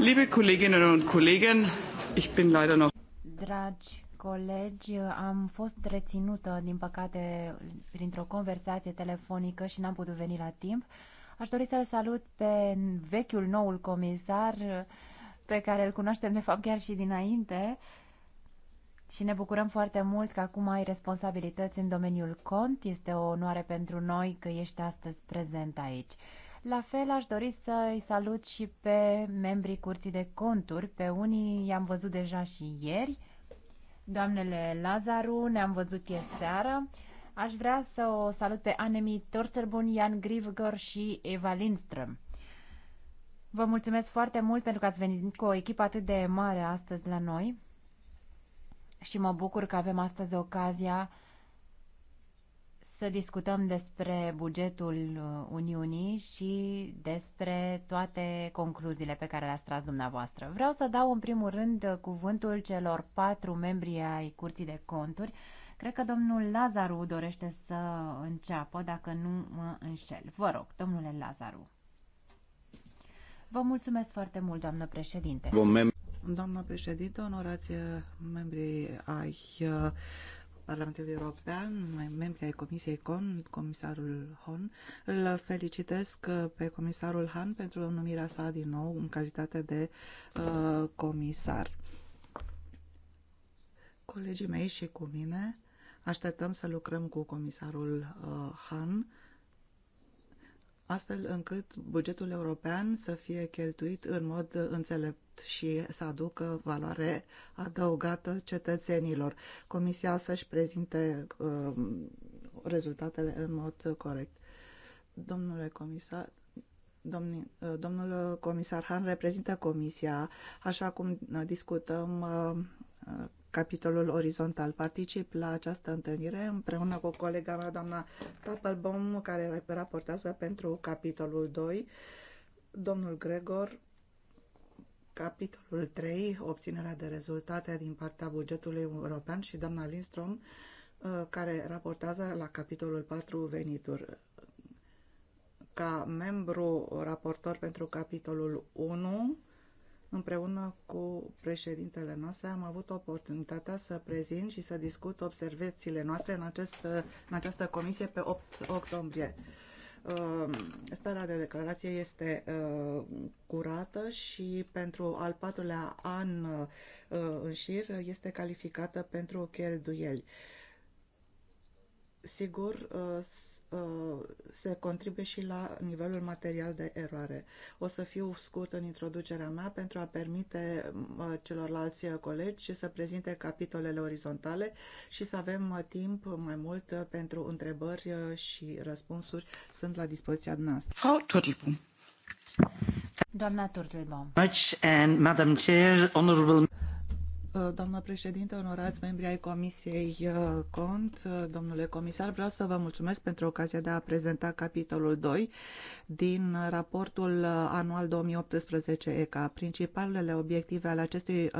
Liebe Kolleginnen und Kollegen, ich bin leider noch. Dragi colegi, am fost reținută, din păcate, printr-o conversație telefonică și n-am putut veni la timp. Aș dori să-l salut pe vechiul noul comisar, pe care îl cunoaștem de fapt chiar și dinainte și ne bucurăm foarte mult că acum ai responsabilități în domeniul cont. Este o onoare pentru noi că ești astăzi prezent aici. La fel aș dori să i salut și pe membrii Curții de Conturi. Pe unii i-am văzut deja și ieri. Doamnele Lazaru ne-am văzut ieri seară. Aș vrea să o salut pe Anemi Torcerbun, Jan Grivgor și Eva Lindström. Vă mulțumesc foarte mult pentru că ați venit cu o echipă atât de mare astăzi la noi și mă bucur că avem astăzi ocazia să discutăm despre bugetul uh, Uniunii și despre toate concluziile pe care le-ați tras dumneavoastră. Vreau să dau în primul rând uh, cuvântul celor patru membri ai Curții de Conturi. Cred că domnul Lazaru dorește să înceapă, dacă nu mă înșel. Vă rog, domnule Lazaru. Vă mulțumesc foarte mult, doamnă președinte. Doamnă președinte, onorație uh, membrii ai Parlamentului European, membri ai Comisiei CON, comisarul Hon. Îl felicitesc uh, pe comisarul Han pentru numirea sa din nou în calitate de uh, comisar. Colegii mei și cu mine așteptăm să lucrăm cu comisarul uh, Han astfel încât bugetul european să fie cheltuit în mod înțelept și să aducă valoare adăugată cetățenilor. Comisia să-și prezinte uh, rezultatele în mod corect. Domnule comisar, domni, uh, domnul comisar Han reprezintă comisia, așa cum discutăm uh, capitolul orizontal. Particip la această întâlnire împreună cu colega mea, doamna Tappelbaum, care raportează pentru capitolul 2, domnul Gregor, capitolul 3, obținerea de rezultate din partea bugetului european și doamna Lindstrom, uh, care raportează la capitolul 4, venituri. Ca membru raportor pentru capitolul 1, Împreună cu președintele noastre am avut oportunitatea să prezint și să discut observațiile noastre în, acest, în această comisie pe 8 octombrie. Uh, starea de declarație este uh, curată și pentru al patrulea an uh, în șir este calificată pentru cheltuieli. Uh, sigur, uh, uh, se contribuie și la nivelul material de eroare. O să fiu scurt în introducerea mea pentru a permite uh, celorlalți colegi să prezinte capitolele orizontale și să avem timp mai mult pentru întrebări și răspunsuri. Sunt la dispoziția noastră. Frau Turtelbaum. Doamna Turtelbaum. Much and Madam Chair, Honorable Uh, doamnă președinte, onorați membri ai Comisiei uh, Cont, uh, domnule comisar, vreau să vă mulțumesc pentru ocazia de a prezenta capitolul 2 din raportul anual 2018 ECA. Principalele obiective ale acestui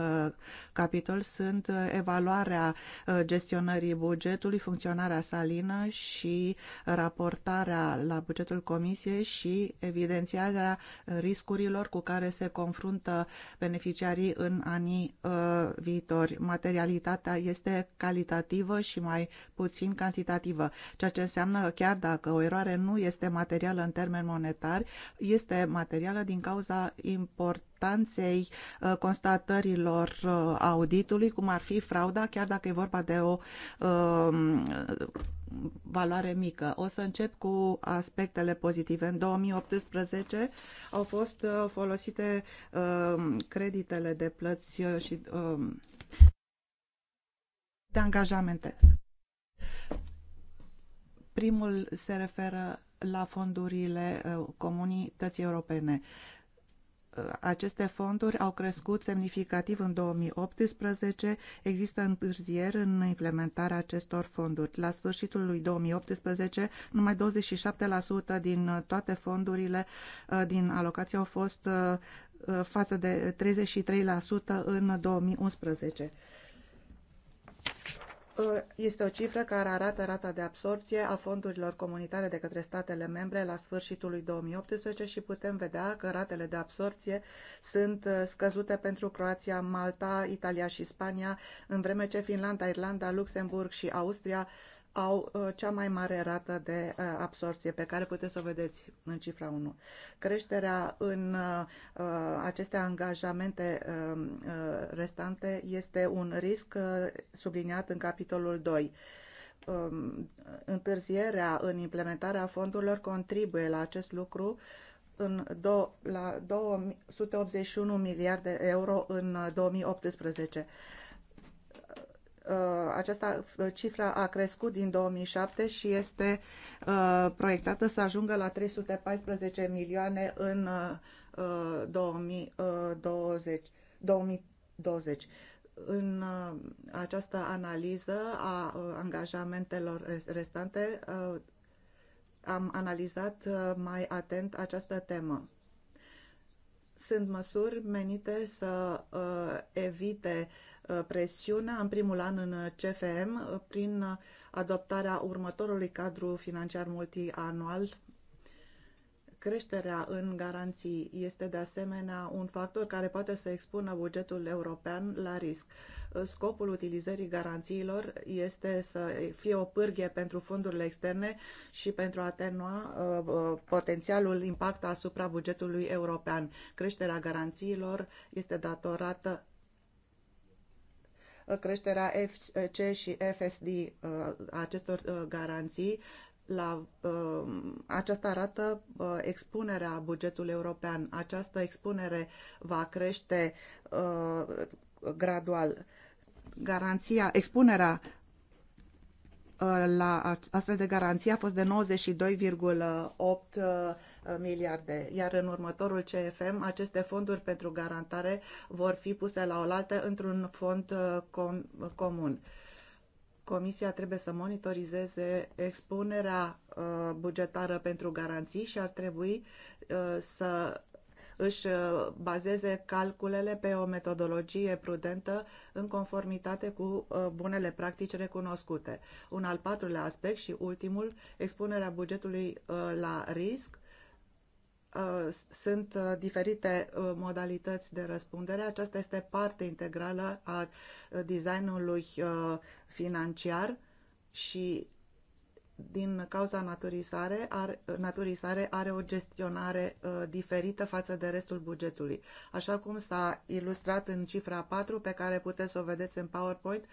capitol sunt evaluarea gestionării bugetului, funcționarea salină și raportarea la bugetul Comisiei și evidențiarea riscurilor cu care se confruntă beneficiarii în anii viitori viitor. Materialitatea este calitativă și mai puțin cantitativă, ceea ce înseamnă că chiar dacă o eroare nu este materială în termeni monetari, este materială din cauza importanței uh, constatărilor uh, auditului, cum ar fi frauda, chiar dacă e vorba de o uh, valoare mică. O să încep cu aspectele pozitive. În 2018 au fost uh, folosite uh, creditele de plăți uh, și de angajamente. Primul se referă la fondurile comunității europene aceste fonduri au crescut semnificativ în 2018. Există întârzieri în implementarea acestor fonduri. La sfârșitul lui 2018, numai 27% din toate fondurile uh, din alocație au fost uh, uh, față de 33% în 2011. Ă, este o cifră care arată rata de absorpție a fondurilor comunitare de către statele membre la sfârșitul lui 2018 și putem vedea că ratele de absorpție sunt ă, scăzute pentru Croația, Malta, Italia și Spania, în vreme ce Finlanda, Irlanda, Luxemburg și Austria au uh, cea mai mare rată de uh, absorție pe care puteți să o vedeți în cifra 1. Creșterea în uh, aceste angajamente um, restante este un risc subliniat în capitolul 2 um, întârzierea în implementarea fondurilor contribuie la acest lucru în do, la 281 miliarde euro în 2018. Uh, această uh, cifră a crescut din 2007 și este uh, proiectată să ajungă la 314 milioane în 2020. 2020 în această analiză a angajamentelor restante am analizat mai atent această temă. Sunt măsuri menite să uh, evite uh, presiunea în primul an în CFM uh, prin adoptarea următorului cadru financiar multianual Creșterea în garanții este de asemenea un factor care poate să expună bugetul european la risc. Scopul utilizării garanțiilor este să fie o pârghie pentru fondurile externe și pentru a atenua uh, uh potențialul impact asupra bugetului european. Creșterea garanțiilor este datorată uh, creșterea FC și FSD uh, acestor garanții la uh, aceasta arată uh, expunerea bugetului european. Această expunere va crește uh, gradual. Garanția, expunerea uh, la astfel de garanție a fost de 92,8 uh, miliarde, iar în următorul CFM aceste fonduri pentru garantare vor fi puse la oaltă într-un fond uh, comun. Comisia trebuie să monitorizeze expunerea uh, bugetară pentru garanții și ar trebui uh, să își uh, bazeze calculele pe o metodologie prudentă în conformitate cu bunele practici recunoscute. Un al patrulea aspect și ultimul, expunerea bugetului la risc Uh, sunt uh, diferite uh, modalități de răspundere. Aceasta este parte integrală a designului financiar și din cauza naturii sare, are, naturii sare are o gestionare uh, diferită față de restul bugetului. Așa cum s-a ilustrat în cifra 4, pe care puteți să o vedeți în PowerPoint, uh,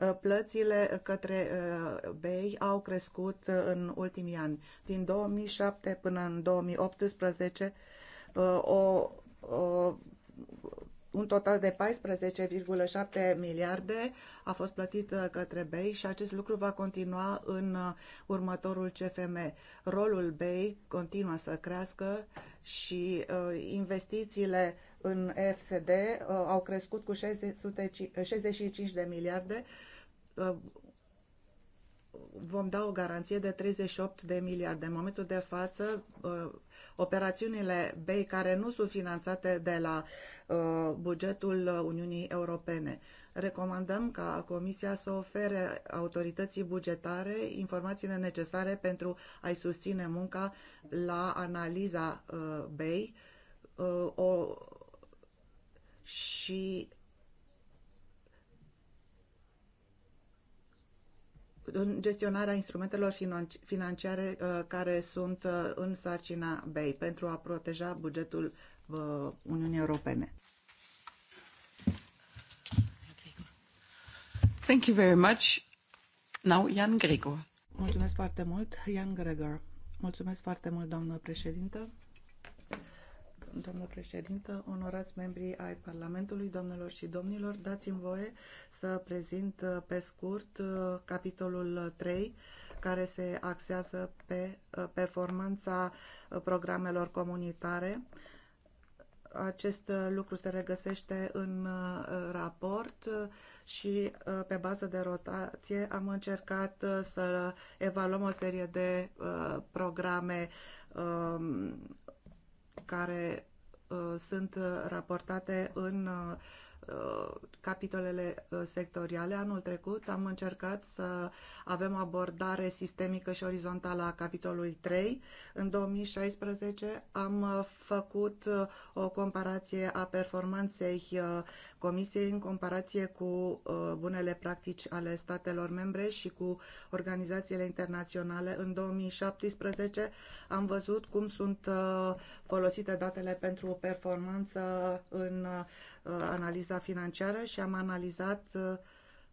Uh, plățile către uh, BEI au crescut uh, în ultimii ani. Din 2007 până în 2018, o, o un total de 14,7 miliarde a fost plătit către BEI și acest lucru va continua în următorul CFM. Rolul BEI continuă să crească și investițiile în FSD uh, au crescut cu 65 uh, de miliarde. Uh, vom da o garanție de 38 de miliarde. În momentul de față, operațiunile BEI care nu sunt finanțate de la bugetul Uniunii Europene recomandăm ca Comisia să ofere autorității bugetare informațiile necesare pentru a-i susține munca la analiza uh, BEI, uh, o și în gestionarea instrumentelor financiare uh, care sunt uh, în sarcina BEI pentru a proteja bugetul uh, Uniunii Europene. Thank you very much. Now, Jan Gregor. Mulțumesc foarte mult, Jan Gregor. Mulțumesc foarte mult, doamnă președintă. Domnul Președinte, onorați membrii ai Parlamentului, domnilor și domnilor, dați-mi voie să prezint uh, pe scurt uh, capitolul 3, care se axează pe uh, performanța programelor comunitare. Acest lucru se regăsește în raport și pe bază de rotație am încercat să evaluăm o serie de programe um, care uh, sunt uh, raportate în uh, Uh, capitolele uh, sectoriale. Anul trecut am încercat să avem abordare sistemică și orizontală a capitolului 3. În 2016 am uh, făcut o comparație a performanței Comisiei în comparație cu bunele practici ale statelor membre și cu organizațiile internaționale. În 2017 am văzut cum sunt folosite datele pentru performanță în Uh, analiza financiară și am analizat uh,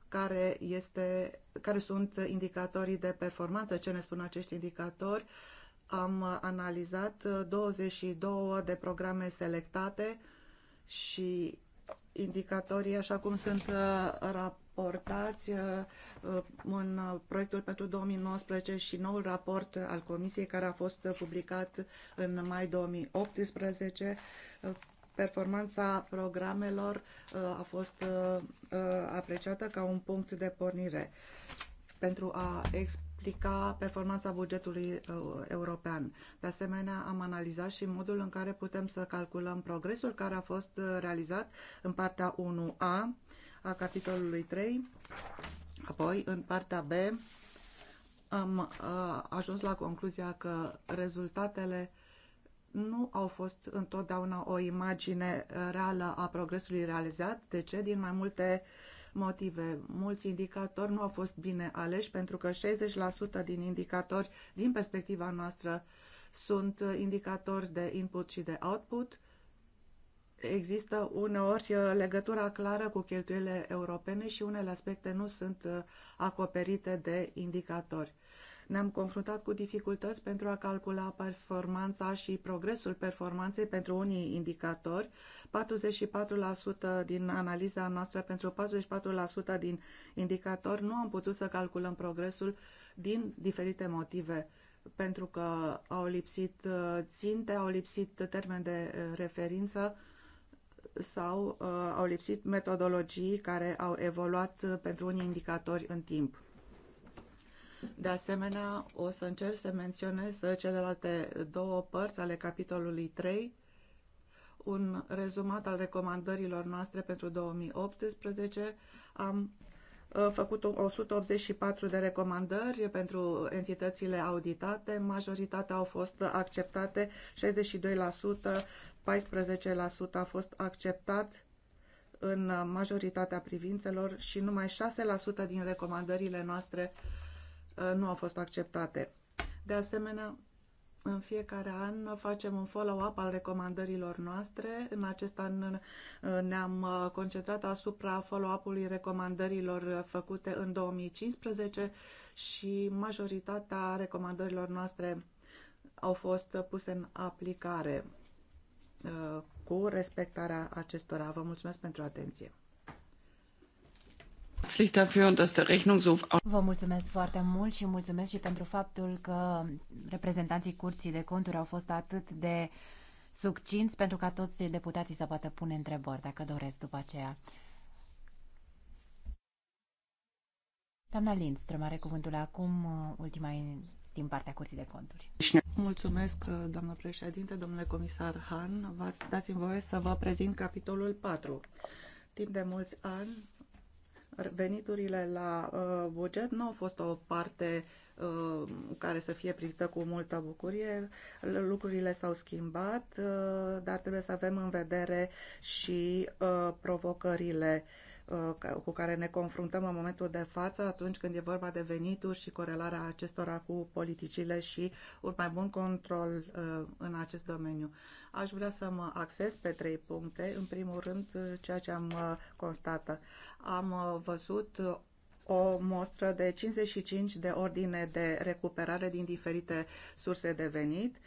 care, este, care sunt indicatorii de performanță, ce ne spun acești indicatori. Am analizat 22 uh, de programe selectate și indicatorii, așa cum sunt raportați în proiectul pentru 2019 și noul raport al Comisiei care a fost publicat în mai 2018 performanța programelor uh, a fost uh, uh, apreciată ca un punct de pornire pentru a explica performanța bugetului european. De asemenea, am analizat și modul în care putem să calculăm progresul care a fost realizat în partea 1A a capitolului 3, apoi în partea B am ajuns la concluzia că rezultatele uh, nu au fost întotdeauna o imagine uh, reală a progresului realizat. De ce? Din mai multe motive. Mulți indicatori nu au fost bine aleși pentru că 60% din indicatori, din perspectiva noastră, sunt uh, indicatori de input și de output. Există uneori uh, legătura clară cu cheltuielile europene și unele aspecte nu sunt acoperite de indicatori. Ne-am confruntat cu dificultăți pentru a calcula performanța și progresul performanței pentru unii indicatori. 44% din analiza noastră pentru 44% din indicatori nu am putut să calculăm progresul din diferite motive pentru că au lipsit uh, ținte, au lipsit termen de uh, referință sau uh, au lipsit metodologii care au evoluat uh, pentru unii indicatori în timp. De asemenea, o să încerc să menționez celelalte două părți ale capitolului 3, un rezumat al recomandărilor noastre pentru 2018. Am uh, făcut 184 de recomandări pentru entitățile auditate, majoritatea au fost acceptate, 62%, 14% a fost acceptat în majoritatea privințelor și numai 6% din recomandările noastre Uh, nu au fost acceptate. De asemenea, în fiecare an facem un follow-up al recomandărilor noastre. În acest an uh, ne-am uh, concentrat asupra follow-up-ului recomandărilor făcute în 2015 și majoritatea recomandărilor noastre au fost puse în aplicare cu respectarea acestora. Vă mulțumesc pentru atenție. Vă mulțumesc foarte mult și mulțumesc și pentru faptul că reprezentanții Curții de Conturi au fost atât de succinți pentru ca toți deputații să poată pune întrebări, dacă doresc, după aceea. Doamna Lindström are cuvântul acum, ultima din partea Curții de Conturi. Mulțumesc, doamnă președinte, domnule comisar Han. Dați-mi voie să vă prezint capitolul 4. Timp de mulți ani, veniturile la uh, buget nu au fost o parte uh, care să fie privită cu multă bucurie. Lucrurile s-au schimbat, uh, dar trebuie să avem în vedere și provocările Uh, cu care ne confruntăm în momentul de față atunci când e vorba de venituri și corelarea acestora cu politicile și un mai bun control uh, în acest domeniu. Aș vrea să mă acces pe trei puncte. În primul rând, uh, ceea ce am constată. Am văzut o mostră de 55 de ordine de recuperare din diferite surse de venit. Uh,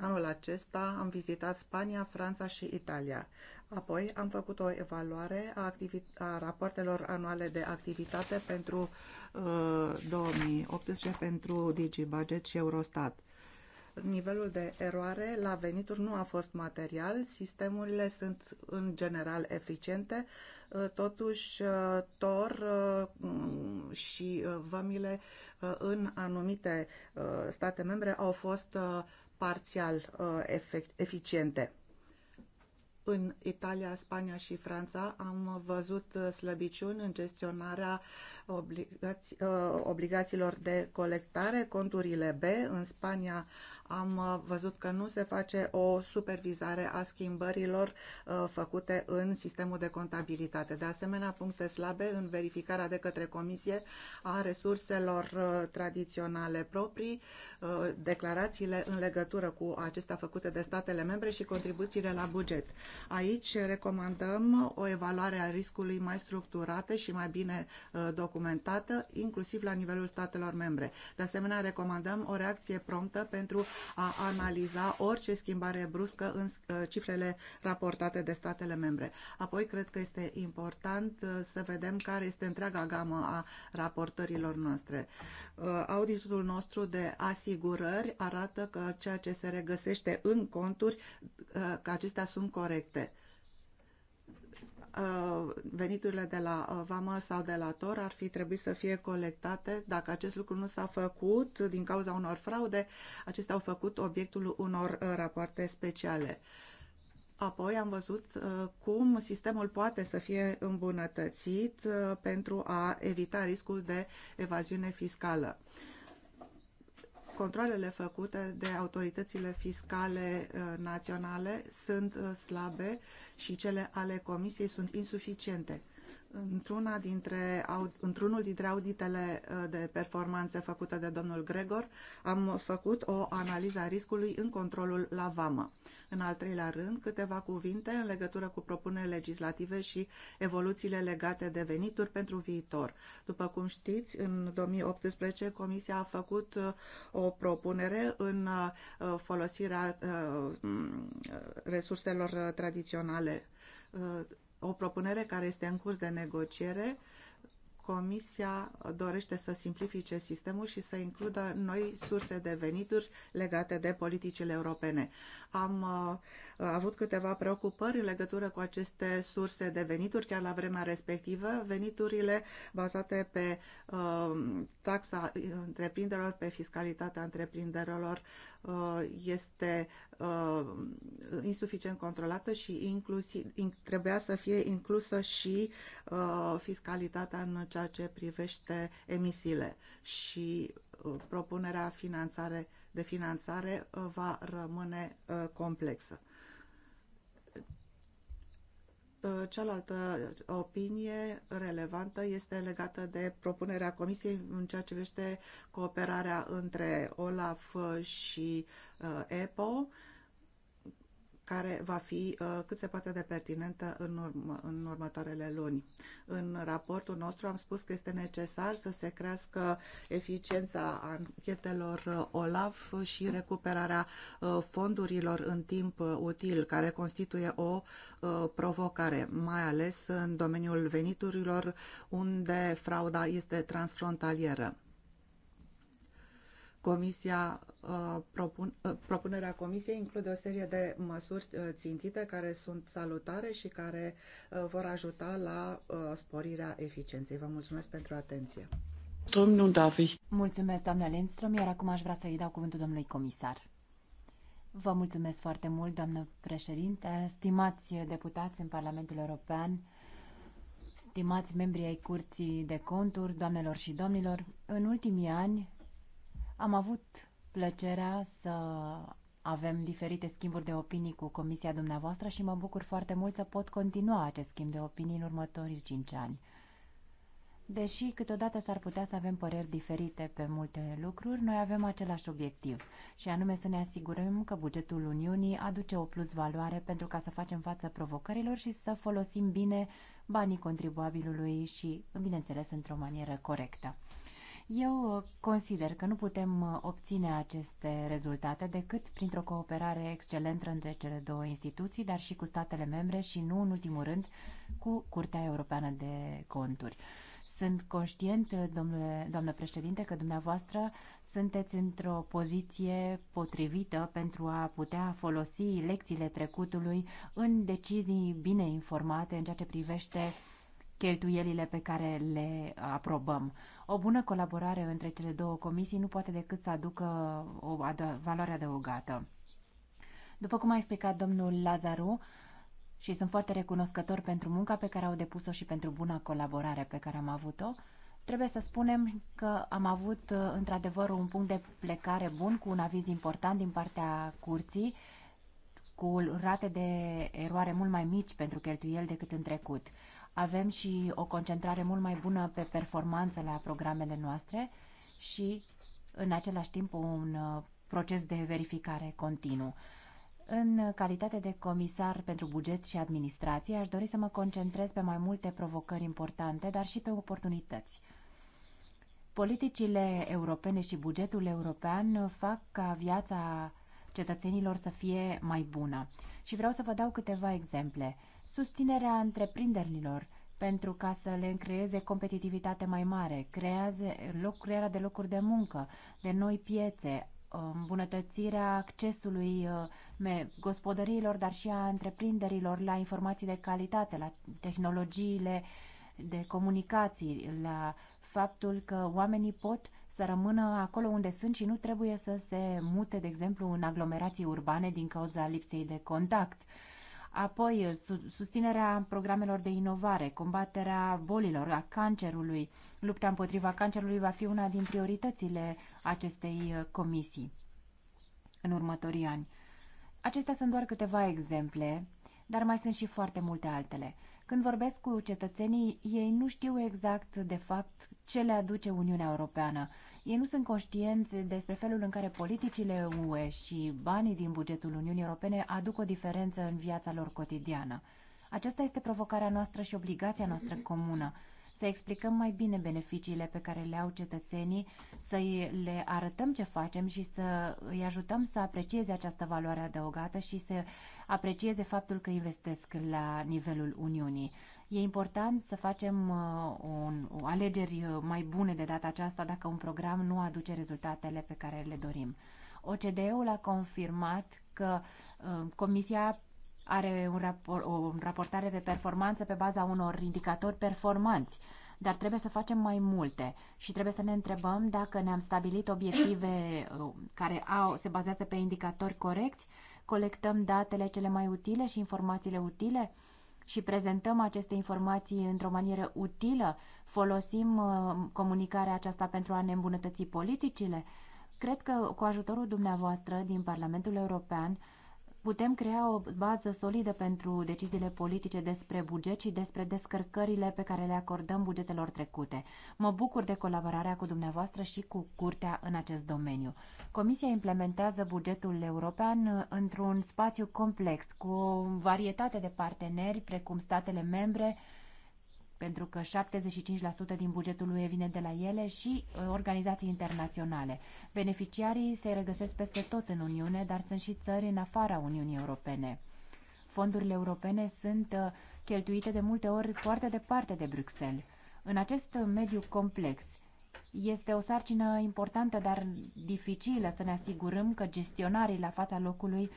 anul acesta am vizitat Spania, Franța și Italia. Apoi am făcut o evaluare a, a rapoartelor anuale de activitate pentru uh, 2018 pentru DigiBudget și Eurostat. Nivelul de eroare la venituri nu a fost material, sistemurile sunt în general eficiente, uh, totuși uh, TOR uh, mm, și vămile în anumite state membre au fost parțial uh, efect, eficiente. În Italia, Spania și Franța am văzut uh, slăbiciuni în gestionarea obligaț- uh, obligațiilor de colectare, conturile B. În Spania am uh, văzut că nu se face o supervizare a schimbărilor uh, făcute în sistemul de contabilitate. De asemenea, puncte slabe în verificarea de către Comisie a resurselor uh, tradiționale proprii, declarațiile în legătură cu acestea făcute de statele membre și contribuțiile la buget. Aici recomandăm o evaluare a riscului mai structurată și mai bine documentată, inclusiv la nivelul statelor membre. De asemenea, recomandăm o reacție promptă pentru a analiza orice schimbare bruscă în uh, cifrele raportate de statele membre. Apoi, cred că este important uh, să vedem care este întreaga gamă a raportărilor noastre. Uh, auditul nostru de asigurări arată că ceea ce se regăsește în conturi, că acestea sunt corecte Uh, veniturile de la uh, vamă sau de la tor ar fi trebuit să fie colectate. Dacă acest lucru nu s-a făcut din cauza unor fraude, acestea au făcut obiectul unor uh, rapoarte speciale. Apoi am văzut cum sistemul poate să fie îmbunătățit pentru a evita riscul de evaziune fiscală controlele făcute de autoritățile fiscale uh, naționale sunt uh, slabe și cele ale Comisiei sunt insuficiente. Într-una dintre, într-unul dintre auditele uh, de performanțe făcute de domnul Gregor, am făcut o analiză a riscului în controlul la vamă. În al treilea rând, câteva cuvinte în legătură cu propunerile legislative și evoluțiile legate de venituri pentru viitor. După cum știți, în 2018 Comisia a făcut uh, o propunere în uh, folosirea resurselor tradiționale o propunere care este în curs de negociere. Comisia dorește să simplifice sistemul și să includă noi surse de venituri legate de politicile europene am uh, avut câteva preocupări în legătură cu aceste surse de venituri, chiar la vremea respectivă, veniturile bazate pe uh, taxa uh, întreprinderilor, pe fiscalitatea întreprinderilor este insuficient controlată și inclusiv, trebuia să fie inclusă și fiscalitatea în ceea ce privește emisiile și propunerea finanțare de finanțare uh, va rămâne uh, complexă. Uh, cealaltă opinie relevantă este legată de propunerea Comisiei în ceea ce privește cooperarea între OLAF și EPO care va fi uh, cât se poate de pertinentă în, urmă, în următoarele luni. În raportul nostru am spus că este necesar să se crească eficiența anchetelor uh, OLAF și recuperarea uh, fondurilor în timp util, care constituie o provocare, mai ales în domeniul veniturilor, unde frauda este transfrontalieră Comisia, uh, propun, uh, propunerea Comisiei include o serie de măsuri uh, țintite care sunt salutare și care vor ajuta la sporirea eficienței. Vă mulțumesc pentru atenție. Domnul David. Mulțumesc, doamna Lindström, iar acum aș vrea să-i dau cuvântul domnului comisar. Vă mulțumesc foarte mult, doamnă președinte, stimați deputați în Parlamentul European, stimați membrii ai Curții de Conturi, doamnelor și domnilor. În ultimii ani, am avut plăcerea să avem diferite schimburi de opinii cu comisia dumneavoastră și mă bucur foarte mult să pot continua acest schimb de opinii în următorii cinci ani. Deși câteodată s-ar putea să avem păreri diferite pe multe lucruri, noi avem același obiectiv și anume să ne asigurăm că bugetul Uniunii aduce o plus valoare pentru ca să facem față provocărilor și să folosim bine banii contribuabilului și, bineînțeles, într-o manieră corectă. Eu uh, consider că nu putem uh, obține aceste rezultate decât printr-o cooperare excelentă între cele două instituții, dar și cu statele membre și nu în ultimul rând cu Curtea Europeană de Conturi. Sunt conștient, uh, domnule, doamnă președinte, că dumneavoastră sunteți într-o poziție potrivită pentru a putea folosi lecțiile trecutului în decizii bine informate în ceea ce privește uh, cheltuielile pe care le aprobăm. O bună colaborare între cele două comisii nu poate decât să aducă o ad- valoare adăugată. După cum a explicat domnul Lazaru, și sunt foarte recunoscător pentru munca pe care au depus-o și pentru buna colaborare pe care am avut-o, trebuie să spunem că am avut într-adevăr un punct de plecare bun cu un aviz important din partea curții, cu rate de eroare mult mai mici pentru cheltuieli decât în trecut avem și o concentrare mult mai bună pe performanță la programele noastre și în același timp un uh, proces de verificare continuu. În calitate de comisar pentru buget și administrație, aș dori să mă concentrez pe mai multe provocări importante, dar și pe oportunități. Politicile europene și bugetul european fac ca viața cetățenilor să fie mai bună. Și vreau să vă dau câteva exemple susținerea întreprinderilor pentru ca să le încreeze competitivitate mai mare, creează loc, crearea de locuri de muncă, de noi piețe, îmbunătățirea accesului uh, gospodăriilor, dar și a întreprinderilor la informații de calitate, la tehnologiile de comunicații, la faptul că oamenii pot să rămână acolo unde sunt și nu trebuie să se mute, de exemplu, în aglomerații urbane din cauza lipsei de contact. Apoi, eh, susținerea programelor de inovare, combaterea bolilor, a cancerului, lupta împotriva cancerului va fi una din prioritățile acestei eh, comisii în următorii ani. Acestea sunt doar câteva exemple, dar mai sunt și foarte multe altele. Când vorbesc cu cetățenii, ei nu știu exact, de fapt, ce le aduce Uniunea Europeană ei nu sunt conștienți despre felul în care politicile UE și banii din bugetul Uniunii Europene aduc o diferență în viața lor cotidiană. Aceasta este provocarea noastră și obligația noastră comună să explicăm mai bine beneficiile pe care le au cetățenii, să le arătăm ce facem și să îi ajutăm să aprecieze această valoare adăugată și să aprecieze faptul că investesc la nivelul Uniunii. E important să facem uh, un, o alegeri uh, mai bune de data aceasta dacă un program nu aduce rezultatele pe care le dorim. OCDE-ul a confirmat că uh, Comisia are un rapor, o raportare pe performanță pe baza unor indicatori performanți, dar trebuie să facem mai multe și trebuie să ne întrebăm dacă ne-am stabilit obiective uh, care au, se bazează pe indicatori corecți, colectăm datele cele mai utile și informațiile utile și prezentăm aceste informații într-o manieră utilă, folosim uh, comunicarea aceasta pentru a ne îmbunătăți politicile. Cred că cu ajutorul dumneavoastră din Parlamentul European putem crea o bază solidă pentru deciziile politice despre buget și despre descărcările pe care le acordăm bugetelor trecute. Mă bucur de colaborarea cu dumneavoastră și cu Curtea în acest domeniu. Comisia implementează bugetul european uh, într-un spațiu complex, cu o varietate de parteneri, precum statele membre, pentru că 75% din bugetul lui vine de la ele și uh, organizații internaționale. Beneficiarii se regăsesc peste tot în Uniune, dar sunt și țări în afara Uniunii Europene. Fondurile europene sunt uh, cheltuite de multe ori foarte departe de Bruxelles. În acest uh, mediu complex, este o sarcină importantă, dar dificilă să ne asigurăm că gestionarii la fața locului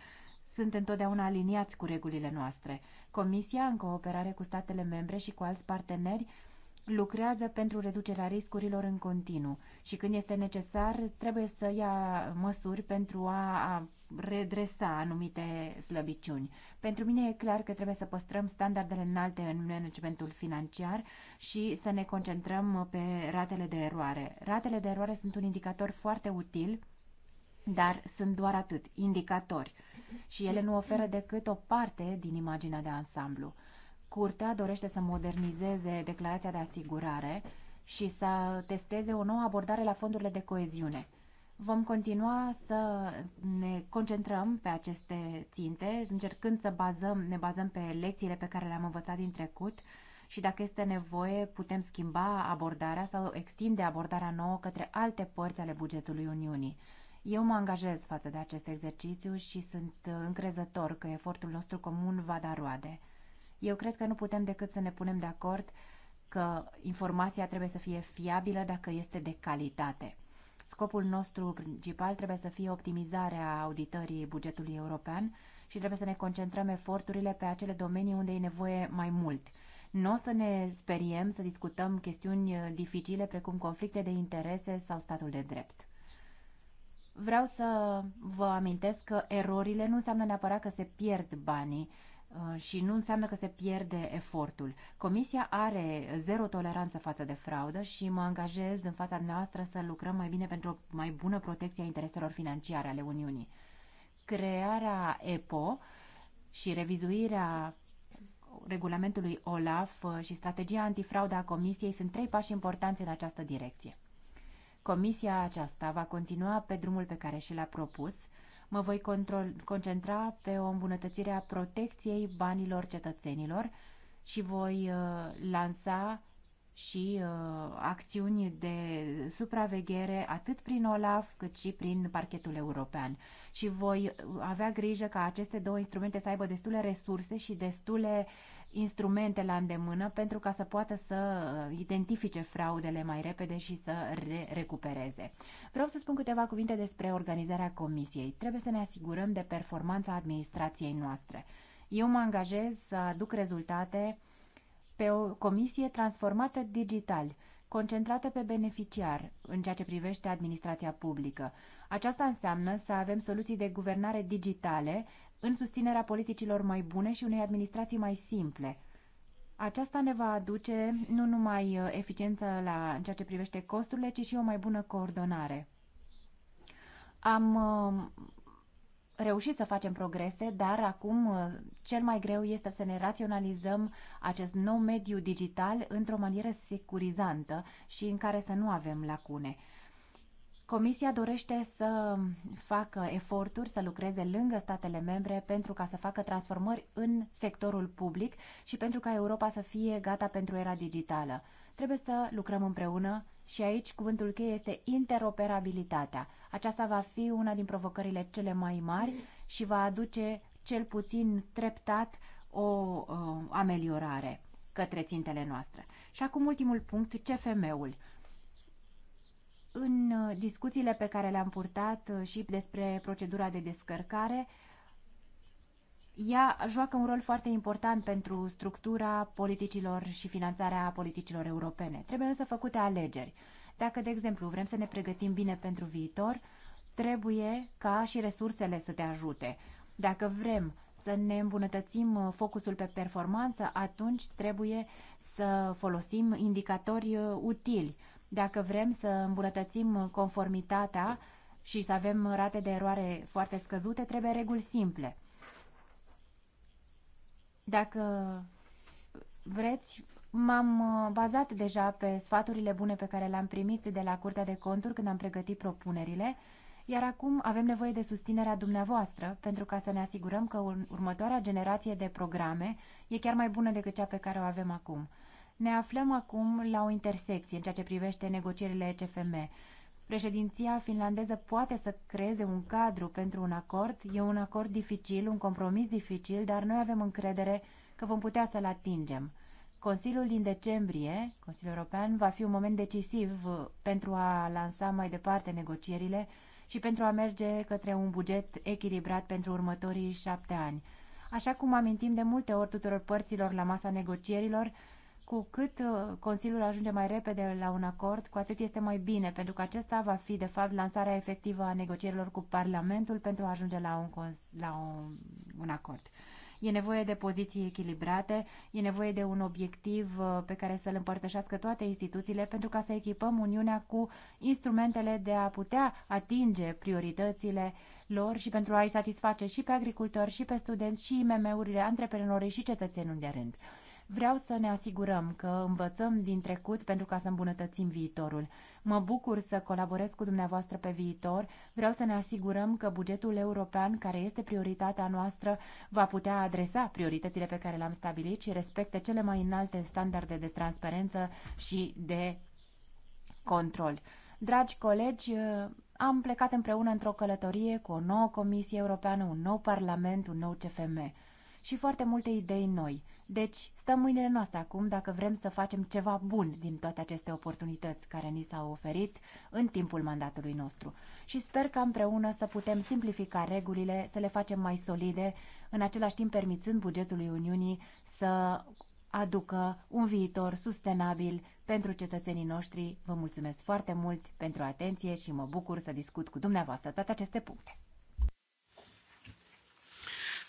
sunt întotdeauna aliniați cu regulile noastre. Comisia, în cooperare cu statele membre și cu alți parteneri, lucrează pentru reducerea riscurilor în continuu și când este necesar trebuie să ia măsuri pentru a redresa anumite slăbiciuni. Pentru mine e clar că trebuie să păstrăm standardele înalte în managementul financiar și să ne concentrăm pe ratele de eroare. Ratele de eroare sunt un indicator foarte util dar sunt doar atât, indicatori, și ele nu oferă decât o parte din imaginea de ansamblu. Curtea dorește să modernizeze declarația de asigurare și să testeze o nouă abordare la fondurile de coeziune. Vom continua să ne concentrăm pe aceste ținte, încercând să bazăm, ne bazăm pe lecțiile pe care le-am învățat din trecut și dacă este nevoie putem schimba abordarea sau extinde abordarea nouă către alte părți ale bugetului Uniunii. Eu mă angajez față de acest exercițiu și sunt uh, încrezător că efortul nostru comun va da roade. Eu cred că nu putem decât să ne punem de acord că informația trebuie să fie fiabilă dacă este de calitate. Scopul nostru principal trebuie să fie optimizarea auditării bugetului european și trebuie să ne concentrăm eforturile pe acele domenii unde e nevoie mai mult. Nu o să ne speriem să discutăm chestiuni uh, dificile precum conflicte de interese sau statul de drept. Vreau să vă amintesc că erorile nu înseamnă neapărat că se pierd banii uh, și nu înseamnă că se pierde efortul. Comisia are zero toleranță față de fraudă și mă angajez în fața noastră să lucrăm mai bine pentru o mai bună protecție a intereselor financiare ale Uniunii. Crearea EPO și revizuirea regulamentului OLAF și strategia antifraudă a Comisiei sunt trei pași importanți în această direcție. Comisia aceasta va continua pe drumul pe care și l-a propus. Mă voi control, concentra pe o îmbunătățire a protecției banilor cetățenilor și voi uh, lansa și uh, acțiuni de supraveghere atât prin OLAF cât și prin parchetul european. Și voi avea grijă ca aceste două instrumente să aibă destule resurse și destule uh, instrumente la îndemână pentru ca să poată să uh, identifice fraudele mai repede și să re recupereze. Vreau să spun câteva cuvinte despre organizarea comisiei. Trebuie să ne asigurăm de performanța administrației noastre. Eu mă angajez să aduc rezultate pe o comisie transformată digital, concentrată pe beneficiar în ceea ce privește administrația publică. Aceasta înseamnă să avem soluții de guvernare digitale în susținerea politicilor mai bune și unei administrații mai simple. Aceasta ne va aduce nu numai uh, eficiență la în ceea ce privește costurile, ci și o mai bună coordonare. Am uh, reușit să facem progrese, dar acum uh, cel mai greu este să ne raționalizăm acest nou mediu digital într-o manieră securizantă și în care să nu avem lacune. Comisia dorește să facă eforturi, să lucreze lângă statele membre pentru ca să facă transformări în sectorul public și pentru ca Europa să fie gata pentru era digitală. Trebuie să lucrăm împreună și aici cuvântul cheie este interoperabilitatea. Aceasta va fi una din provocările cele mai mari și va aduce cel puțin treptat o uh, ameliorare către țintele noastre. Și acum ultimul punct, CFM-ul. În uh, discuțiile pe care le-am purtat uh, și despre procedura de descărcare, ea joacă un rol foarte important pentru structura politicilor și finanțarea politicilor europene. Trebuie însă făcute alegeri. Dacă, de exemplu, vrem să ne pregătim bine pentru viitor, trebuie ca și resursele să te ajute. Dacă vrem să ne îmbunătățim uh, focusul pe performanță, atunci trebuie să folosim indicatori utili dacă vrem să îmbunătățim conformitatea și să avem rate de eroare foarte scăzute, trebuie reguli simple. Dacă vreți, m-am uh, bazat deja pe sfaturile bune pe care le-am primit de la Curtea de Conturi când am pregătit propunerile, iar acum avem nevoie de susținerea dumneavoastră pentru ca să ne asigurăm că următoarea generație de programe e chiar mai bună decât cea pe care o avem acum. Ne aflăm acum la o intersecție în ceea ce privește negocierile CFM. Președinția finlandeză poate să creeze un cadru pentru un acord. E un acord dificil, un compromis dificil, dar noi avem încredere că vom putea să-l atingem. Consiliul din decembrie, Consiliul European, va fi un moment decisiv uh, pentru a lansa mai departe negocierile și pentru a merge către un buget echilibrat pentru următorii șapte ani. Așa cum amintim de multe ori tuturor părților la masa negocierilor, cu cât uh, Consiliul ajunge mai repede la un acord, cu atât este mai bine, pentru că acesta va fi, de fapt, lansarea efectivă a negocierilor cu Parlamentul pentru a ajunge la un, la un, un acord. E nevoie de poziții echilibrate, e nevoie de un obiectiv uh, pe care să-l împărtășească toate instituțiile pentru ca să echipăm Uniunea cu instrumentele de a putea atinge prioritățile lor și pentru a-i satisface și pe agricultori, și pe studenți, și IMM-urile, antreprenorii și cetățenii de rând. Vreau să ne asigurăm că învățăm din trecut pentru ca să îmbunătățim viitorul. Mă bucur să colaborez cu dumneavoastră pe viitor. Vreau să ne asigurăm că bugetul european, care este prioritatea noastră, va putea adresa prioritățile pe care le-am stabilit și respecte cele mai înalte standarde de transparență și de control. Dragi colegi, am plecat împreună într-o călătorie cu o nouă Comisie Europeană, un nou Parlament, un nou CFM și foarte multe idei noi. Deci, stăm în mâinile noastre acum dacă vrem să facem ceva bun din toate aceste oportunități care ni s-au oferit în timpul mandatului nostru. Și sper că împreună să putem simplifica regulile, să le facem mai solide, în același timp permițând bugetului Uniunii să aducă un viitor sustenabil pentru cetățenii noștri. Vă mulțumesc foarte mult pentru atenție și mă bucur să discut cu dumneavoastră toate aceste puncte.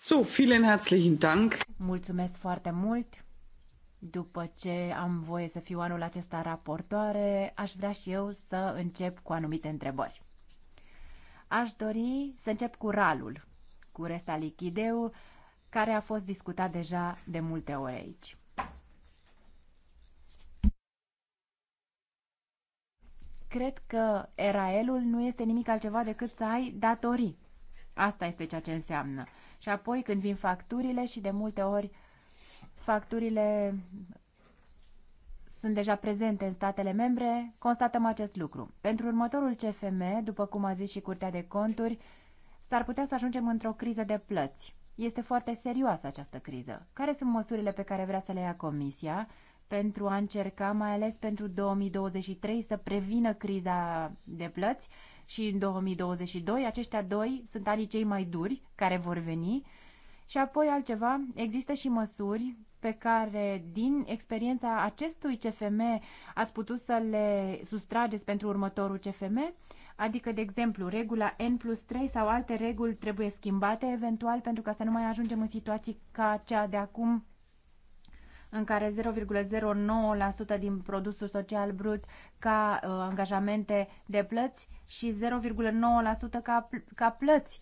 So, vielen herzlichen Dank. Mulțumesc foarte mult. După ce am voie să fiu anul acesta raportoare, aș vrea și eu să încep cu anumite întrebări. Aș dori să încep cu RAL-ul, cu resta lichideu, care a fost discutat deja de multe ori aici. Cred că RAL-ul nu este nimic altceva decât să ai datorii Asta este ceea ce înseamnă. Și apoi când vin facturile și de multe ori facturile sunt deja prezente în statele membre, constatăm acest lucru. Pentru următorul CFM, după cum a zis și Curtea de Conturi, s-ar putea să ajungem într-o criză de plăți. Este foarte serioasă această criză. Care sunt măsurile pe care vrea să le ia Comisia pentru a încerca, mai ales pentru 2023, să prevină criza de plăți și în 2022. Aceștia doi sunt anii cei mai duri care vor veni. Și apoi altceva, există și măsuri pe care din experiența acestui CFM ați putut să le sustrageți pentru următorul CFM? Adică, de exemplu, regula N plus 3 sau alte reguli trebuie schimbate eventual pentru ca să nu mai ajungem în situații ca cea de acum în care 0,09% din produsul social brut ca uh, angajamente de plăți și 0,9% ca, ca plăți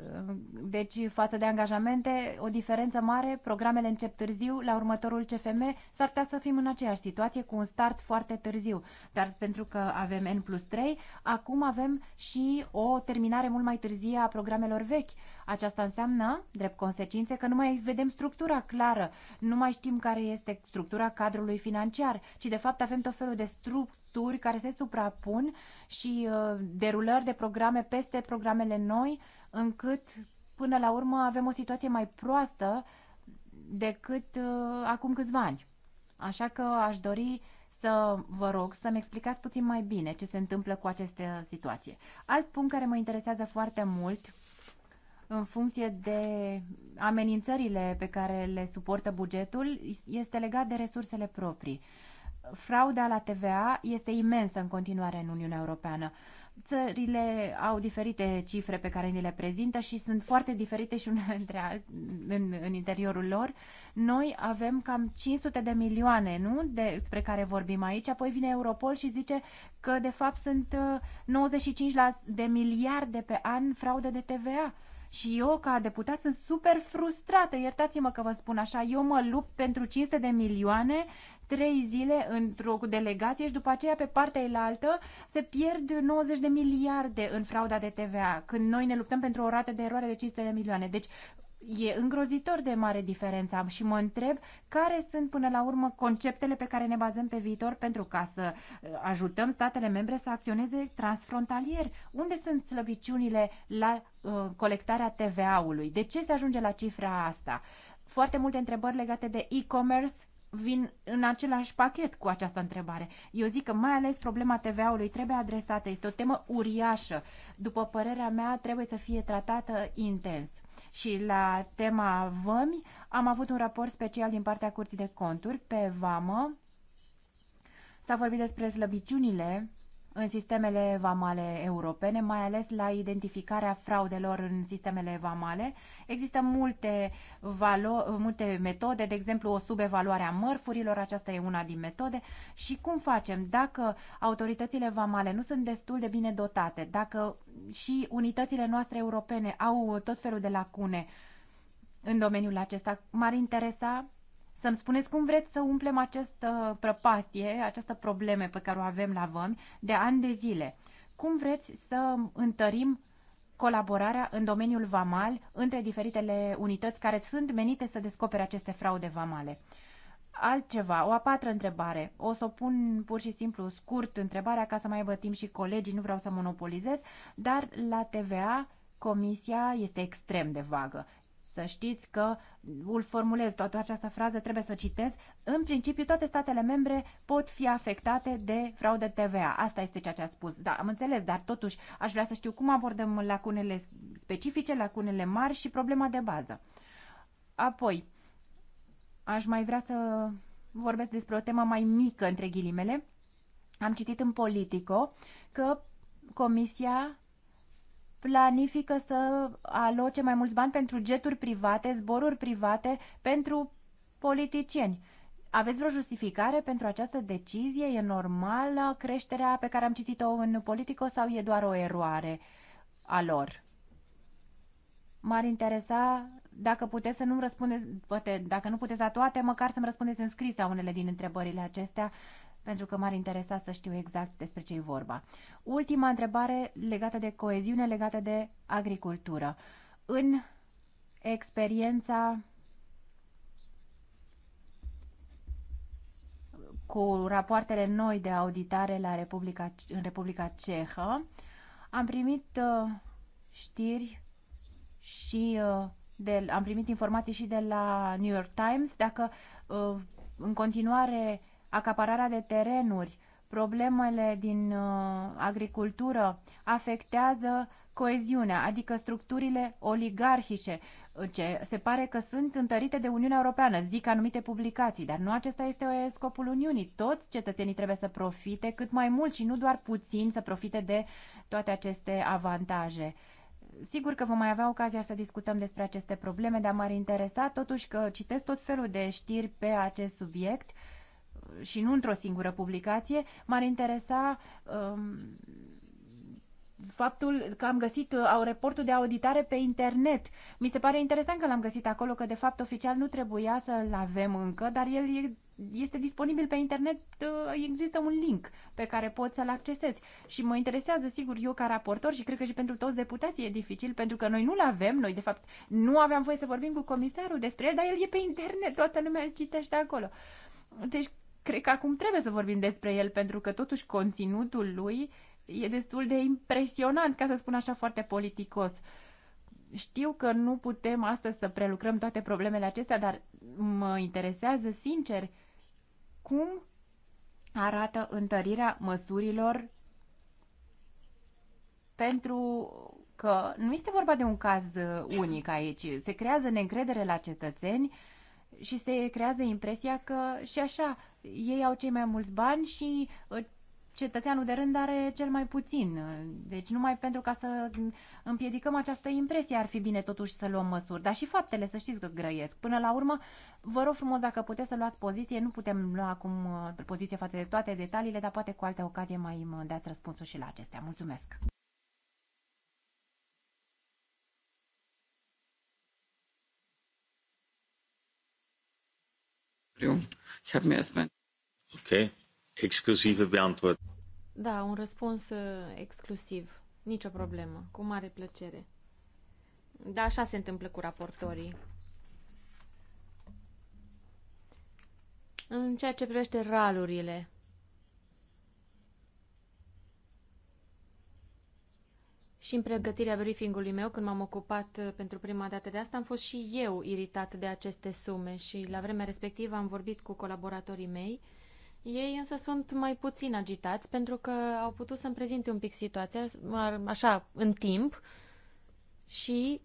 Uh, deci, față de angajamente, o diferență mare, programele încep târziu, la următorul CFM s-ar putea să fim în aceeași situație cu un start foarte târziu. Dar pentru că avem N plus 3, acum avem și o terminare mult mai târzie a programelor vechi. Aceasta înseamnă, drept consecințe, că nu mai vedem structura clară, nu mai știm care este structura cadrului financiar, ci de fapt avem tot felul de structuri care se suprapun și uh, derulări de programe peste programele noi, încât până la urmă avem o situație mai proastă decât uh, acum câțiva ani. Așa că aș dori să vă rog să-mi explicați puțin mai bine ce se întâmplă cu aceste situație. Alt punct care mă interesează foarte mult în funcție de amenințările pe care le suportă bugetul este legat de resursele proprii. Frauda la TVA este imensă în continuare în Uniunea Europeană. Țările au diferite cifre pe care ni le prezintă și sunt foarte diferite și unele între alt, în, în interiorul lor. Noi avem cam 500 de milioane, nu? Despre care vorbim aici. Apoi vine Europol și zice că de fapt sunt 95 uh, de miliarde pe an fraudă de TVA. Și eu, ca deputat, sunt super frustrată, iertați-mă că vă spun așa, eu mă lupt pentru 500 de milioane, trei zile într-o delegație și după aceea pe partea elaltă se pierd 90 de miliarde în frauda de TVA, când noi ne luptăm pentru o rată de eroare de 500 de milioane. Deci e îngrozitor de mare diferența și mă întreb care sunt până la urmă conceptele pe care ne bazăm pe viitor pentru ca să uh, ajutăm statele membre să acționeze transfrontalier. Unde sunt slăbiciunile la uh, colectarea TVA-ului? De ce se ajunge la cifra asta? Foarte multe întrebări legate de e-commerce vin în același pachet cu această întrebare. Eu zic că mai ales problema TVA-ului trebuie adresată. Este o temă uriașă. După părerea mea, trebuie să fie tratată intens. Și la tema vămi am avut un raport special din partea Curții de Conturi pe vamă. S-a vorbit despre slăbiciunile în sistemele vamale europene, mai ales la identificarea fraudelor în sistemele vamale. Există multe, valo- multe metode, de exemplu o subevaluare a mărfurilor, aceasta e una din metode. Și cum facem? Dacă autoritățile vamale nu sunt destul de bine dotate, dacă și unitățile noastre europene au tot felul de lacune în domeniul acesta, m-ar interesa să-mi spuneți cum vreți să umplem această prăpastie, această probleme pe care o avem la vămi de ani de zile. Cum vreți să întărim colaborarea în domeniul vamal între diferitele unități care sunt menite să descopere aceste fraude vamale. Altceva, o a patra întrebare. O să o pun pur și simplu scurt întrebarea ca să mai aibă timp și colegii, nu vreau să monopolizez, dar la TVA comisia este extrem de vagă. Să știți că, îl formulez toată această frază, trebuie să citez, în principiu toate statele membre pot fi afectate de fraude TVA. Asta este ceea ce a spus. Da, am înțeles, dar totuși aș vrea să știu cum abordăm lacunele specifice, lacunele mari și problema de bază. Apoi, aș mai vrea să vorbesc despre o temă mai mică, între ghilimele. Am citit în Politico că Comisia planifică să aloce mai mulți bani pentru jeturi private, zboruri private, pentru politicieni. Aveți vreo justificare pentru această decizie? E normală creșterea pe care am citit-o în Politico sau e doar o eroare a lor? M-ar interesa dacă puteți să nu-mi răspundeți, poate dacă nu puteți la da toate, măcar să-mi răspundeți în scris la unele din întrebările acestea, pentru că m-ar interesa să știu exact despre ce e vorba. Ultima întrebare legată de coeziune, legată de agricultură. În experiența cu rapoartele noi de auditare la Republica, în Republica Cehă, am primit uh, știri și uh, de, am primit informații și de la New York Times dacă uh, în continuare acapararea de terenuri, problemele din uh, agricultură afectează coeziunea, adică structurile oligarhice, uh, ce se pare că sunt întărite de Uniunea Europeană, zic anumite publicații, dar nu acesta este uh, scopul Uniunii. Toți cetățenii trebuie să profite cât mai mult și nu doar puțin să profite de toate aceste avantaje. Sigur că vom mai avea ocazia să discutăm despre aceste probleme, dar m-ar interesa totuși că citesc tot felul de știri pe acest subiect și nu într-o singură publicație, m-ar interesa um, faptul că am găsit uh, reportul de auditare pe internet. Mi se pare interesant că l-am găsit acolo, că de fapt oficial nu trebuia să-l avem încă, dar el e, este disponibil pe internet, uh, există un link pe care poți să-l accesezi. Și mă interesează, sigur, eu ca raportor și cred că și pentru toți deputații e dificil, pentru că noi nu-l avem, noi de fapt nu aveam voie să vorbim cu comisarul despre el, dar el e pe internet, toată lumea îl citește acolo. Deci cred că acum trebuie să vorbim despre el, pentru că totuși conținutul lui e destul de impresionant, ca să spun așa foarte politicos. Știu că nu putem astăzi să prelucrăm toate problemele acestea, dar mă interesează sincer cum arată întărirea măsurilor pentru că nu este vorba de un caz unic aici. Se creează neîncredere la cetățeni și se creează impresia că și așa ei au cei mai mulți bani și uh, cetățeanul de rând are cel mai puțin. Uh, deci numai pentru ca să împiedicăm această impresie ar fi bine totuși să luăm măsuri. Dar și faptele să știți că grăiesc. Până la urmă, vă rog frumos dacă puteți să luați poziție. Nu putem lua acum uh, poziție față de toate detaliile, dar poate cu alte ocazie mai îmi dați răspunsul și la acestea. Mulțumesc! Entschuldigung, ich habe mir Ok, exclusive Da, un răspuns uh, exclusiv. Nicio problemă. Cu mare plăcere. Da, așa se întâmplă cu raportorii. În ceea ce privește ralurile, Și în pregătirea briefingului meu, când m-am ocupat uh, pentru prima dată de asta, am fost și eu iritat de aceste sume și la vremea respectivă am vorbit cu colaboratorii mei. Ei însă sunt mai puțin agitați pentru că au putut să-mi prezinte un pic situația, așa, în timp și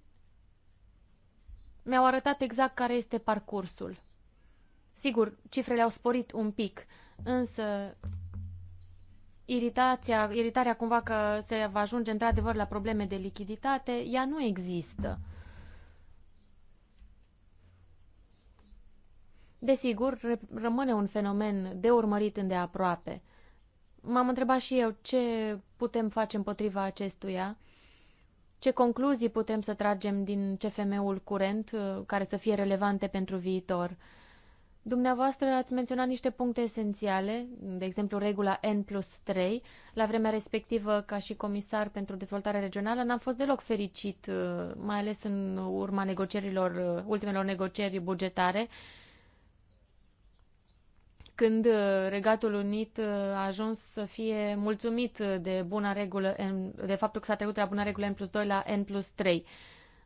mi-au arătat exact care este parcursul. Sigur, cifrele au sporit un pic, însă iritația, iritarea cumva că se va ajunge într-adevăr la probleme de lichiditate, ea nu există. Desigur, rămâne un fenomen de urmărit îndeaproape. M-am întrebat și eu ce putem face împotriva acestuia, ce concluzii putem să tragem din CFM-ul curent uh, care să fie relevante pentru viitor. Dumneavoastră ați menționat niște puncte esențiale, de exemplu regula N plus 3. La vremea respectivă, ca și comisar pentru dezvoltare regională, n-am fost deloc fericit, uh, mai ales în urma negocierilor, uh, ultimelor negocieri bugetare, când uh, Regatul Unit a ajuns să fie mulțumit de buna regulă, de faptul că s-a trecut la buna regulă N plus 2 la N plus 3.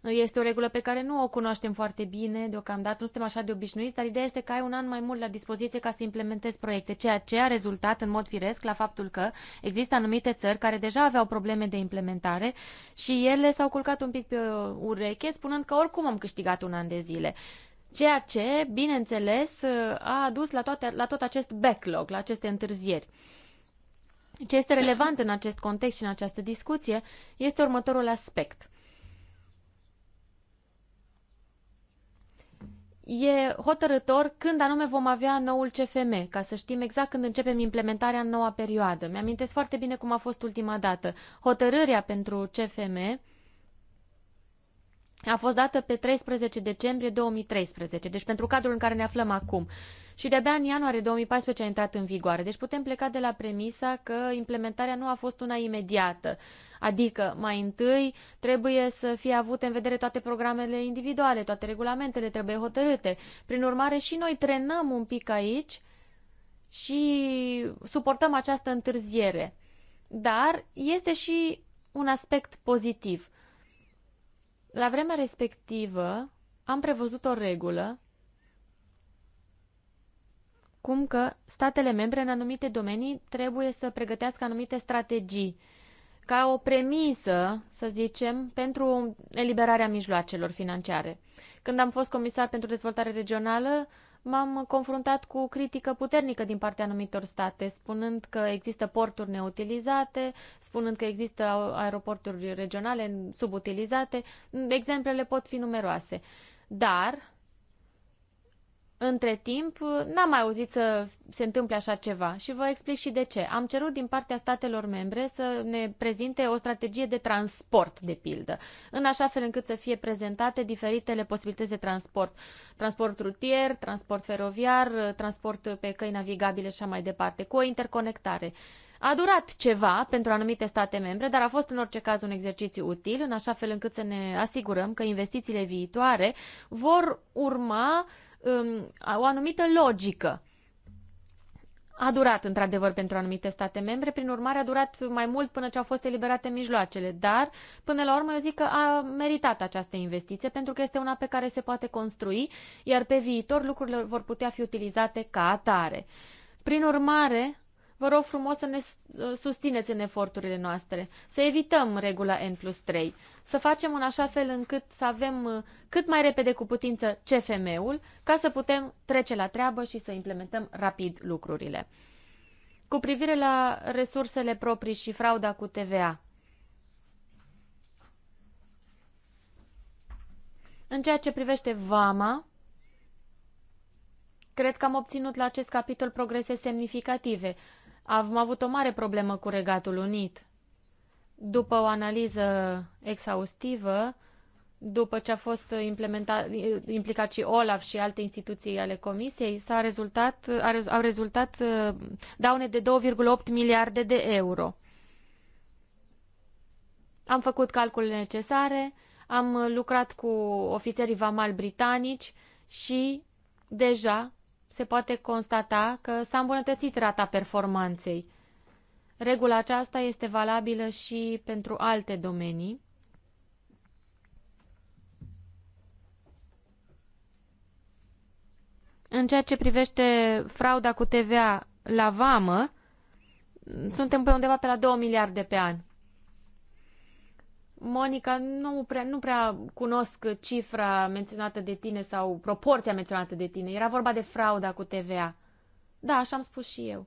Este o regulă pe care nu o cunoaștem foarte bine deocamdată, nu suntem așa de obișnuiți, dar ideea este că ai un an mai mult la dispoziție ca să implementezi proiecte, ceea ce a rezultat în mod firesc la faptul că există anumite țări care deja aveau probleme de implementare și ele s-au culcat un pic pe ureche spunând că oricum am câștigat un an de zile. Ceea ce, bineînțeles, a adus la, toate, la tot acest backlog, la aceste întârzieri. Ce este relevant în acest context și în această discuție este următorul aspect – e hotărător când anume vom avea noul CFM, ca să știm exact când începem implementarea în noua perioadă. Mi-amintesc foarte bine cum a fost ultima dată. Hotărârea pentru CFM a fost dată pe 13 decembrie 2013, deci pentru cadrul în care ne aflăm acum și de-abia în ianuarie 2014 a intrat în vigoare. Deci putem pleca de la premisa că implementarea nu a fost una imediată. Adică, mai întâi, trebuie să fie avute în vedere toate programele individuale, toate regulamentele trebuie hotărâte. Prin urmare, și noi trenăm un pic aici și suportăm această întârziere. Dar este și un aspect pozitiv. La vremea respectivă am prevăzut o regulă cum că statele membre în anumite domenii trebuie să pregătească anumite strategii ca o premisă, să zicem, pentru eliberarea mijloacelor financiare. Când am fost comisar pentru dezvoltare regională, m-am confruntat cu critică puternică din partea anumitor state, spunând că există porturi neutilizate, spunând că există aeroporturi regionale subutilizate. Exemplele pot fi numeroase. Dar între timp, n-am mai auzit să se întâmple așa ceva și vă explic și de ce. Am cerut din partea statelor membre să ne prezinte o strategie de transport, de pildă, în așa fel încât să fie prezentate diferitele posibilități de transport. Transport rutier, transport feroviar, transport pe căi navigabile și așa mai departe, cu o interconectare. A durat ceva pentru anumite state membre, dar a fost în orice caz un exercițiu util, în așa fel încât să ne asigurăm că investițiile viitoare vor urma uh, um, o anumită logică. A durat, într-adevăr, pentru anumite state membre, prin urmare a durat mai mult până ce au fost eliberate mijloacele, dar, până la urmă, eu zic că a meritat această investiție, pentru că este una pe care se poate construi, iar pe viitor lucrurile vor putea fi utilizate ca atare. Prin urmare, vă rog frumos să ne uh, susțineți în eforturile noastre, să evităm regula N plus 3, să facem în așa fel încât să avem uh, cât mai repede cu putință CFM-ul, ca să putem trece la treabă și să implementăm rapid lucrurile. Cu privire la resursele proprii și frauda cu TVA, În ceea ce privește vama, cred că am obținut la acest capitol progrese semnificative. Am avut o mare problemă cu Regatul Unit. După o analiză exhaustivă, după ce a fost implicat și OLAF și alte instituții ale Comisiei, s-a rezultat, au rezultat uh, daune de 2,8 miliarde de euro. Am făcut calculele necesare, am lucrat cu ofițerii vamal britanici și deja se poate constata că s-a îmbunătățit rata performanței. Regula aceasta este valabilă și pentru alte domenii. În ceea ce privește frauda cu TVA la vamă, suntem pe undeva pe la 2 miliarde pe an. Monica, nu prea, nu prea cunosc cifra menționată de tine sau proporția menționată de tine. Era vorba de frauda cu TVA. Da, așa am spus și eu.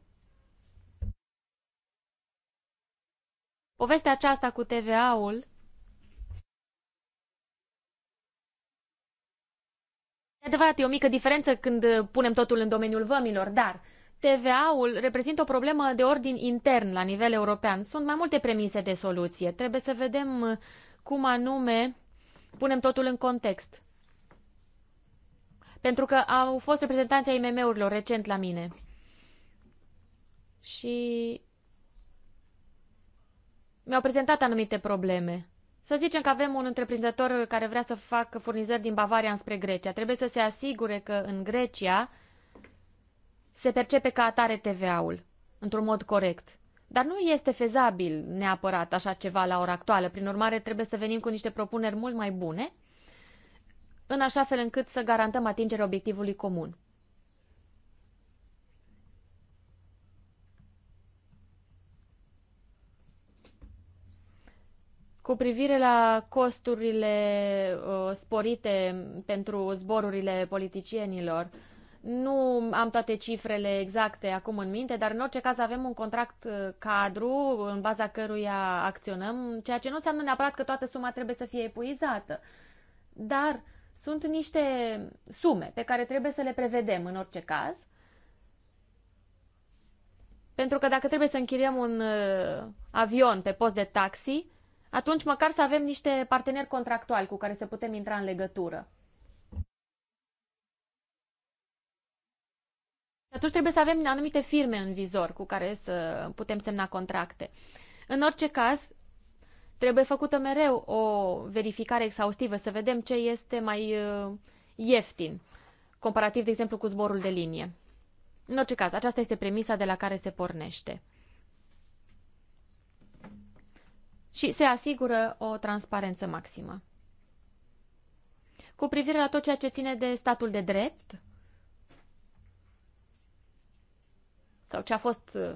Povestea aceasta cu TVA-ul E adevărat, e o mică diferență când punem totul în domeniul vămilor, dar TVA-ul reprezintă o problemă de ordin intern la nivel european. Sunt mai multe premise de soluție. Trebuie să vedem uh, cum anume punem totul în context. Pentru că au fost reprezentanții ai IMM-urilor recent la mine. Și mi-au prezentat anumite probleme. Să zicem că avem un întreprinzător care vrea să facă furnizări din Bavaria înspre Grecia. Trebuie să se asigure că în Grecia se percepe ca atare TVA-ul, într-un mod corect. Dar nu este fezabil neapărat așa ceva la ora actuală, prin urmare trebuie să venim cu niște propuneri mult mai bune, în așa fel încât să garantăm atingerea obiectivului comun. Cu privire la costurile uh, sporite pentru zborurile politicienilor, uh, nu am toate cifrele exacte acum în minte, dar în orice caz avem un contract uh, cadru în baza căruia acționăm, ceea ce nu înseamnă neapărat că toată suma trebuie să fie epuizată. Dar sunt niște sume pe care trebuie să le prevedem în orice caz. Pentru că dacă trebuie să închiriem un uh, avion pe post de taxi, atunci măcar să avem niște parteneri contractuali cu care să putem intra în legătură. atunci trebuie să avem anumite firme în vizor cu care să putem semna contracte. În orice caz, trebuie făcută mereu o verificare exhaustivă să vedem ce este mai uh, ieftin, comparativ, de exemplu, cu zborul de linie. În orice caz, aceasta este premisa de la care se pornește. Și se asigură o transparență maximă. Cu privire la tot ceea ce ține de statul de drept, sau ce a fost uh,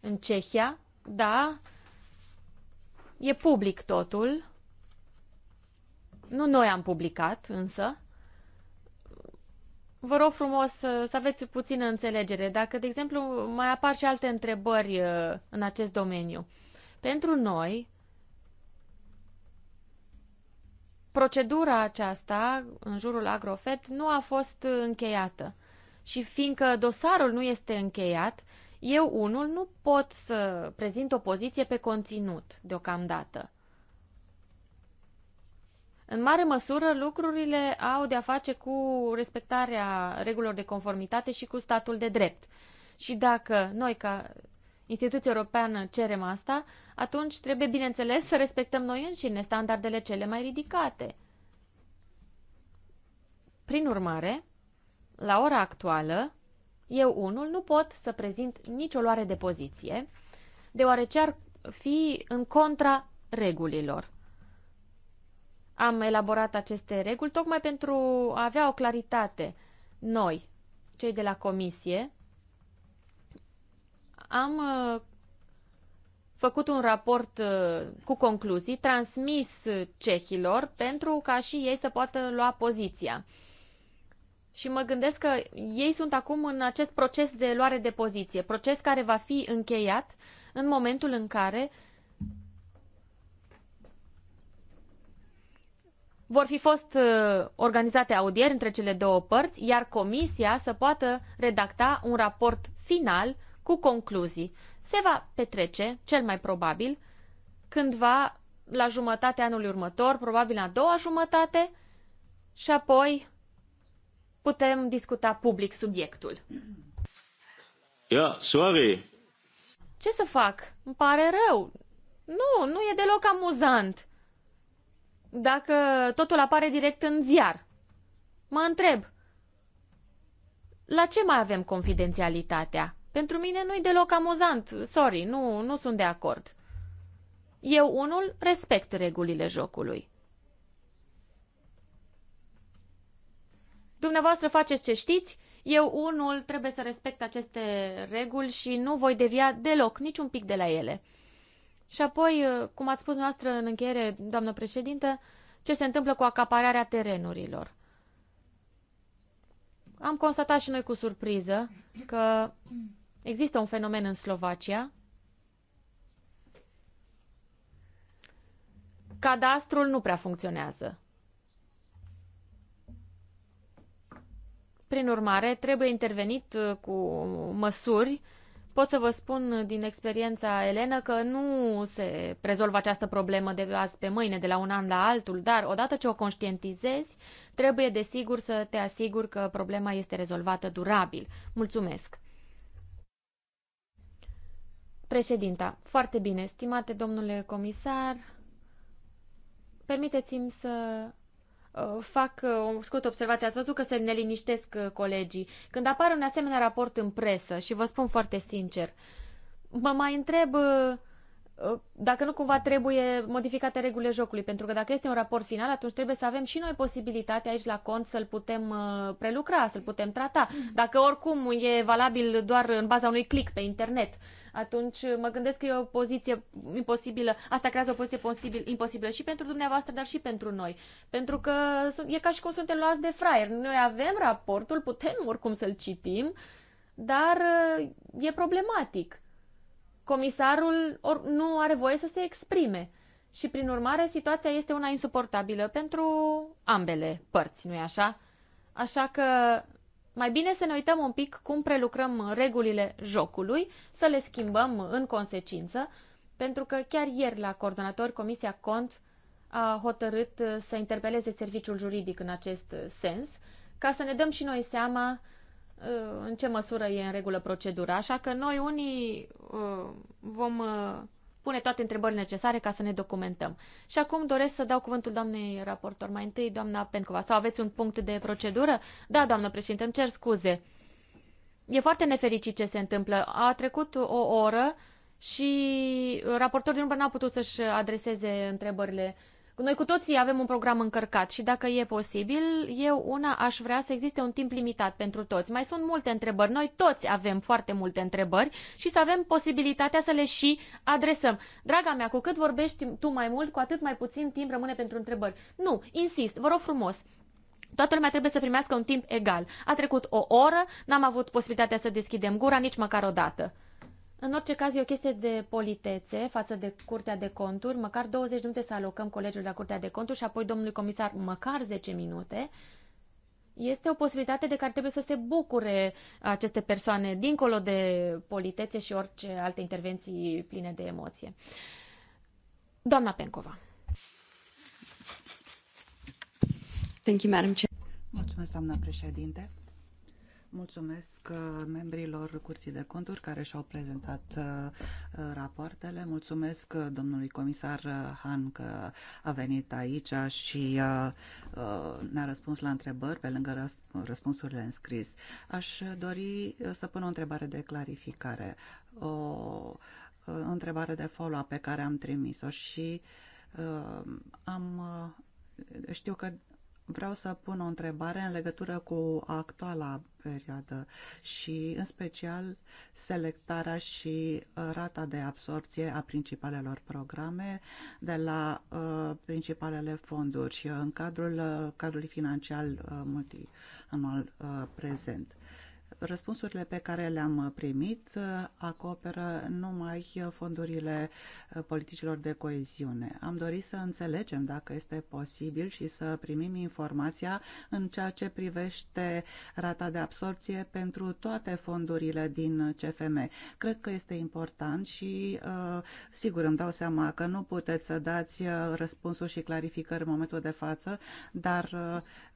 în Cehia, da, e public totul. Nu noi am publicat, însă. Vă rog frumos să aveți puțină înțelegere. Dacă, de exemplu, mai apar și alte întrebări uh, în acest domeniu. Pentru noi, procedura aceasta în jurul Agrofet nu a fost uh, încheiată. Și fiindcă dosarul nu este încheiat, eu unul nu pot să prezint o poziție pe conținut deocamdată. În mare măsură, lucrurile au de-a face cu respectarea regulilor de conformitate și cu statul de drept. Și dacă noi, ca instituție europeană, cerem asta, atunci trebuie, bineînțeles, să respectăm noi înșine standardele cele mai ridicate. Prin urmare, la ora actuală, eu unul nu pot să prezint nicio luare de poziție, deoarece ar fi în contra regulilor. Am elaborat aceste reguli tocmai pentru a avea o claritate. Noi, cei de la comisie, am uh, făcut un raport uh, cu concluzii, transmis cehilor pentru ca și ei să poată lua poziția. Și mă gândesc că ei sunt acum în acest proces de luare de poziție, proces care va fi încheiat în momentul în care vor fi fost uh, organizate audieri între cele două părți, iar comisia să poată redacta un raport final cu concluzii. Se va petrece, cel mai probabil, cândva la jumătatea anului următor, probabil la a doua jumătate, și apoi putem discuta public subiectul. Yeah, sorry. Ce să fac? Îmi pare rău. Nu, nu e deloc amuzant. Dacă totul apare direct în ziar. Mă întreb, la ce mai avem confidențialitatea? Pentru mine nu-i deloc amuzant. Sorry, nu, nu sunt de acord. Eu unul respect regulile jocului. Dumneavoastră faceți ce știți, eu unul trebuie să respect aceste reguli și nu voi devia deloc, niciun pic de la ele. Și apoi, uh, cum ați spus noastră în încheiere, doamnă președintă, ce se întâmplă cu acapararea terenurilor. Am constatat și noi cu surpriză că există un fenomen în Slovacia. Cadastrul nu prea funcționează. Prin urmare, trebuie intervenit uh, cu măsuri. Pot să vă spun din experiența Elena că nu se rezolvă această problemă de azi pe mâine, de la un an la altul, dar odată ce o conștientizezi, trebuie desigur să te asiguri că problema este rezolvată durabil. Mulțumesc! Președinta, foarte bine, stimate domnule comisar, permiteți-mi să Uh, fac, uh, o scurtă observație, ați văzut că se neliniștesc uh, colegii. Când apare un asemenea raport în presă, și vă spun foarte sincer, mă mai întreb dacă nu cumva trebuie modificate regulile jocului, pentru că dacă este un raport final, atunci trebuie să avem și noi posibilitatea aici la cont să-l putem uh, prelucra, să-l putem trata. Mhm. Dacă oricum e valabil doar în baza unui click pe internet, atunci uh, mă gândesc că e o poziție imposibilă. Asta creează o poziție posibil, imposibilă și pentru dumneavoastră, dar și pentru noi. Pentru că e ca și cum suntem luați de fraier. Noi avem raportul, putem oricum să-l citim, dar uh, e problematic comisarul or, nu are voie să se exprime. Și, prin urmare, situația este una insuportabilă pentru ambele părți, nu-i așa? Așa că mai bine să ne uităm un pic cum prelucrăm regulile jocului, să le schimbăm în consecință, pentru că chiar ieri la coordonator Comisia Cont a hotărât să interpeleze serviciul juridic în acest sens, ca să ne dăm și noi seama Uh, în ce măsură e în regulă procedura, așa că noi unii uh, vom uh, pune toate întrebările necesare ca să ne documentăm. Și acum doresc să dau cuvântul doamnei raportor. Mai întâi, doamna Pencova, sau aveți un punct de procedură? Da, doamnă președinte, îmi cer scuze. E foarte nefericit ce se întâmplă. A trecut o oră și raportorul din urmă n-a putut să-și adreseze întrebările noi cu toții avem un program încărcat și dacă e posibil, eu una aș vrea să existe un timp limitat pentru toți. Mai sunt multe întrebări, noi toți avem foarte multe întrebări și să avem posibilitatea să le și adresăm. Draga mea, cu cât vorbești tu mai mult, cu atât mai puțin timp rămâne pentru întrebări. Nu, insist, vă rog frumos, Toată lumea trebuie să primească un timp egal. A trecut o oră, n-am avut posibilitatea să deschidem gura nici măcar o dată. În orice caz, e o chestie de politețe față de Curtea de Conturi. Măcar 20 de minute să alocăm colegiul la Curtea de Conturi și apoi domnului comisar măcar 10 minute. Este o posibilitate de care trebuie să se bucure aceste persoane, dincolo de politețe și orice alte intervenții pline de emoție. Doamna Pencova. Thank you, Madam Chair. Mulțumesc, doamna președinte. Mulțumesc uh, membrilor Curții de Conturi care și-au prezentat uh, uh, rapoartele. Mulțumesc domnului comisar Han că a venit aici și ne-a răspuns la întrebări pe lângă răspunsurile înscris. Aș dori să pun o întrebare de clarificare, o întrebare de follow-up pe care am trimis-o și am știu că vreau să pun o întrebare în legătură cu actuala perioadă și, în special, selectarea și uh, rata de absorție a principalelor programe de la uh, principalele fonduri și uh, în cadrul uh, cadrului financiar uh, multianual uh, prezent. Uh, Răspunsurile pe care le-am primit uh, acoperă numai fondurile uh, politicilor de coeziune. Am dorit să înțelegem dacă este posibil și să primim informația în ceea ce privește rata de absorpție pentru toate fondurile din CFM. Cred că este important și, uh, sigur, îmi dau seama că nu puteți să dați răspunsuri și clarificări în momentul de față, dar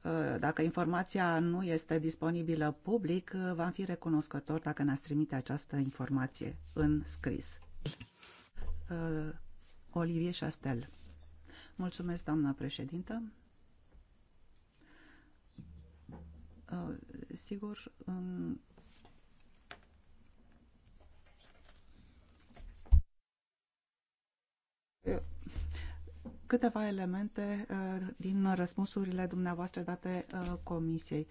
Uh, dacă informația nu este disponibilă public, uh, v-am fi recunoscător dacă ne-ați trimite această informație în scris. Uh, Olivier Chastel. Mulțumesc, doamna președintă. Sigur, în câteva elemente uh, din răspunsurile dumneavoastră date uh, Comisiei.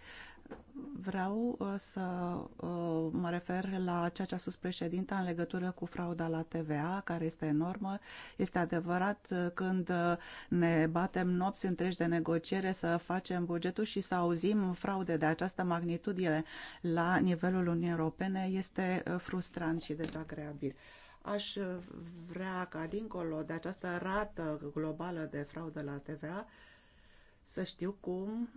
Vreau uh, să mă refer la ceea ce a spus președinta în legătură cu frauda la TVA, care este enormă. Este adevărat când ne batem nopți întregi de negociere să facem bugetul și să auzim fraude de această magnitudine la nivelul Uniunii Europene este frustrant și dezagreabil. Aș vrea ca, dincolo de această rată globală de fraudă la TVA, să știu cum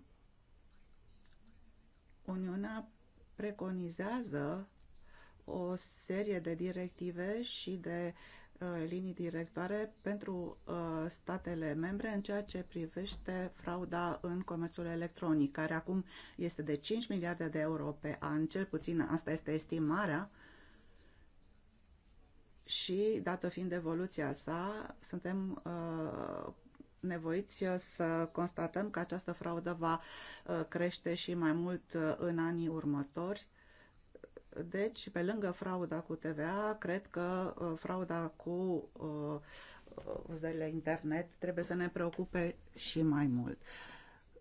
Uniunea preconizează o serie de directive și de uh, linii directoare pentru uh, statele membre în ceea ce privește frauda în comerțul electronic, care acum este de 5 miliarde de euro pe an, cel puțin asta este estimarea uh, și, dată fiind evoluția sa, suntem uh, nevoiți să constatăm că această fraudă va uh, crește și mai mult uh, în anii următori. Deci, pe lângă frauda cu TVA, cred că uh, frauda cu uh, uzările internet trebuie să ne preocupe și mai mult.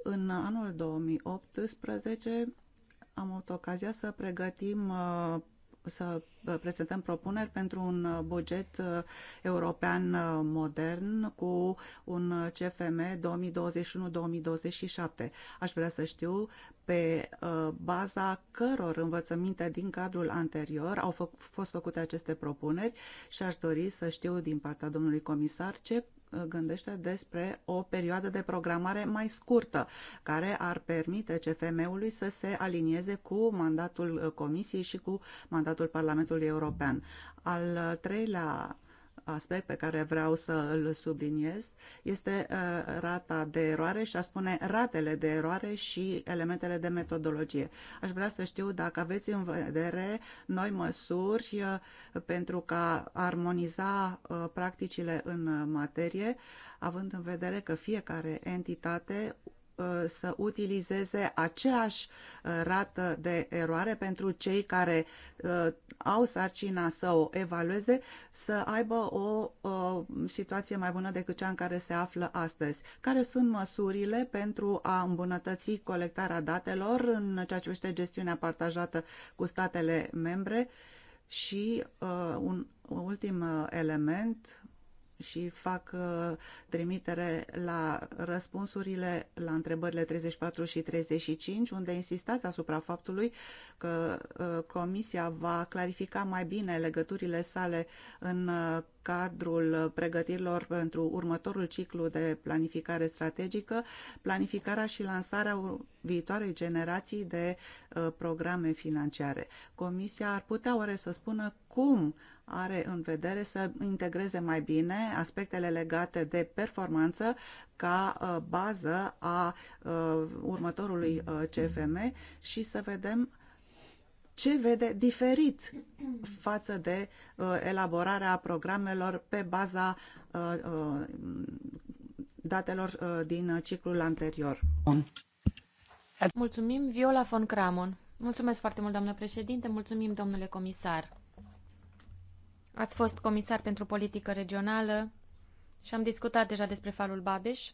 În anul 2018 am avut ocazia să pregătim uh, să uh, prezentăm propuneri pentru un uh, buget uh, european modern cu un CFM 2021-2027. Aș vrea să știu pe baza căror învățăminte din cadrul anterior au fost făcute aceste propuneri și aș dori să știu din partea domnului comisar ce Uh, gândește despre o perioadă de programare mai scurtă, care ar permite CFM-ului să se alinieze cu mandatul uh, Comisiei și cu mandatul Parlamentului European. Al treilea aspect pe care vreau să îl subliniez este uh, rata de eroare și a spune ratele de eroare și elementele de metodologie. Aș vrea să știu dacă aveți în vedere noi măsuri uh, pentru ca armoniza uh, practicile în materie, având în vedere că fiecare entitate Uh, să utilizeze aceeași uh, rată de eroare pentru cei care uh, au sarcina să o evalueze, să aibă o situație mai bună decât cea în care se află astăzi. Care sunt măsurile pentru a îmbunătăți colectarea datelor în ceea ce privește gestiunea partajată cu statele membre? Și uh, un ultim element și fac uh, trimitere la răspunsurile la întrebările 34 și 35, unde insistați asupra faptului că uh, Comisia va clarifica mai bine legăturile sale în uh, cadrul pregătirilor pentru următorul ciclu de planificare strategică, planificarea și lansarea viitoarei generații de programe financiare. Comisia ar putea oare să spună cum are în vedere să integreze mai bine aspectele legate de performanță ca uh, bază a uh, următorului uh, CFM și să vedem ce vede diferit față de elaborarea programelor pe baza datelor din ciclul anterior. Mulțumim, Viola von Cramon. Mulțumesc foarte mult, doamnă președinte, mulțumim, domnule comisar. Ați fost comisar pentru politică regională și am discutat deja despre falul Babeș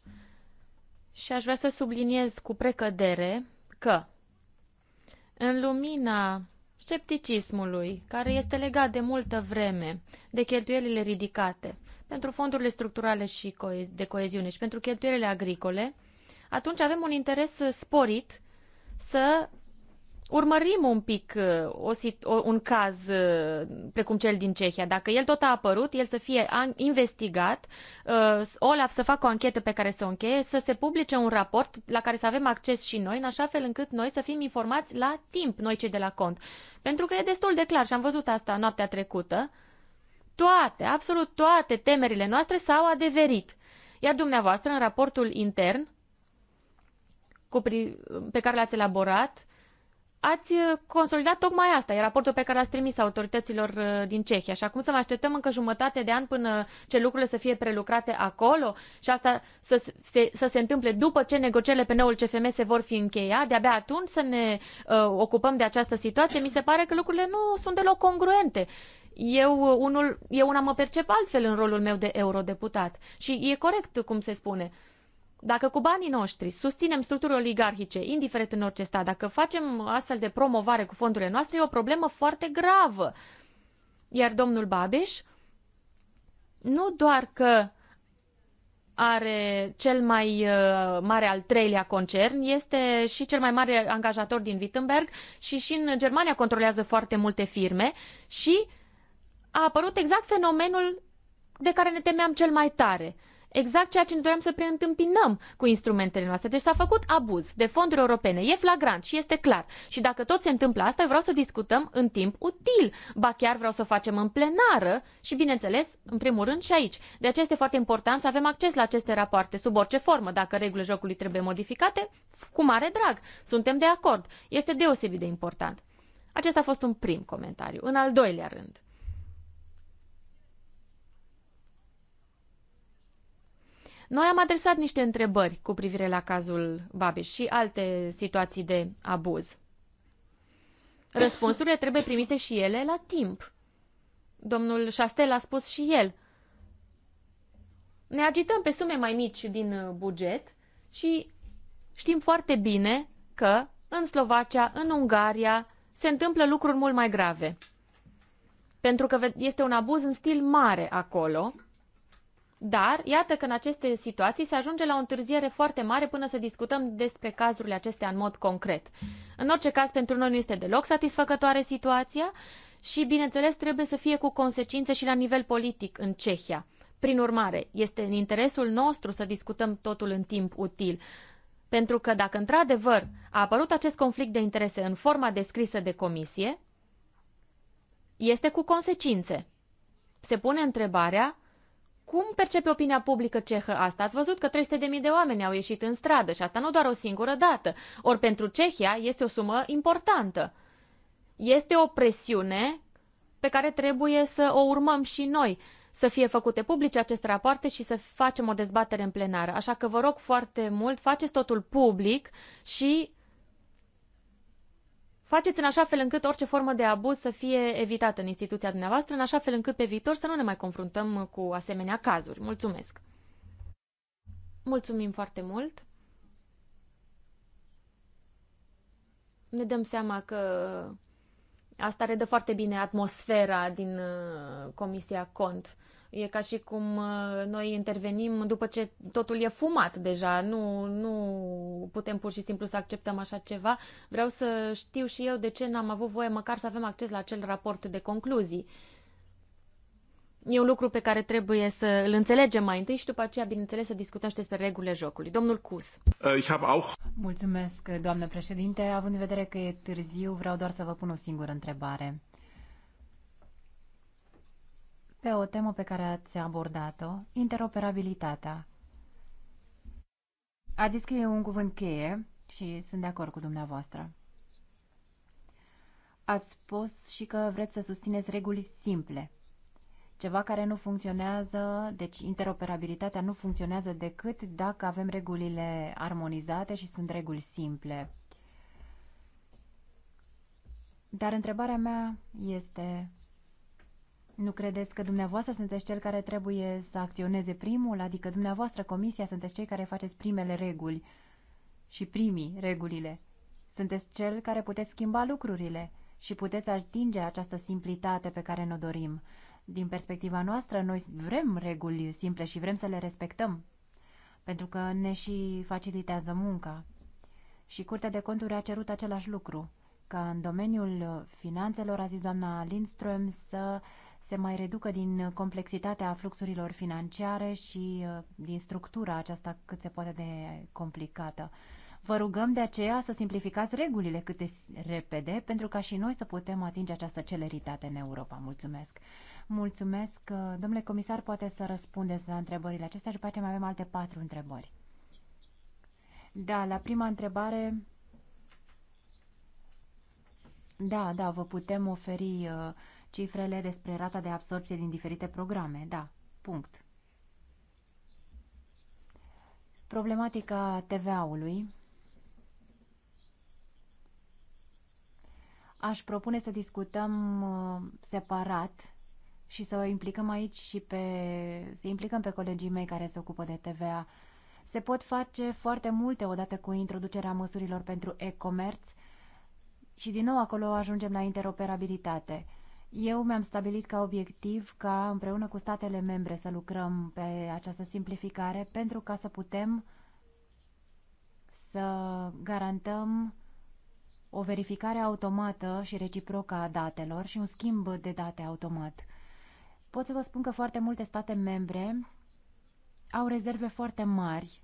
și aș vrea să subliniez cu precădere că în lumina scepticismului care este legat de multă vreme de cheltuielile ridicate pentru fondurile structurale și de coeziune și pentru cheltuielile agricole, atunci avem un interes sporit să urmărim un pic uh, o, un caz uh, precum cel din Cehia. Dacă el tot a apărut, el să fie investigat, uh, Olaf să facă o anchetă pe care să o încheie, să se publice un raport la care să avem acces și noi, în așa fel încât noi să fim informați la timp, noi cei de la cont. Pentru că e destul de clar și am văzut asta noaptea trecută, toate, absolut toate temerile noastre s-au adeverit. Iar dumneavoastră, în raportul intern cu pri- pe care l-ați elaborat, ați uh, consolidat tocmai asta. E raportul pe care l-ați trimis autorităților uh, din Cehia și acum să mai așteptăm încă jumătate de an până ce lucrurile să fie prelucrate acolo și asta să se, să se întâmple după ce negocierile pe noul CFM se vor fi încheiat. De-abia atunci să ne uh, ocupăm de această situație. Mi se pare că lucrurile nu sunt deloc congruente. Eu, uh, unul, eu una mă percep altfel în rolul meu de eurodeputat și e corect cum se spune. Dacă cu banii noștri susținem structuri oligarhice, indiferent în orice stat, dacă facem astfel de promovare cu fondurile noastre, e o problemă foarte gravă. Iar domnul Babeș nu doar că are cel mai uh, mare al treilea concern, este și cel mai mare angajator din Wittenberg și și în Germania controlează foarte multe firme și a apărut exact fenomenul de care ne temeam cel mai tare – exact ceea ce ne doream să preîntâmpinăm cu instrumentele noastre. Deci s-a făcut abuz de fonduri europene. E flagrant și este clar. Și dacă tot se întâmplă asta, vreau să discutăm în timp util. Ba chiar vreau să o facem în plenară și, bineînțeles, în primul rând și aici. De aceea este foarte important să avem acces la aceste rapoarte sub orice formă. Dacă regulile jocului trebuie modificate, cu mare drag. Suntem de acord. Este deosebit de important. Acesta a fost un prim comentariu. În al doilea rând, Noi am adresat niște întrebări cu privire la cazul Babiș și alte situații de abuz. Răspunsurile trebuie primite și ele la timp. Domnul Șastel a spus și el. Ne agităm pe sume mai mici din uh, buget și știm foarte bine că în Slovacia, în Ungaria, se întâmplă lucruri mult mai grave. Pentru că este un abuz în stil mare acolo dar iată că în aceste situații se ajunge la o întârziere foarte mare până să discutăm despre cazurile acestea în mod concret. În orice caz, pentru noi nu este deloc satisfăcătoare situația și, bineînțeles, trebuie să fie cu consecințe și la nivel politic în Cehia. Prin urmare, este în interesul nostru să discutăm totul în timp util. Pentru că dacă într-adevăr a apărut acest conflict de interese în forma descrisă de comisie, este cu consecințe. Se pune întrebarea cum percepe opinia publică cehă asta? Ați văzut că 300.000 de oameni au ieșit în stradă și asta nu doar o singură dată. Ori pentru Cehia este o sumă importantă. Este o presiune pe care trebuie să o urmăm și noi să fie făcute publice aceste rapoarte și să facem o dezbatere în plenară. Așa că vă rog foarte mult, faceți totul public și Faceți în așa fel încât orice formă de abuz să fie evitată în instituția dumneavoastră, în așa fel încât pe viitor să nu ne mai confruntăm cu asemenea cazuri. Mulțumesc! Mulțumim foarte mult! Ne dăm seama că asta redă foarte bine atmosfera din uh, Comisia Cont. E ca și cum uh, noi intervenim după ce totul e fumat deja. Nu, nu putem pur și simplu să acceptăm așa ceva. Vreau să știu și eu de ce n-am avut voie măcar să avem acces la acel raport de concluzii. E un lucru pe care trebuie să îl înțelegem mai întâi și după aceea, bineînțeles, să discutăm și despre regulile jocului. Domnul Cus. Uh, Mulțumesc, doamnă președinte. Având în vedere că e târziu, vreau doar să vă pun o singură întrebare pe o temă pe care ați abordat-o, interoperabilitatea. Ați zis că e un cuvânt cheie și sunt de acord cu dumneavoastră. Ați spus și că vreți să susțineți reguli simple. Ceva care nu funcționează, deci interoperabilitatea nu funcționează decât dacă avem regulile armonizate și sunt reguli simple. Dar întrebarea mea este nu credeți că dumneavoastră sunteți cel care trebuie să acționeze primul? Adică dumneavoastră, comisia, sunteți cei care faceți primele reguli și primii regulile. Sunteți cel care puteți schimba lucrurile și puteți atinge această simplitate pe care ne-o dorim. Din perspectiva noastră, noi vrem reguli simple și vrem să le respectăm, pentru că ne și facilitează munca. Și Curtea de Conturi a cerut același lucru, ca în domeniul finanțelor, a zis doamna Lindström, să se mai reducă din complexitatea fluxurilor financiare și uh, din structura aceasta cât se poate de complicată. Vă rugăm de aceea să simplificați regulile cât de repede pentru ca și noi să putem atinge această celeritate în Europa. Mulțumesc! Mulțumesc! Uh, domnule comisar, poate să răspundeți la întrebările acestea și după aceea mai avem alte patru întrebări. Da, la prima întrebare... Da, da, vă putem oferi uh, cifrele despre rata de absorpție din diferite programe. Da, punct. Problematica TVA-ului. Aș propune să discutăm uh, separat și să o implicăm aici și pe, să implicăm pe colegii mei care se ocupă de TVA. Se pot face foarte multe odată cu introducerea măsurilor pentru e commerce și din nou acolo ajungem la interoperabilitate. Eu mi-am stabilit ca obiectiv ca împreună cu statele membre să lucrăm pe această simplificare pentru ca să putem să garantăm o verificare automată și reciprocă a datelor și un schimb de date automat. Pot să vă spun că foarte multe state membre au rezerve foarte mari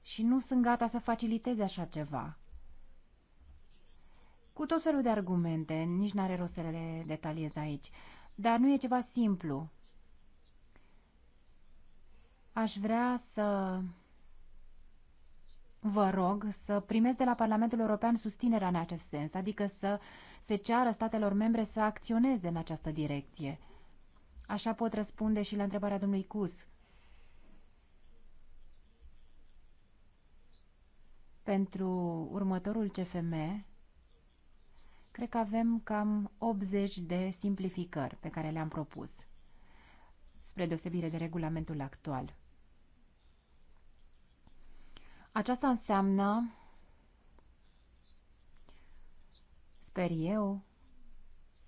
și nu sunt gata să faciliteze așa ceva cu tot felul de argumente, nici n-are rost să le detaliez aici. Dar nu e ceva simplu. Aș vrea să vă rog să primesc de la Parlamentul European susținerea în acest sens, adică să se ceară statelor membre să acționeze în această direcție. Așa pot răspunde și la întrebarea domnului Cus. Pentru următorul CFM, Cred că avem cam 80 de simplificări pe care le-am propus, spre deosebire de regulamentul actual. Aceasta înseamnă, sper eu,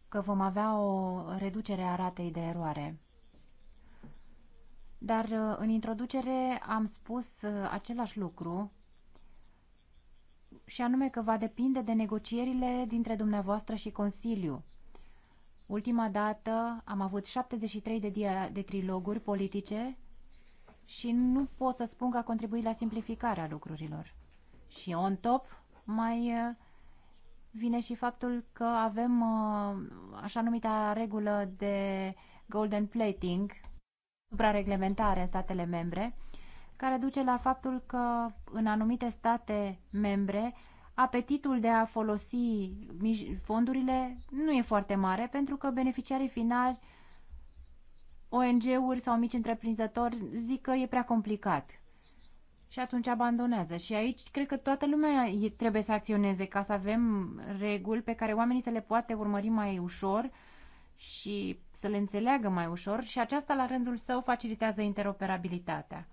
că vom avea o reducere a ratei de eroare. Dar în introducere am spus uh, același lucru și anume că va depinde de negocierile dintre dumneavoastră și Consiliu. Ultima dată am avut 73 de, dia- de triloguri politice și nu pot să spun că a contribuit la simplificarea lucrurilor. Și on top mai uh, vine și faptul că avem uh, așa numita regulă de golden plating, supra-reglementare în statele membre, care duce la faptul că în anumite state membre apetitul de a folosi fondurile nu e foarte mare pentru că beneficiarii finali, ONG-uri sau mici întreprinzători zic că e prea complicat și atunci abandonează. Și aici cred că toată lumea trebuie să acționeze ca să avem reguli pe care oamenii să le poate urmări mai ușor și să le înțeleagă mai ușor și aceasta la rândul său facilitează interoperabilitatea.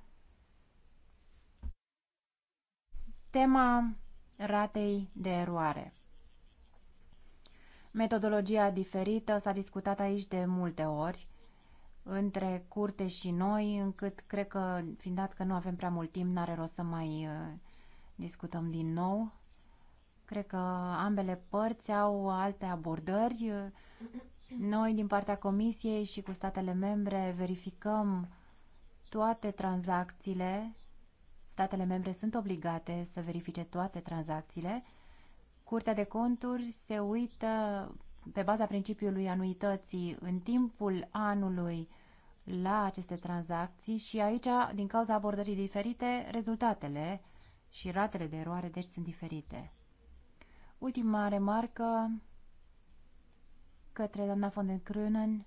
Tema ratei de eroare. Metodologia diferită s-a discutat aici de multe ori între curte și noi, încât cred că, fiind dat că nu avem prea mult timp, n-are rost să mai uh, discutăm din nou. Cred că ambele părți au alte abordări. Noi, din partea Comisiei și cu statele membre, verificăm toate tranzacțiile Statele membre sunt obligate să verifice toate tranzacțiile. Curtea de conturi se uită pe baza principiului anuității în timpul anului la aceste tranzacții și aici, din cauza abordării diferite, rezultatele și ratele de eroare deci sunt diferite. Ultima remarcă către doamna von den Krünen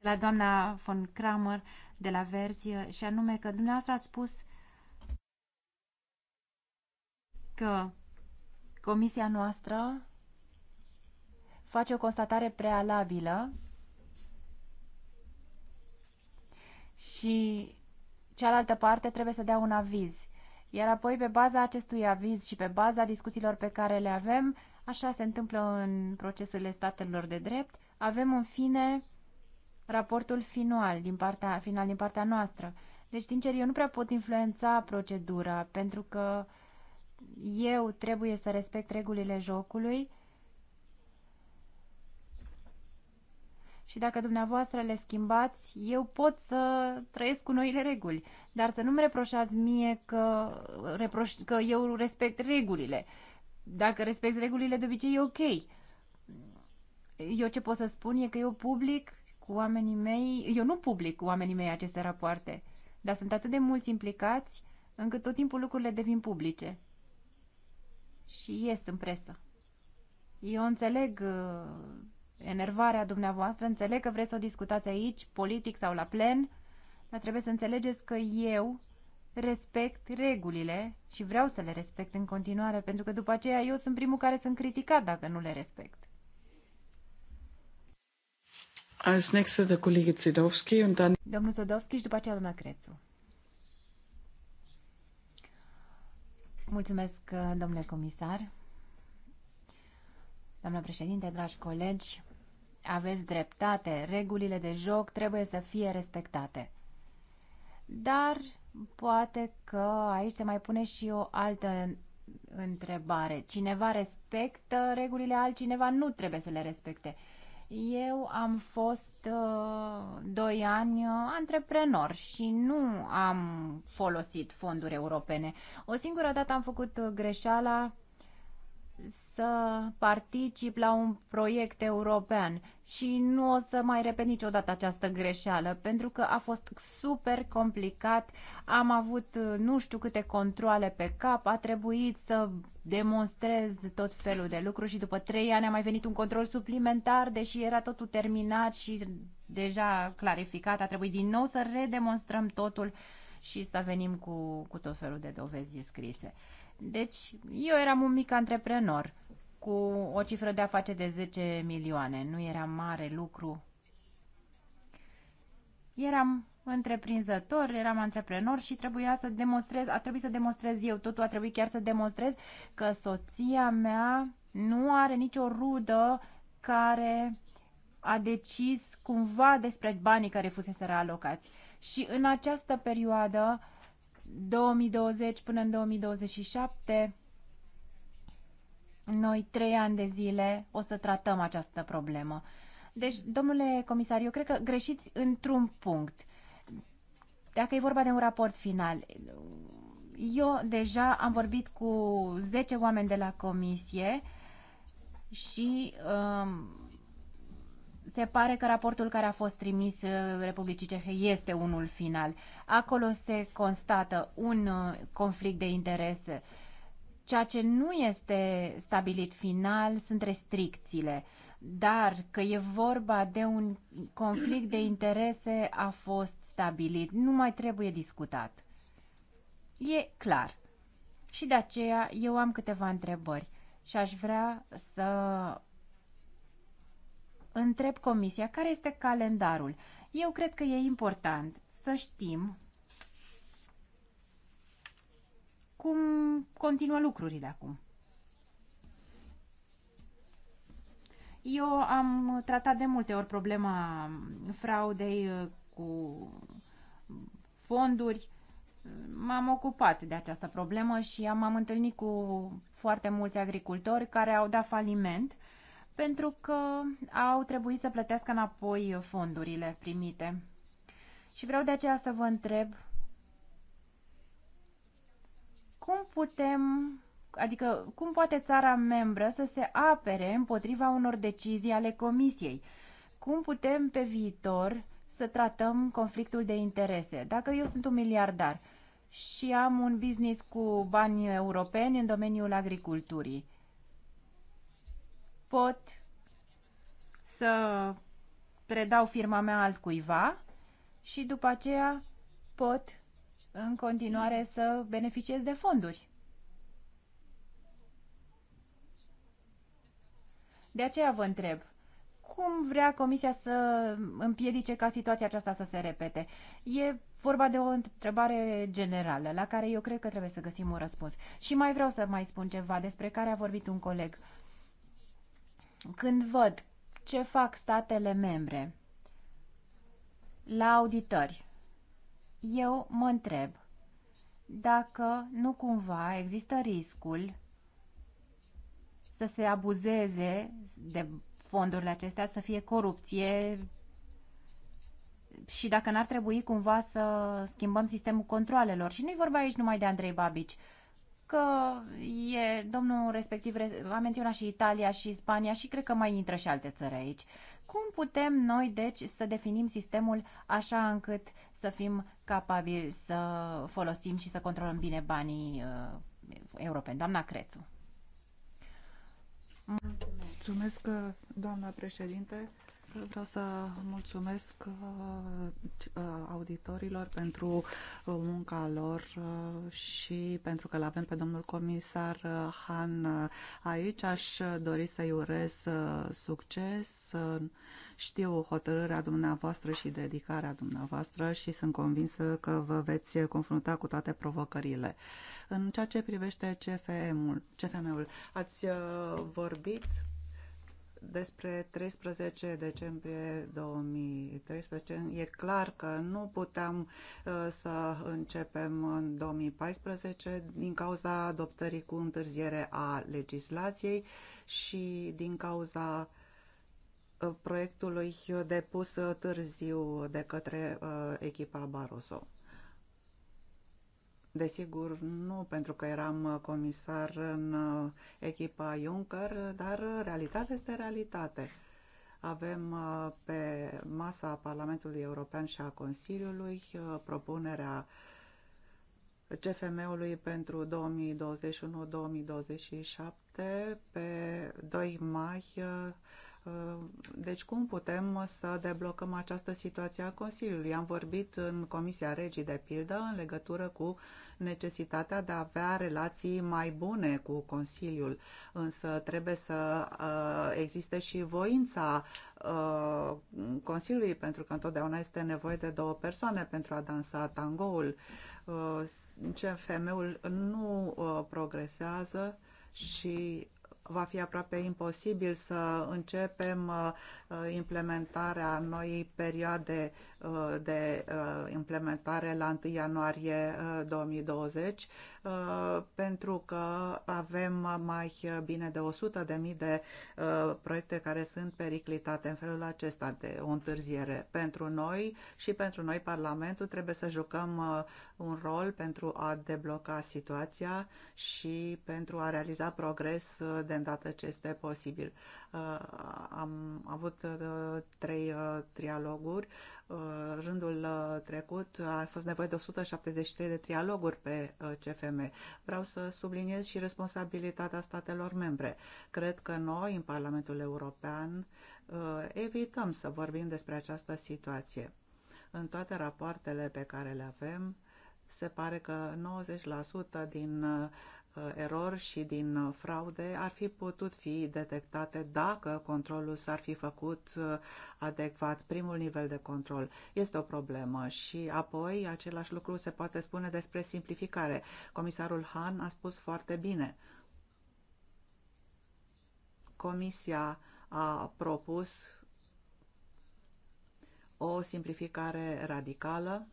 la doamna von Kramer de la Verzi și anume că dumneavoastră ați spus că comisia noastră face o constatare prealabilă și cealaltă parte trebuie să dea un aviz. Iar apoi, pe baza acestui aviz și pe baza discuțiilor pe care le avem, așa se întâmplă în procesurile statelor de drept, avem în fine raportul final din partea, final din partea noastră. Deci, sincer, eu nu prea pot influența procedura, pentru că eu trebuie să respect regulile jocului și dacă dumneavoastră le schimbați, eu pot să trăiesc cu noile reguli. Dar să nu-mi reproșați mie că, reproș, că eu respect regulile. Dacă respect regulile, de obicei e ok. Eu ce pot să spun e că eu public oamenii mei, eu nu public oamenii mei aceste rapoarte, dar sunt atât de mulți implicați încât tot timpul lucrurile devin publice și ies în presă. Eu înțeleg uh, enervarea dumneavoastră, înțeleg că vreți să o discutați aici, politic sau la plen, dar trebuie să înțelegeți că eu respect regulile și vreau să le respect în continuare, pentru că după aceea eu sunt primul care sunt criticat dacă nu le respect. Als nächster der Kollege Zedowski und dann... Domnul Zedowski și după aceea doamna Crețu. Mulțumesc, domnule comisar. Domnule președinte, dragi colegi, aveți dreptate, regulile de joc trebuie să fie respectate. Dar poate că aici se mai pune și o altă întrebare. Cineva respectă regulile, altcineva nu trebuie să le respecte. Eu am fost uh, doi ani uh, antreprenor și nu am folosit fonduri europene. O singură dată am făcut uh, greșeala să particip la un proiect european și nu o să mai repet niciodată această greșeală, pentru că a fost super complicat, am avut uh, nu știu câte controle pe cap, a trebuit să demonstrez tot felul de lucruri și după trei ani a mai venit un control suplimentar, deși era totul terminat și deja clarificat, a trebuit din nou să redemonstrăm totul și să venim cu, cu tot felul de dovezi scrise. Deci, eu eram un mic antreprenor cu o cifră de afaceri de 10 milioane. Nu era mare lucru. Eram întreprinzător, eram antreprenor și trebuia să demonstrez, a trebuit să demonstrez eu, totul a trebuit chiar să demonstrez că soția mea nu are nicio rudă care a decis cumva despre banii care fusese alocați. Și în această perioadă 2020 până în 2027, noi trei ani de zile o să tratăm această problemă. Deci, domnule comisar, eu cred că greșiți într-un punct. Dacă e vorba de un raport final, eu deja am vorbit cu 10 oameni de la comisie și um, se pare că raportul care a fost trimis uh, Republicii Cehe este unul final. Acolo se constată un uh, conflict de interese. Ceea ce nu este stabilit final sunt restricțiile, dar că e vorba de un conflict de interese a fost stabilit, nu mai trebuie discutat. E clar. Și de aceea eu am câteva întrebări și aș vrea să întreb Comisia care este calendarul. Eu cred că e important să știm cum continuă lucrurile acum. Eu am tratat de multe ori problema fraudei uh, cu fonduri. M-am ocupat de această problemă și am, am întâlnit cu foarte mulți agricultori care au dat faliment pentru că au trebuit să plătească înapoi fondurile primite. Și vreau de aceea să vă întreb cum putem, adică cum poate țara membră să se apere împotriva unor decizii ale Comisiei? Cum putem pe viitor să tratăm conflictul de interese? Dacă eu sunt un miliardar și am un business cu bani europeni în domeniul agriculturii, pot să predau firma mea altcuiva și după aceea pot în continuare să beneficiez de fonduri. De aceea vă întreb, cum vrea Comisia să împiedice ca situația aceasta să se repete? E vorba de o întrebare generală, la care eu cred că trebuie să găsim un răspuns. Și mai vreau să mai spun ceva despre care a vorbit un coleg. Uh, când văd ce fac statele membre la auditări, eu mă întreb dacă nu cumva există riscul să se abuzeze de fondurile acestea, să fie corupție și dacă n-ar trebui cumva să schimbăm sistemul controlelor. Și nu-i vorba aici numai de Andrei Babici că e, domnul respectiv a menționat și Italia și Spania și cred că mai intră și alte țări aici. Cum putem noi, deci, să definim sistemul așa încât să fim capabili să folosim și să controlăm bine banii uh, europeni? Doamna Crețu. Mulțumesc, doamna președinte. Vreau să mulțumesc uh, uh, auditorilor pentru uh, munca lor și pentru că l-avem pe domnul comisar Han aici. Aș dori să-i urez succes. Știu hotărârea dumneavoastră și dedicarea dumneavoastră și sunt convinsă că vă veți confrunta cu toate provocările. În ceea ce privește CFM-ul, cfm ați vorbit despre 13 decembrie 2013. E clar că nu puteam uh, să începem în 2014 din cauza adoptării cu întârziere a legislației și din cauza uh, proiectului depus uh, târziu de către echipa Barroso. Desigur, nu pentru că eram comisar în uh, echipa Juncker, dar realitatea este realitate. Avem uh, pe masa Parlamentului European și a Consiliului uh, propunerea CFM-ului pentru 2021-2027 pe 2 mai Ă, deci cum putem să deblocăm această situație a Consiliului? Am vorbit în Comisia Regii, de pildă, în legătură cu necesitatea de a avea relații mai bune cu Consiliul, însă trebuie să ă, existe și voința ă, Consiliului, pentru că întotdeauna este nevoie de două persoane pentru a dansa tangoul. CFM-ul nu progresează și va fi aproape imposibil să începem uh, implementarea noii perioade Uh, de uh, implementare la 1 ianuarie 2020 uh, pentru că avem mai bine de 100.000 de, mii de proiecte care sunt periclitate în felul acesta de o întârziere. Pentru noi și pentru noi Parlamentul trebuie să jucăm un rol pentru a debloca situația și pentru a realiza progres de îndată ce este posibil. Uh, am avut uh, trei uh, trialoguri. Rândul trecut a fost nevoie de 173 de trialoguri pe CFM. Vreau să subliniez și responsabilitatea statelor membre. Cred că noi, în Parlamentul European, evităm să vorbim despre această situație. În toate rapoartele pe care le avem, se pare că 90% din uh, Uh, erori și din uh, fraude ar fi putut fi detectate dacă controlul s-ar fi făcut uh, adecvat, primul nivel de control. Este o problemă și apoi același lucru se poate spune despre simplificare. Comisarul Han a spus foarte bine. Comisia a propus o simplificare radicală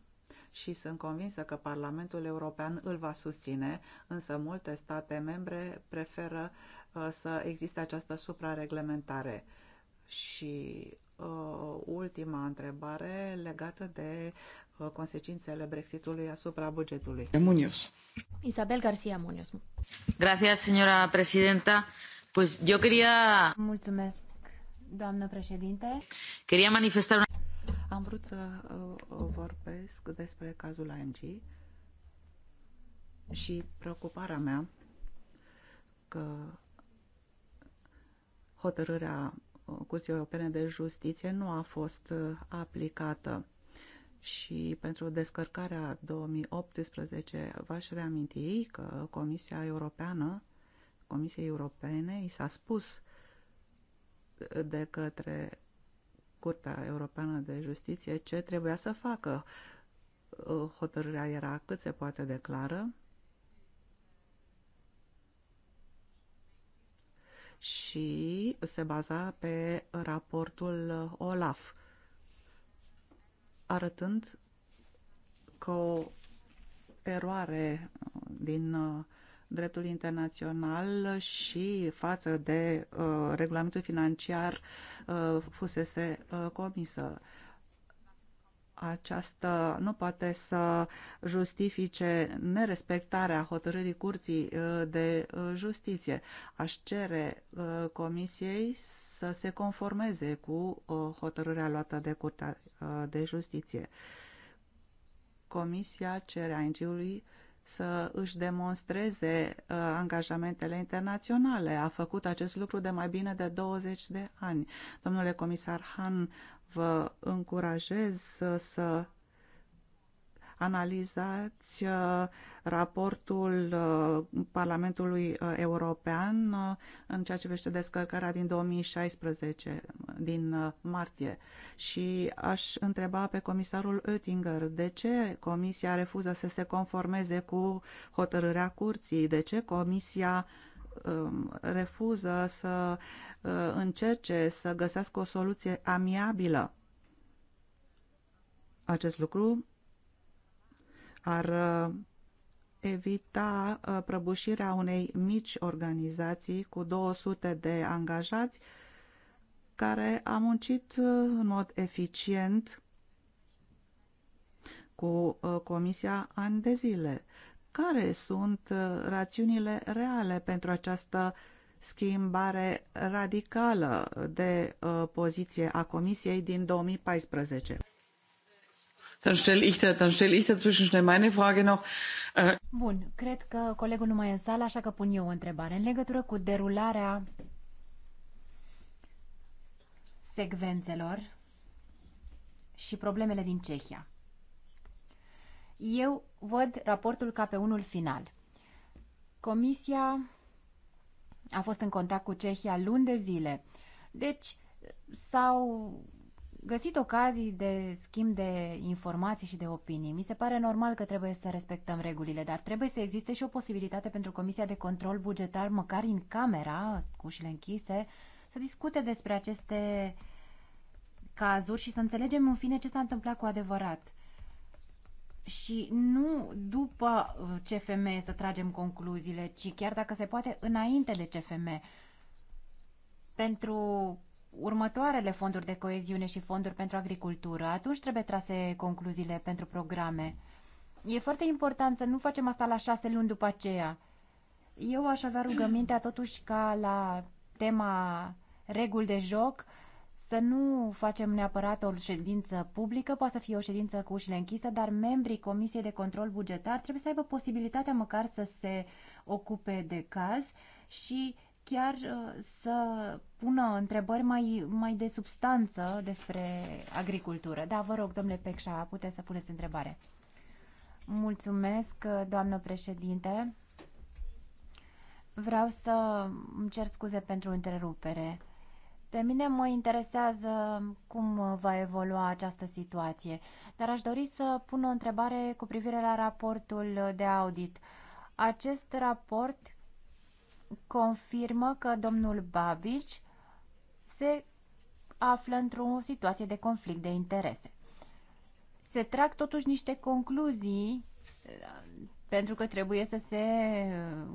și sunt convinsă că Parlamentul European îl va susține, însă multe state membre preferă uh, să existe această suprareglementare. Și uh, ultima întrebare legată de uh, consecințele Brexitului asupra bugetului. Munios. Isabel Garcia Munios. Gracias, señora presidenta. Pues yo quería... Mulțumesc, doamnă președinte. Quería manifestar am vrut să uh, uh, vorbesc despre cazul ANG și preocuparea mea că hotărârea uh, Curții Europene de Justiție nu a fost aplicată și pentru descărcarea 2018 v-aș reaminti că Comisia Europeană Comisiei Europene i s-a spus de către Curtea Europeană de Justiție ce trebuia să facă. Uh, hotărârea era cât se poate declară și se baza pe raportul OLAF, arătând că o eroare din uh, dreptul internațional și față de uh, regulamentul financiar uh, fusese uh, comisă. Aceasta nu poate să justifice nerespectarea hotărârii Curții uh, de uh, Justiție. Aș cere uh, Comisiei să se conformeze cu hotărârea luată de Curtea de Justiție. Comisia cere ANG-ului uh, să își demonstreze uh, angajamentele internaționale. A făcut acest lucru de mai bine de 20 de ani. Domnule comisar Han, vă încurajez să analizați uh, raportul uh, Parlamentului uh, European în ceea ce privește descărcarea din 2016, din martie. Și aș întreba pe comisarul Oettinger de ce Comisia refuză să se conformeze cu hotărârea curții, de ce Comisia um, refuză să încerce să găsească o soluție amiabilă. Acest lucru ar uh, evita uh, prăbușirea unei mici organizații cu 200 de angajați care a muncit uh, în mod eficient cu Comisia ani de zile. Care sunt rațiunile reale pentru această schimbare radicală de poziție a Comisiei din 2014? Dann stelle ich, da, stell ich dazwischen schnell meine Frage noch. Äh, Bun, cred că colegul nu mai e în sală, așa că pun eu o întrebare. În legătură cu derularea secvențelor și problemele din Cehia. Eu văd raportul ca pe unul final. Comisia a fost în contact cu Cehia luni de zile, deci s-au găsit ocazii de schimb de informații și de opinii. Mi se pare normal că trebuie să respectăm regulile, dar trebuie să existe și o posibilitate pentru Comisia de Control Bugetar, măcar în camera, cu ușile închise, să discute despre aceste cazuri și să înțelegem în fine ce s-a întâmplat cu adevărat. Și nu după uh, CFM să tragem concluziile, ci chiar dacă se poate înainte de CFM. Pentru următoarele fonduri de coeziune și fonduri pentru agricultură. Atunci trebuie trase concluziile pentru programe. E foarte important să nu facem asta la șase luni după aceea. Eu aș avea rugămintea totuși ca la tema reguli de joc să nu facem neapărat o ședință publică, poate să fie o ședință cu ușile închise, dar membrii Comisiei de Control Bugetar trebuie să aibă posibilitatea măcar să se ocupe de caz și chiar uh, să pună întrebări mai, mai de substanță despre agricultură. Da, vă rog, domnule Pecșa, puteți să puneți întrebare. Mulțumesc, uh, doamnă președinte. Vreau să îmi cer scuze pentru întrerupere. Pe mine mă interesează cum va evolua această situație, dar aș dori să pun o întrebare cu privire la raportul de audit. Acest raport confirmă că domnul Babici se află într-o situație de conflict de interese. Se trag totuși niște concluzii uh, pentru că trebuie să se uh,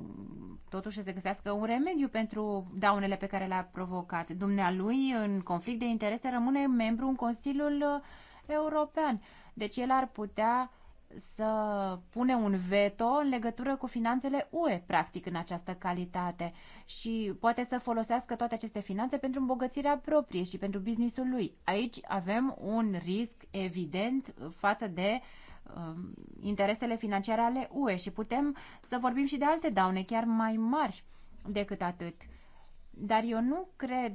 totuși să se găsească un remediu pentru daunele pe care le-a provocat. Dumnealui în conflict de interese rămâne membru în Consiliul uh, European. Deci el ar putea uh, să pune un veto în legătură cu finanțele UE, practic, în această calitate și poate să folosească toate aceste finanțe pentru îmbogățirea proprie și pentru businessul lui. Aici avem un risc evident față de uh, interesele financiare ale UE și putem să vorbim și de alte daune chiar mai mari decât atât. Dar eu nu cred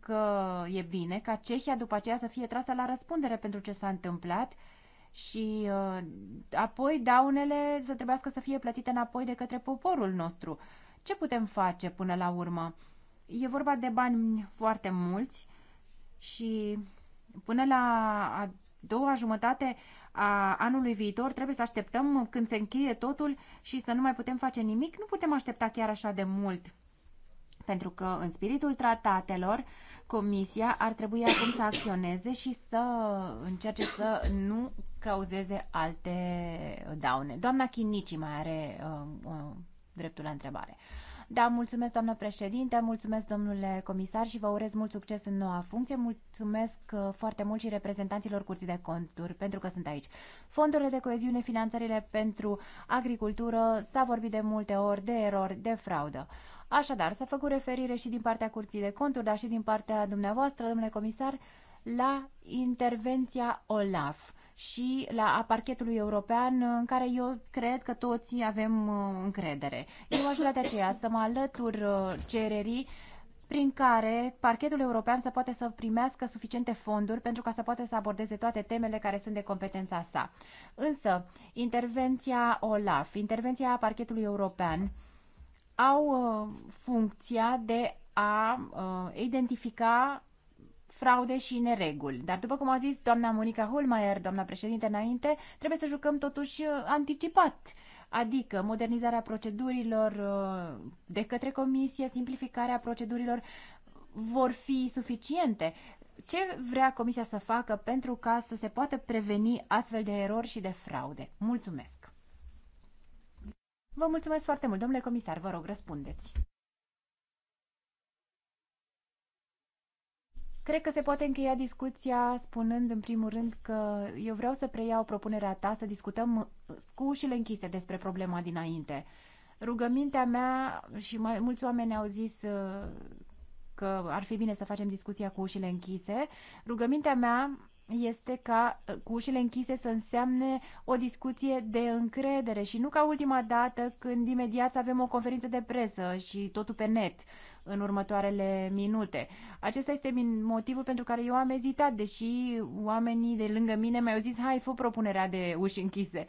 că e bine ca Cehia după aceea să fie trasă la răspundere pentru ce s-a întâmplat și uh, apoi daunele să trebuiască să fie plătite înapoi de către poporul nostru. Ce putem face până la urmă? E vorba de bani foarte mulți și până la a doua jumătate a anului viitor trebuie să așteptăm când se încheie totul și să nu mai putem face nimic. Nu putem aștepta chiar așa de mult, pentru că în spiritul tratatelor Comisia ar trebui acum să acționeze și să încerce să nu cauzeze alte daune. Doamna Chinici mai are uh, uh, dreptul la întrebare. Da, mulțumesc, doamnă președinte, mulțumesc, domnule comisar, și vă urez mult succes în noua funcție. Mulțumesc uh, foarte mult și reprezentanților Curții de Conturi pentru că sunt aici. Fondurile de coeziune, finanțările pentru agricultură, s-a vorbit de multe ori de erori, de fraudă. Așadar, s-a făcut referire și din partea Curții de Conturi, dar și din partea dumneavoastră, domnule comisar, la intervenția OLAF și la a parchetului european în care eu cred că toți avem uh, încredere. Eu aș vrea de aceea să mă alătur uh, cererii prin care parchetul european să poate să primească suficiente fonduri pentru ca să poate să abordeze toate temele care sunt de competența sa. Însă, intervenția OLAF, intervenția parchetului european, au uh, funcția de a uh, identifica fraude și nereguli. Dar după cum a zis doamna Monica Holmeier, doamna președinte înainte, trebuie să jucăm totuși uh, anticipat adică modernizarea procedurilor uh, de către comisie, simplificarea procedurilor vor fi suficiente. Ce vrea comisia să facă pentru ca să se poată preveni astfel de erori și de fraude? Mulțumesc! Vă mulțumesc foarte mult, domnule comisar, vă rog, răspundeți. Cred că se poate încheia discuția spunând în primul rând că eu vreau să preiau propunerea ta să discutăm cu ușile închise despre problema dinainte. Rugămintea mea și mai mulți oameni au zis uh, că ar fi bine să facem discuția cu ușile închise. Rugămintea mea este ca ă, cu ușile închise să însemne o discuție de încredere și nu ca ultima dată când imediat să avem o conferință de presă și totul pe net în următoarele minute. Acesta este motivul pentru care eu am ezitat, deși oamenii de lângă mine mi-au zis, hai, fă propunerea de uși închise.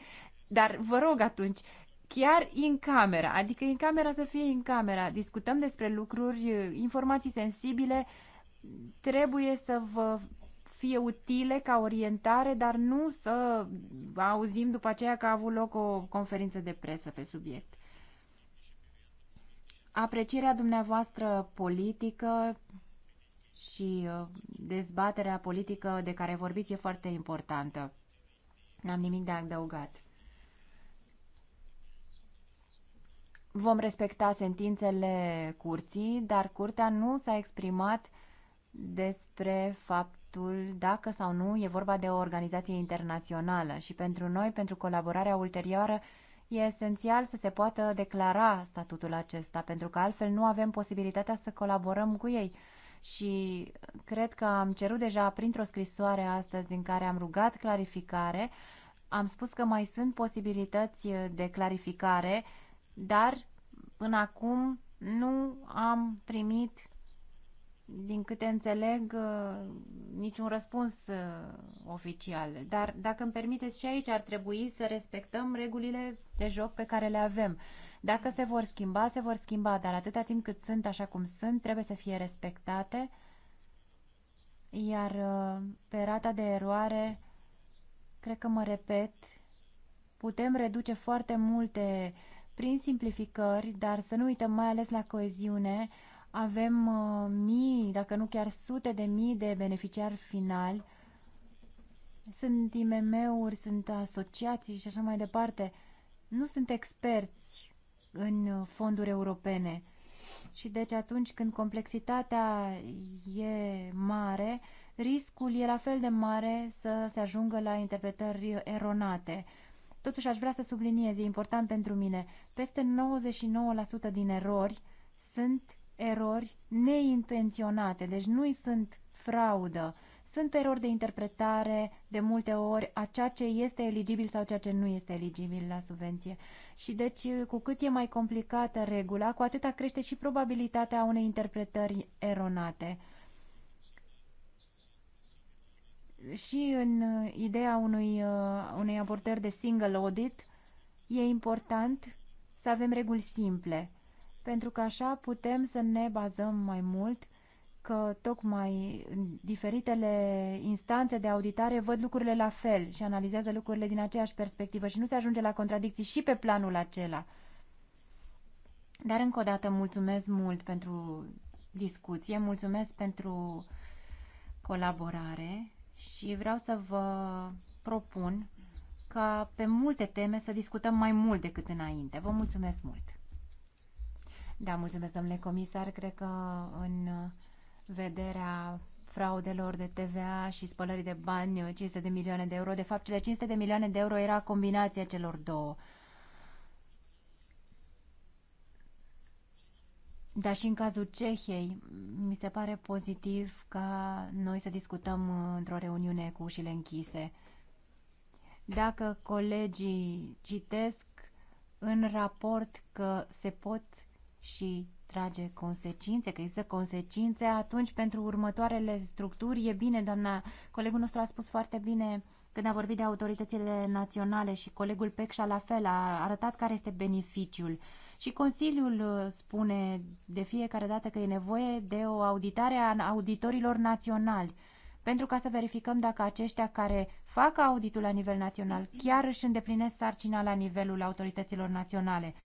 Dar vă rog atunci, chiar în camera, adică în camera să fie în camera, discutăm despre lucruri, ă, informații sensibile, trebuie să vă fie utile ca orientare, dar nu să auzim după aceea că a avut loc o conferință de presă pe subiect. Aprecierea dumneavoastră politică și uh, dezbaterea politică de care vorbiți e foarte importantă. N-am nimic de adăugat. Vom respecta sentințele curții, dar curtea nu s-a exprimat despre fapt textul dacă sau nu e vorba de o organizație internațională și pentru noi, pentru colaborarea ulterioară, e esențial să se poată declara statutul acesta, pentru că altfel nu avem posibilitatea să colaborăm cu ei. Și cred că am cerut deja printr-o scrisoare astăzi în care am rugat clarificare, am spus că mai sunt posibilități de clarificare, dar până acum nu am primit din câte înțeleg, uh, niciun răspuns uh, oficial. Dar, dacă îmi permiteți, și aici ar trebui să respectăm regulile de joc pe care le avem. Dacă se vor schimba, se vor schimba, dar atâta timp cât sunt așa cum sunt, trebuie să fie respectate. Iar uh, pe rata de eroare, cred că mă repet, putem reduce foarte multe prin simplificări, dar să nu uităm mai ales la coeziune, avem uh, mii, dacă nu chiar sute de mii de beneficiari finali. Sunt IMM-uri, sunt asociații și așa mai departe. Nu sunt experți în fonduri europene. Și deci atunci când complexitatea e mare, riscul e la fel de mare să se ajungă la interpretări eronate. Totuși aș vrea să subliniez, e important pentru mine, peste 99% din erori sunt erori neintenționate, deci nu sunt fraudă. Sunt erori de interpretare de multe ori a ceea ce este eligibil sau ceea ce nu este eligibil la subvenție. Și deci, cu cât e mai complicată regula, cu atâta crește și probabilitatea unei interpretări eronate. Și în ideea unui, uh, unei abordări de single audit, e important să avem reguli simple pentru că așa putem să ne bazăm mai mult că tocmai diferitele instanțe de auditare văd lucrurile la fel și analizează lucrurile din aceeași perspectivă și nu se ajunge la contradicții și pe planul acela. Dar încă o dată mulțumesc mult pentru discuție, mulțumesc pentru colaborare și vreau să vă propun ca pe multe teme să discutăm mai mult decât înainte. Vă mulțumesc mult! Da, mulțumesc, domnule comisar. Cred că în vederea fraudelor de TVA și spălării de bani, 500 de milioane de euro. De fapt, cele 500 de milioane de euro era combinația celor două. Dar și în cazul Cehiei, mi se pare pozitiv ca noi să discutăm într-o reuniune cu ușile închise. Dacă colegii citesc în raport că se pot și trage consecințe, că există consecințe, atunci pentru următoarele structuri e bine, doamna, colegul nostru a spus foarte bine când a vorbit de autoritățile naționale și colegul Pecșa la fel a arătat care este beneficiul. Și Consiliul uh, spune de fiecare dată că e nevoie de o auditare a auditorilor naționali pentru ca să verificăm dacă aceștia care fac auditul la nivel național chiar își îndeplinesc sarcina la nivelul autorităților naționale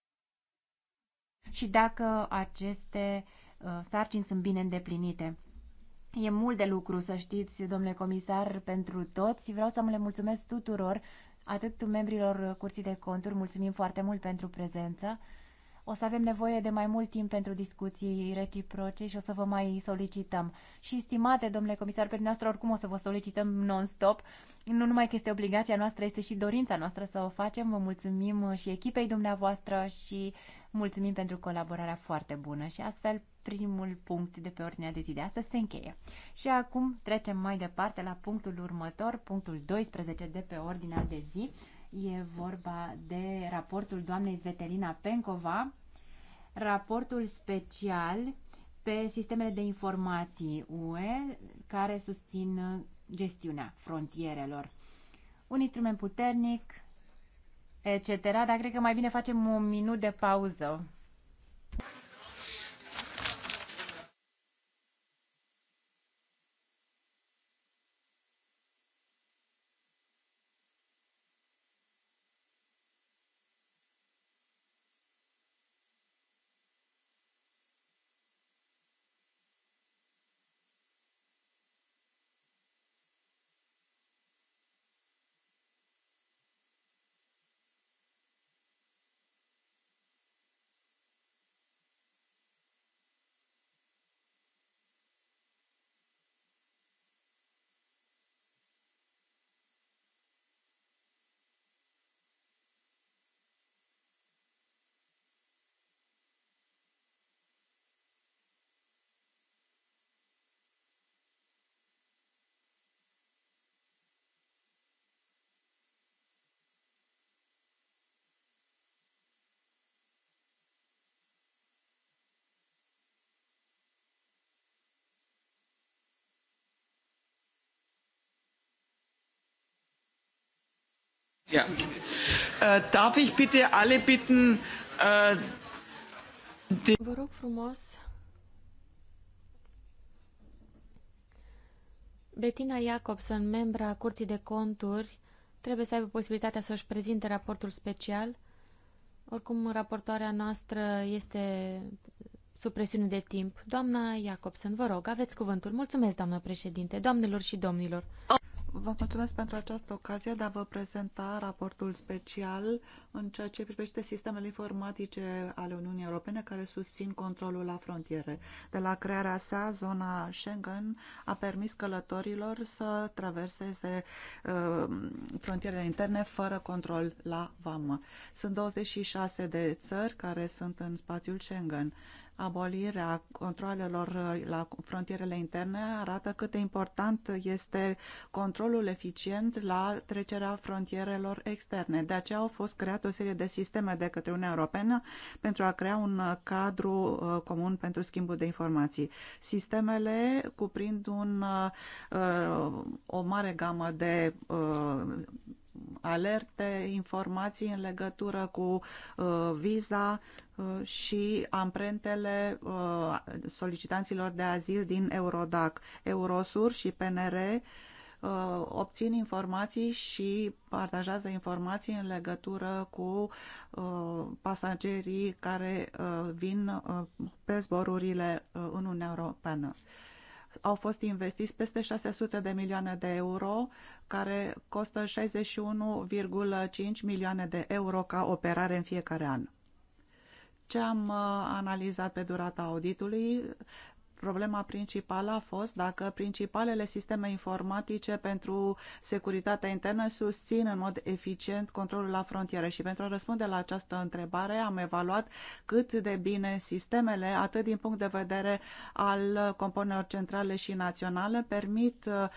și dacă aceste uh, sarcini sunt bine îndeplinite. E mult de lucru, să știți, domnule comisar, pentru toți. Vreau să mă le mulțumesc tuturor, atât membrilor Curții de Conturi, mulțumim foarte mult pentru prezență, o să avem nevoie de mai mult timp pentru discuții reciproce și o să vă mai solicităm. Și, stimate domnule comisar, pe dumneavoastră oricum o să vă solicităm non-stop. Nu numai că este obligația noastră, este și dorința noastră să o facem. Vă mulțumim și echipei dumneavoastră și mulțumim pentru colaborarea foarte bună. Și astfel, primul punct de pe ordinea de zi de astăzi se încheie. Și acum trecem mai departe la punctul următor, punctul 12 de pe ordinea de zi, E vorba de raportul doamnei Svetelina Pencova, raportul special pe sistemele de informații UE care susțin gestiunea frontierelor. Un instrument puternic, etc., dar cred că mai bine facem un minut de pauză. Ja. Uh, darf ich bitte alle bitten, uh, Vă rog frumos. Bettina Jacobson, membra a Curții de Conturi, trebuie să aibă posibilitatea să-și prezinte raportul special. Oricum, raportoarea noastră este sub presiune de timp. Doamna Jacobson, vă rog, aveți cuvântul. Mulțumesc, doamnă președinte, doamnelor și domnilor. Oh. Vă mulțumesc pentru această ocazie de a vă prezenta raportul special în ceea ce privește sistemele informatice ale Uniunii Europene care susțin controlul la frontiere. De la crearea sa, zona Schengen a permis călătorilor să traverseze uh, frontierele interne fără control la vamă. Sunt 26 de țări care sunt în spațiul Schengen. Uh, abolirea controlelor uh, la frontierele interne arată cât de important este controlul eficient la trecerea frontierelor externe. De aceea au fost create o serie de sisteme de către Uniunea Europeană pentru a crea un uh, cadru uh, comun pentru schimbul de informații. Sistemele cuprind un, o mare gamă de alerte, informații în legătură cu uh, viza uh, și amprentele uh, solicitanților de azil din Eurodac, Eurosur și PNR obțin informații și partajează informații în legătură cu pasagerii care vin pe zborurile în Uniunea Europeană au fost investiți peste 600 de milioane de euro, care costă 61,5 milioane de euro ca operare în fiecare an. Ce am uh, analizat pe durata auditului? problema principală a fost dacă principalele sisteme informatice pentru securitatea internă susțin în mod eficient controlul la frontieră și pentru a răspunde la această întrebare am evaluat cât de bine sistemele, atât din punct de vedere al componentelor centrale și naționale, permit uh,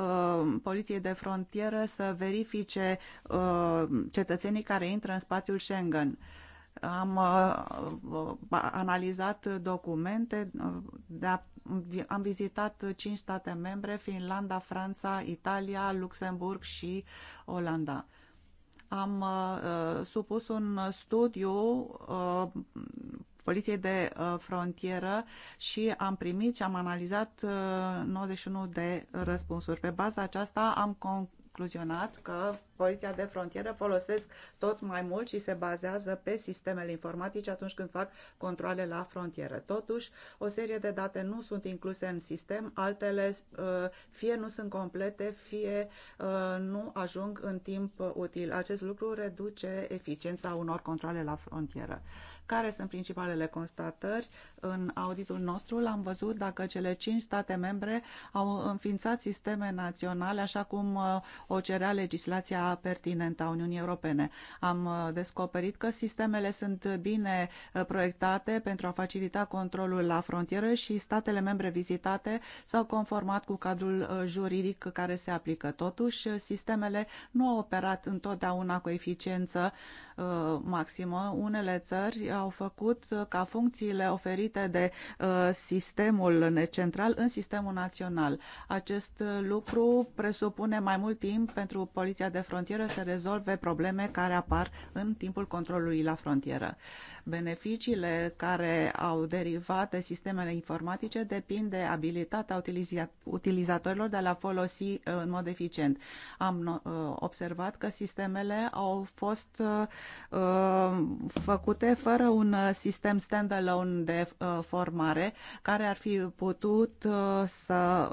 uh poliției de frontieră să verifice uh, cetățenii care intră în spațiul Schengen. Uh, am uh, analizat documente, uh, de am vizitat cinci state membre, Finlanda, Franța, Italia, Luxemburg și Olanda. Am uh, uh, supus un studiu uh, Poliției de uh, Frontieră și am primit și am analizat uh, 91 de răspunsuri. Pe baza aceasta am concluzionat că poliția de frontieră folosesc tot mai mult și se bazează pe sistemele informatice atunci când fac controle la frontieră. Totuși, o serie de date nu sunt incluse în sistem, altele uh, fie nu sunt complete, fie uh, nu ajung în timp util. Acest lucru reduce eficiența unor controle la frontieră. Care sunt principalele constatări? În auditul nostru l-am văzut dacă cele cinci state membre au înființat sisteme naționale, așa cum uh, o cerea legislația pertinentă a Uniunii Europene. Am uh, descoperit că sistemele sunt bine uh, proiectate pentru a facilita controlul la frontieră și statele membre vizitate s-au conformat cu cadrul uh, juridic care se aplică. Totuși, sistemele nu au operat întotdeauna cu eficiență Uh, maximă. Unele țări au făcut uh, ca funcțiile oferite de uh, sistemul central în sistemul național. Acest lucru presupune mai mult timp pentru poliția de frontieră să rezolve probleme care apar în timpul controlului la frontieră. Beneficiile care au derivat de sistemele informatice depind de abilitatea utilizatorilor de a la folosi uh, în mod eficient. Am uh, observat că sistemele au fost uh, făcute fără un sistem standalone de formare care ar fi putut să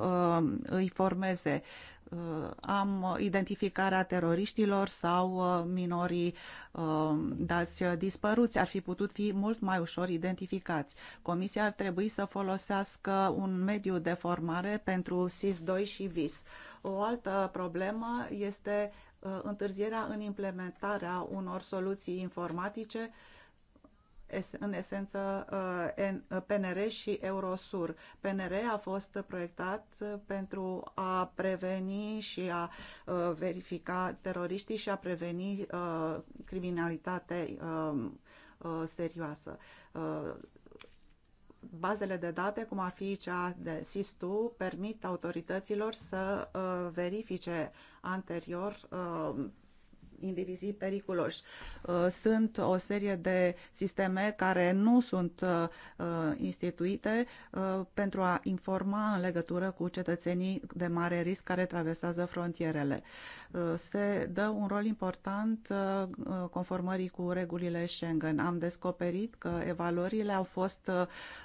îi formeze Uh, am identificarea teroriștilor sau uh, minorii uh, dați dispăruți ar fi putut fi mult mai ușor identificați. Comisia ar trebui să folosească un mediu de formare pentru SIS-2 și VIS. O altă problemă este întârzierea în implementarea unor soluții informatice în esență uh, uh, PNR și Eurosur. PNR a fost proiectat uh, pentru a preveni și a verifica teroriștii și a preveni criminalitate um, serioasă bazele de date, cum ar fi cea de SISTU, permit autorităților să verifice anterior indivizii periculoși. Uh, sunt o serie de sisteme care nu sunt uh, uh, instituite pentru a informa în legătură cu cetățenii de mare risc care traversează frontierele. Se dă un rol important conformării cu regulile Schengen. Am descoperit că evaluările au fost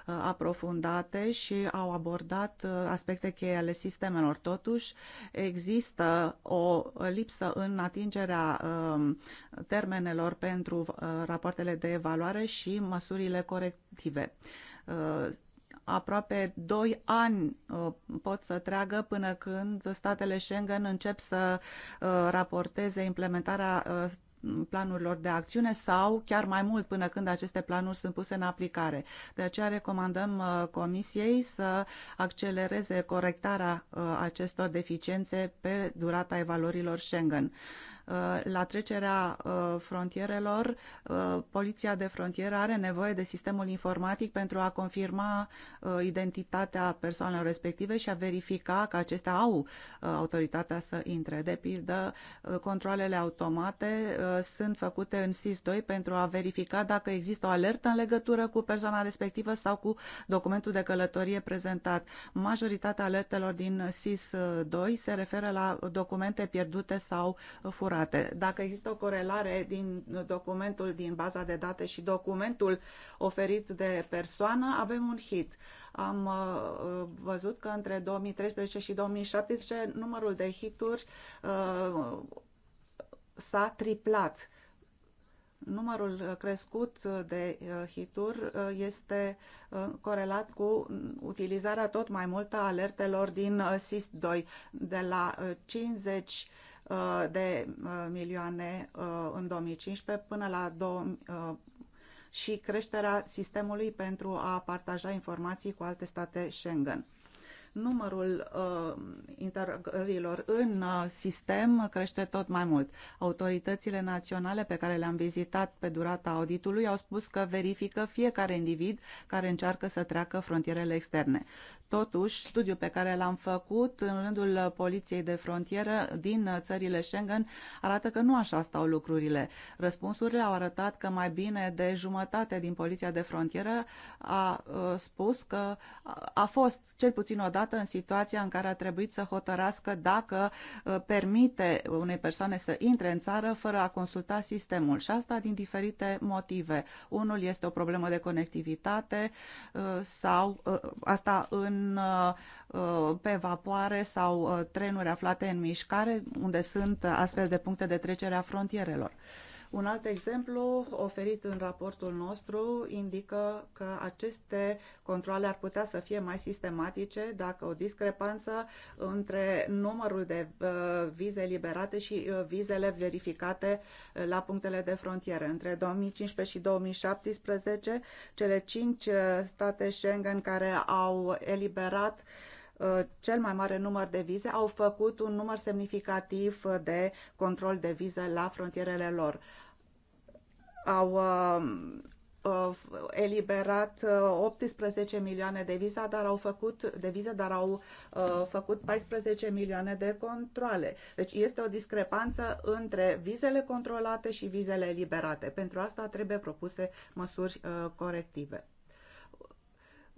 aprofundate și au abordat aspecte cheie ale sistemelor. Totuși, există o lipsă în atingerea Um, termenelor pentru uh, rapoartele de evaluare și măsurile corective uh, aproape doi ani uh, pot să treagă până când statele Schengen încep să raporteze implementarea planurilor de acțiune sau chiar mai mult până când aceste planuri sunt puse în aplicare. De aceea recomandăm Comisiei să accelereze corectarea acestor deficiențe pe durata evaluărilor Schengen. Uh, la trecerea uh, frontierelor, uh, poliția de frontieră are nevoie de sistemul informatic pentru a confirma identitatea persoanelor respective și a verifica că acestea au autoritatea să intre. De pildă, controlele automate sunt făcute în SIS-2 pentru a verifica dacă există o alertă în legătură cu persoana respectivă sau cu documentul de călătorie prezentat. Majoritatea alertelor din SIS-2 se referă la documente pierdute sau furate comparate. Dacă există o corelare din documentul din baza de date și documentul oferit de persoană, avem un hit. Am uh, văzut că între 2013 și 2017 numărul de hituri uh, s-a triplat. Numărul crescut de uh, hituri uh, este uh, corelat cu utilizarea tot mai multă a alertelor din SIS-2, de la 50 Uh, de uh, milioane uh, în 2015 până la 2 și creșterea sistemului pentru a partaja informații cu alte state Schengen. Numărul uh, interogărilor în uh, sistem crește tot mai mult. Autoritățile naționale pe care le-am vizitat pe durata auditului au spus că verifică fiecare individ care încearcă să treacă frontierele externe. Totuși, studiul pe care l-am făcut în rândul Poliției de Frontieră din țările Schengen arată că nu așa stau lucrurile. Răspunsurile au arătat că mai bine de jumătate din Poliția de Frontieră a uh, spus că a fost cel puțin o dată în situația în care a trebuit să hotărască dacă uh, permite unei persoane să intre în țară fără a consulta sistemul și asta din diferite motive. Unul este o problemă de conectivitate uh, sau asta în în, uh, uh, pe vapoare sau uh, trenuri aflate în mișcare, unde sunt astfel de puncte de trecere a frontierelor. Un alt exemplu oferit în raportul nostru indică că aceste controle ar putea să fie mai sistematice dacă o discrepanță între numărul de uh, vize liberate și uh, vizele verificate uh, la punctele de frontieră. Între 2015 și 2017, cele cinci state Schengen care au eliberat uh, Uh, cel mai mare număr de vize, au făcut un număr semnificativ de control de vize la frontierele lor. Au uh, uh, eliberat 18 milioane de vize, dar au făcut de vize, dar au făcut 14 milioane de controle. Deci este o discrepanță între vizele controlate și vizele eliberate. Pentru asta trebuie propuse măsuri corective.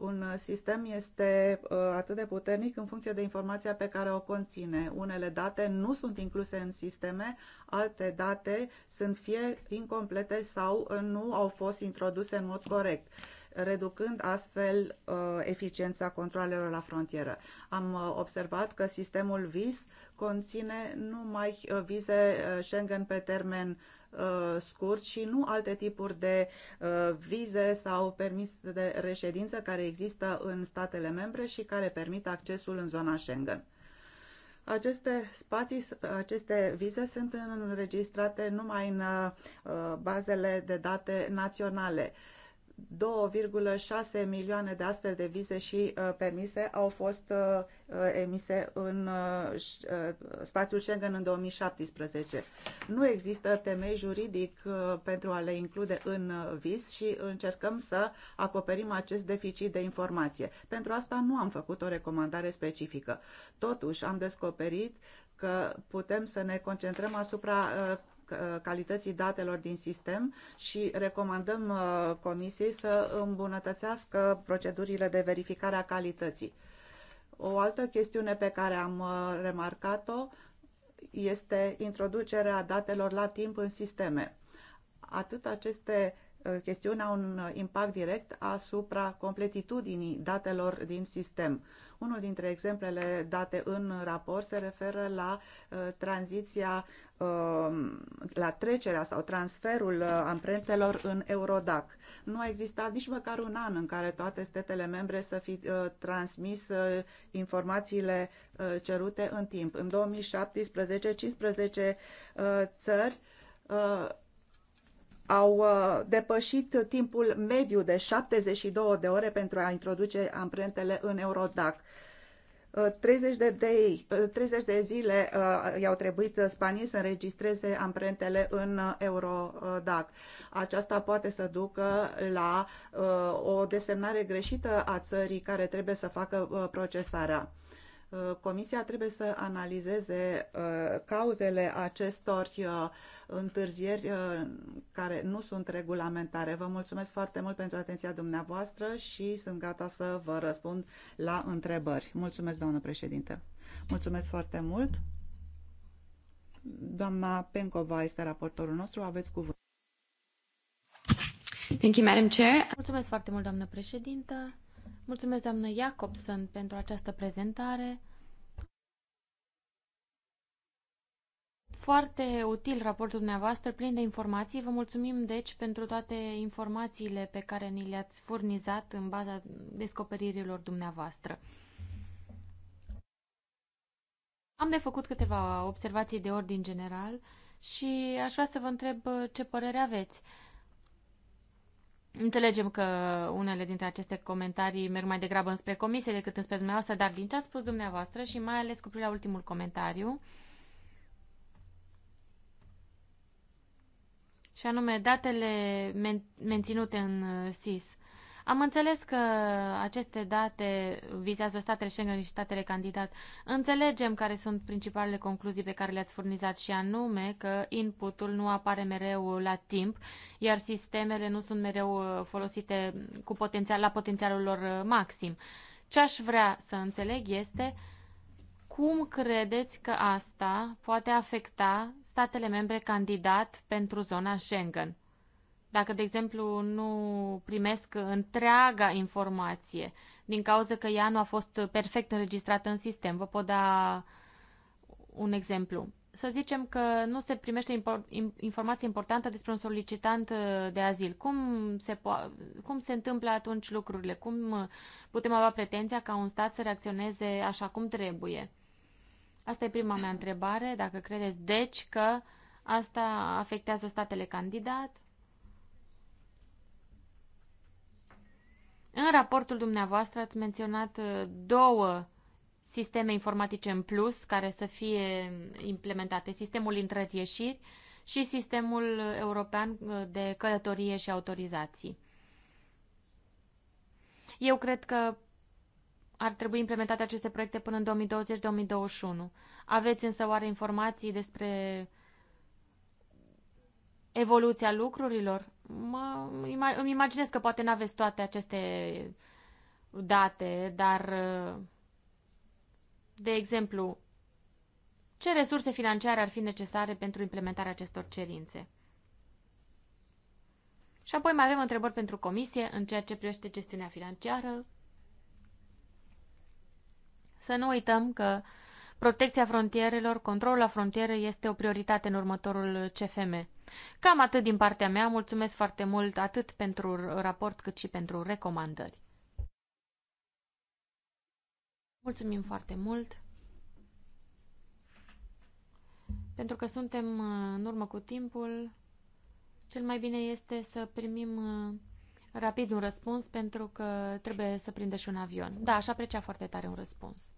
Un sistem este uh, atât de puternic în funcție de informația pe care o conține. Unele date nu sunt incluse în sisteme, alte date sunt fie incomplete sau nu au fost introduse în mod corect reducând astfel uh, eficiența controlelor la frontieră. Am uh, observat că sistemul VIS conține numai vize Schengen pe termen Uh, scurt și nu alte tipuri de uh, vize sau permis de reședință care există în statele membre și care permit accesul în zona Schengen. Aceste spații, aceste vize sunt înregistrate numai în uh, bazele de date naționale. 2,6 milioane de astfel de vize și uh, permise au fost uh, uh, emise în spațiul Schengen în 2017. Nu există temei juridic pentru a le include în vis și încercăm să acoperim acest deficit de informație. Pentru asta nu am făcut o recomandare specifică. Totuși am descoperit că putem să ne concentrăm asupra calității datelor din sistem și recomandăm uh, Comisiei să îmbunătățească procedurile de verificare a calității. O altă chestiune pe care am uh, remarcat-o este introducerea datelor la timp în sisteme. Atât aceste uh, chestiuni au un impact direct asupra completitudinii datelor din sistem unul dintre exemplele date în raport se referă la uh, tranziția, um, la trecerea sau transferul uh, amprentelor în Eurodac. Nu a existat nici măcar un an în care toate statele membre să fi uh, transmis informațiile cerute în timp. În 2017, 15 țări au uh, depășit timpul mediu de 72 de ore pentru a introduce amprentele în Eurodac. 30 uh, de, de, 30 uh, de zile i-au trebuit spanii să înregistreze amprentele în Eurodac. Aceasta poate să ducă la o desemnare greșită a țării care trebuie să facă procesarea. Uh, Comisia trebuie să analizeze uh, cauzele acestor uh, întârzieri care nu sunt regulamentare. Vă mulțumesc foarte mult pentru atenția dumneavoastră și sunt gata să vă răspund la întrebări. Mulțumesc, doamnă președinte. Mulțumesc foarte mult. Doamna Pencova este raportorul nostru. Aveți cuvânt. Thank you, Madam Chair. Mulțumesc foarte mult, doamnă președintă. Mulțumesc, doamnă Jacobson, pentru această prezentare. Foarte util raportul dumneavoastră, plin de informații. Vă mulțumim, deci, pentru toate informațiile pe care ni le-ați furnizat în baza descoperirilor dumneavoastră. Am de făcut câteva observații de ordin general și aș vrea să vă întreb ce părere aveți. Înțelegem că unele dintre aceste comentarii merg mai degrabă înspre comisie decât înspre dumneavoastră, dar din ce a spus dumneavoastră și mai ales cu la ultimul comentariu, și anume datele men- menținute în SIS. Am înțeles că aceste date vizează statele Schengen și statele candidat. Înțelegem care sunt principalele concluzii pe care le-ați furnizat și anume că inputul nu apare mereu la timp, iar sistemele nu sunt mereu uh, folosite cu potențial, la potențialul lor uh, maxim. Ce aș vrea să înțeleg este cum credeți că asta poate afecta statele membre candidat pentru zona Schengen? Dacă, de exemplu, nu primesc întreaga informație din cauza că ea nu a fost perfect înregistrată în sistem, vă pot da un exemplu. Să zicem că nu se primește informație importantă despre un solicitant uh, de azil. Cum se, cum se întâmplă atunci lucrurile? Cum uh, putem avea pretenția ca un stat să reacționeze așa cum trebuie? Asta e prima mea întrebare, dacă credeți, deci, că asta afectează statele candidat În raportul dumneavoastră ați menționat uh, două sisteme informatice în plus care să fie implementate. Sistemul intrări-ieșiri și sistemul european uh, de călătorie și autorizații. Eu cred că ar trebui implementate aceste proiecte până în 2020-2021. Aveți însă oare informații despre evoluția lucrurilor? mă, îmi imaginez că poate n-aveți toate aceste date, dar, uh, de exemplu, ce resurse financiare ar fi necesare pentru implementarea acestor cerințe? Și apoi mai avem întrebări pentru comisie în ceea ce privește gestiunea financiară. Să nu uităm că Protecția frontierelor, controlul la frontiere este o prioritate în următorul CFM. Cam atât din partea mea. Mulțumesc foarte mult atât pentru raport cât și pentru recomandări. Mulțumim foarte mult! Pentru că suntem uh, în urmă cu timpul, cel mai bine este să primim uh, rapid un răspuns pentru că trebuie să prindă și un avion. Da, aș aprecia foarte tare un răspuns.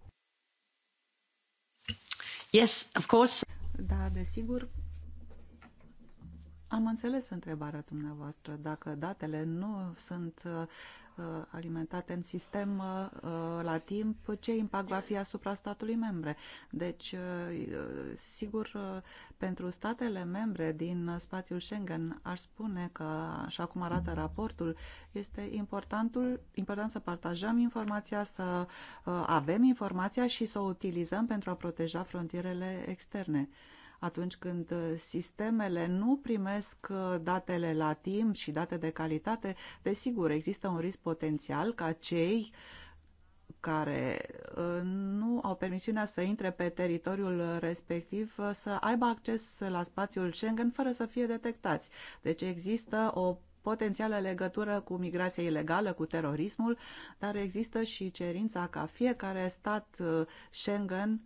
Da, desigur. Am înțeles întrebarea dumneavoastră. Dacă datele nu sunt uh, Uh, alimentate în sistem uh, uh, la timp, ce impact va fi asupra statului membre. Deci, sigur, pentru statele membre din spațiul Schengen, aș spune că, așa cum arată raportul, este importantul, important să partajăm informația, să avem informația și să o utilizăm pentru a proteja frontierele externe atunci când uh, sistemele nu primesc uh, datele la timp și date de calitate, desigur, există un risc potențial ca cei care uh, nu au permisiunea să intre pe teritoriul respectiv să aibă acces la spațiul Schengen fără să fie detectați. Deci există o potențială legătură cu migrația ilegală, cu terorismul, dar există și cerința ca fiecare stat Schengen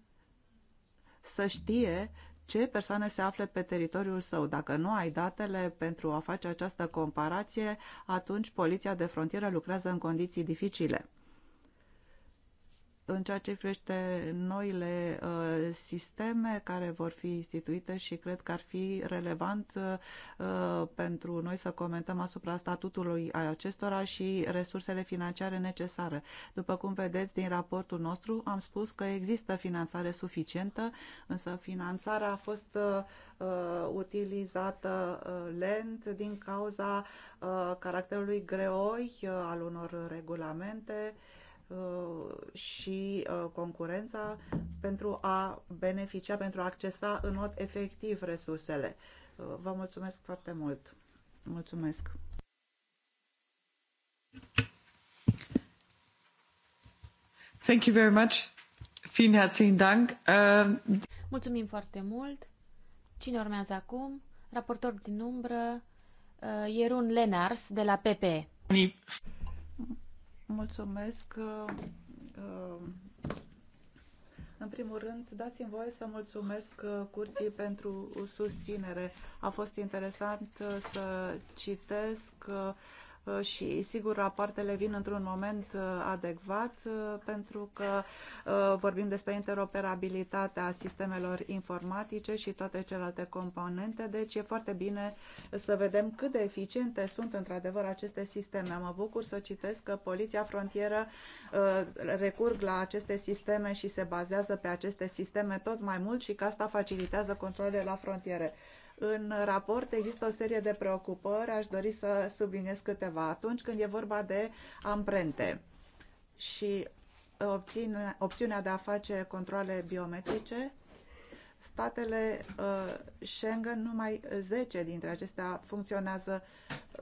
să știe ce persoane se află pe teritoriul său. Dacă nu ai datele pentru a face această comparație, atunci poliția de frontieră lucrează în condiții dificile în ceea ce privește noile uh, sisteme care vor fi instituite și cred că ar fi relevant uh, pentru noi să comentăm asupra statutului acestora și resursele financiare necesare. După cum vedeți din raportul nostru, am spus că există finanțare suficientă, însă finanțarea a fost uh, uh utilizată uh, lent din cauza uh, caracterului greoi uh, al unor regulamente uh, Uh, și uh, concurența pentru a beneficia, pentru a accesa în mod efectiv resursele. Uh, vă mulțumesc foarte mult! Mulțumesc! Thank you very much. Vielen herzlichen Dank. Ähm, Mulțumim foarte mult. Cine urmează acum? Raportor din umbră, Ierun Lenars de la PPE. Mulțumesc. Uh, uh, în primul rând, dați-mi voie să mulțumesc uh, curții pentru susținere. A fost interesant să citesc Uh, și sigur rapoartele vin într-un moment uh, adecvat uh, pentru că vorbim despre interoperabilitatea sistemelor informatice și toate celelalte componente, deci e foarte bine să vedem cât de eficiente sunt într-adevăr aceste sisteme. Mă bucur să citesc că Poliția Frontieră recurg la aceste sisteme și se bazează pe aceste sisteme tot mai mult și că asta facilitează controlele la frontiere. În raport există o serie de preocupări, aș dori să subliniez câteva atunci când e vorba de amprente și obține, opțiunea de a face controle biometrice. Statele uh, Schengen, numai 10 dintre acestea funcționează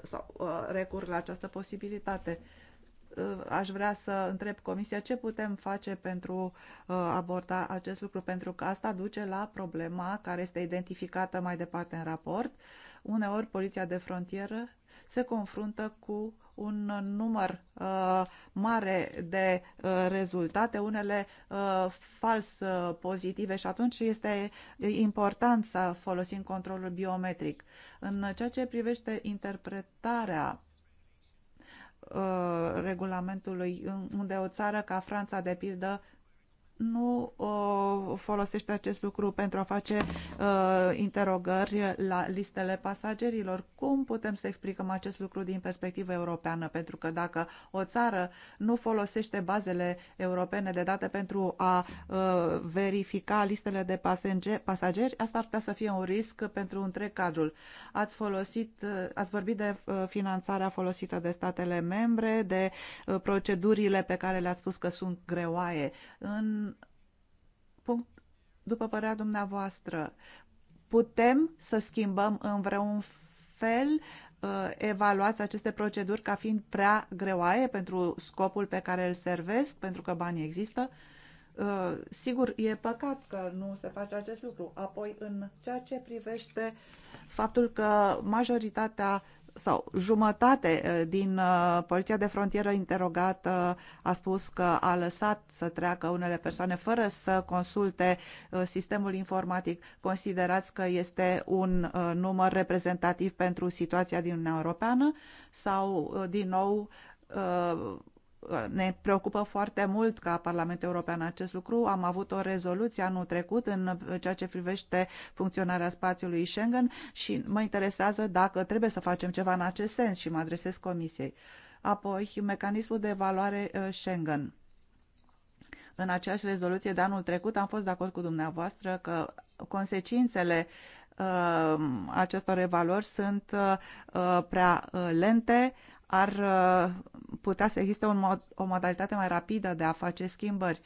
sau uh, recur la această posibilitate. Uh, Uh, aș vrea să întreb Comisia ce putem face pentru a uh, aborda acest lucru, pentru că asta duce la problema care este identificată mai departe în raport. Uneori, poliția de frontieră se confruntă cu un număr uh, mare de uh, rezultate, unele uh, fals uh, pozitive și atunci este important să folosim controlul biometric. În ceea ce privește interpretarea Uh, regulamentului unde o țară ca Franța, de pildă, nu uh, folosește acest lucru pentru a face uh, interogări la listele pasagerilor. Cum putem să explicăm acest lucru din perspectivă europeană? Pentru că dacă o țară nu folosește bazele europene de date pentru a uh, verifica listele de pasageri, asta ar putea să fie un risc pentru întreg cadrul. Ați, folosit, uh, ați vorbit de uh, finanțarea folosită de statele membre, de uh, procedurile pe care le-ați spus că sunt greoaie. În după părerea dumneavoastră, putem să schimbăm în vreun fel uh, evaluați aceste proceduri ca fiind prea greoaie pentru scopul pe care îl servesc, pentru că banii există. Uh, sigur, e păcat că nu se face acest lucru. Apoi, în ceea ce privește faptul că majoritatea sau jumătate uh, din uh, Poliția de Frontieră interogată a spus că a lăsat să treacă unele persoane fără să consulte uh, sistemul informatic. Considerați că este un număr reprezentativ pentru situația din Uniunea Europeană sau, din nou, ne preocupă foarte mult ca Parlamentul European acest lucru. Am avut o rezoluție anul trecut în ceea ce privește funcționarea spațiului Schengen și mă interesează dacă trebuie să facem ceva în acest sens și mă adresez Comisiei. Apoi, mecanismul de evaluare uh, Schengen. În aceeași rezoluție de anul trecut am fost de acord cu dumneavoastră că consecințele uh, acestor evaluări sunt uh, prea lente, ar uh, putea să existe un mod, o modalitate mai rapidă de a face schimbări.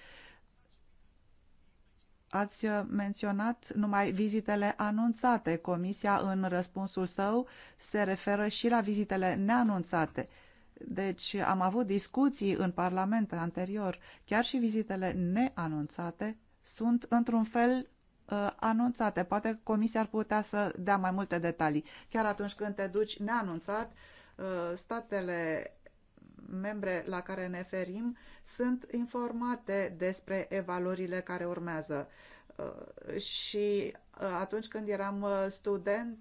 Ați uh, menționat numai vizitele anunțate. Comisia, în răspunsul său, se referă și la vizitele neanunțate. Deci am avut discuții în Parlament anterior. Chiar și vizitele neanunțate sunt, într-un fel, uh, anunțate. Poate Comisia ar putea să dea mai multe detalii. Chiar atunci când te duci neanunțat, Uh, statele membre la care ne ferim sunt informate despre evaluările care urmează. Uh, și uh, atunci când eram student,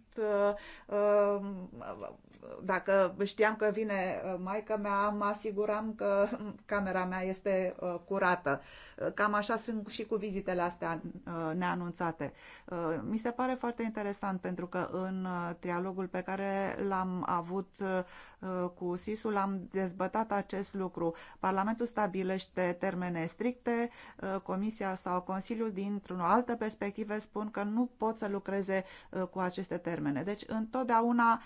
dacă știam că vine uh, maica mea, mă asiguram că camera mea este uh, curată. Uh, cam așa sunt și cu vizitele astea neanunțate. Mi se pare foarte interesant pentru că în trialogul pe care l-am avut cu SIS-ul am dezbătat acest lucru. Parlamentul stabilește termene stricte, Comisia sau Consiliul dintr-o altă perspectivă spun că nu pot să lucreze cu aceste termene. Deci întotdeauna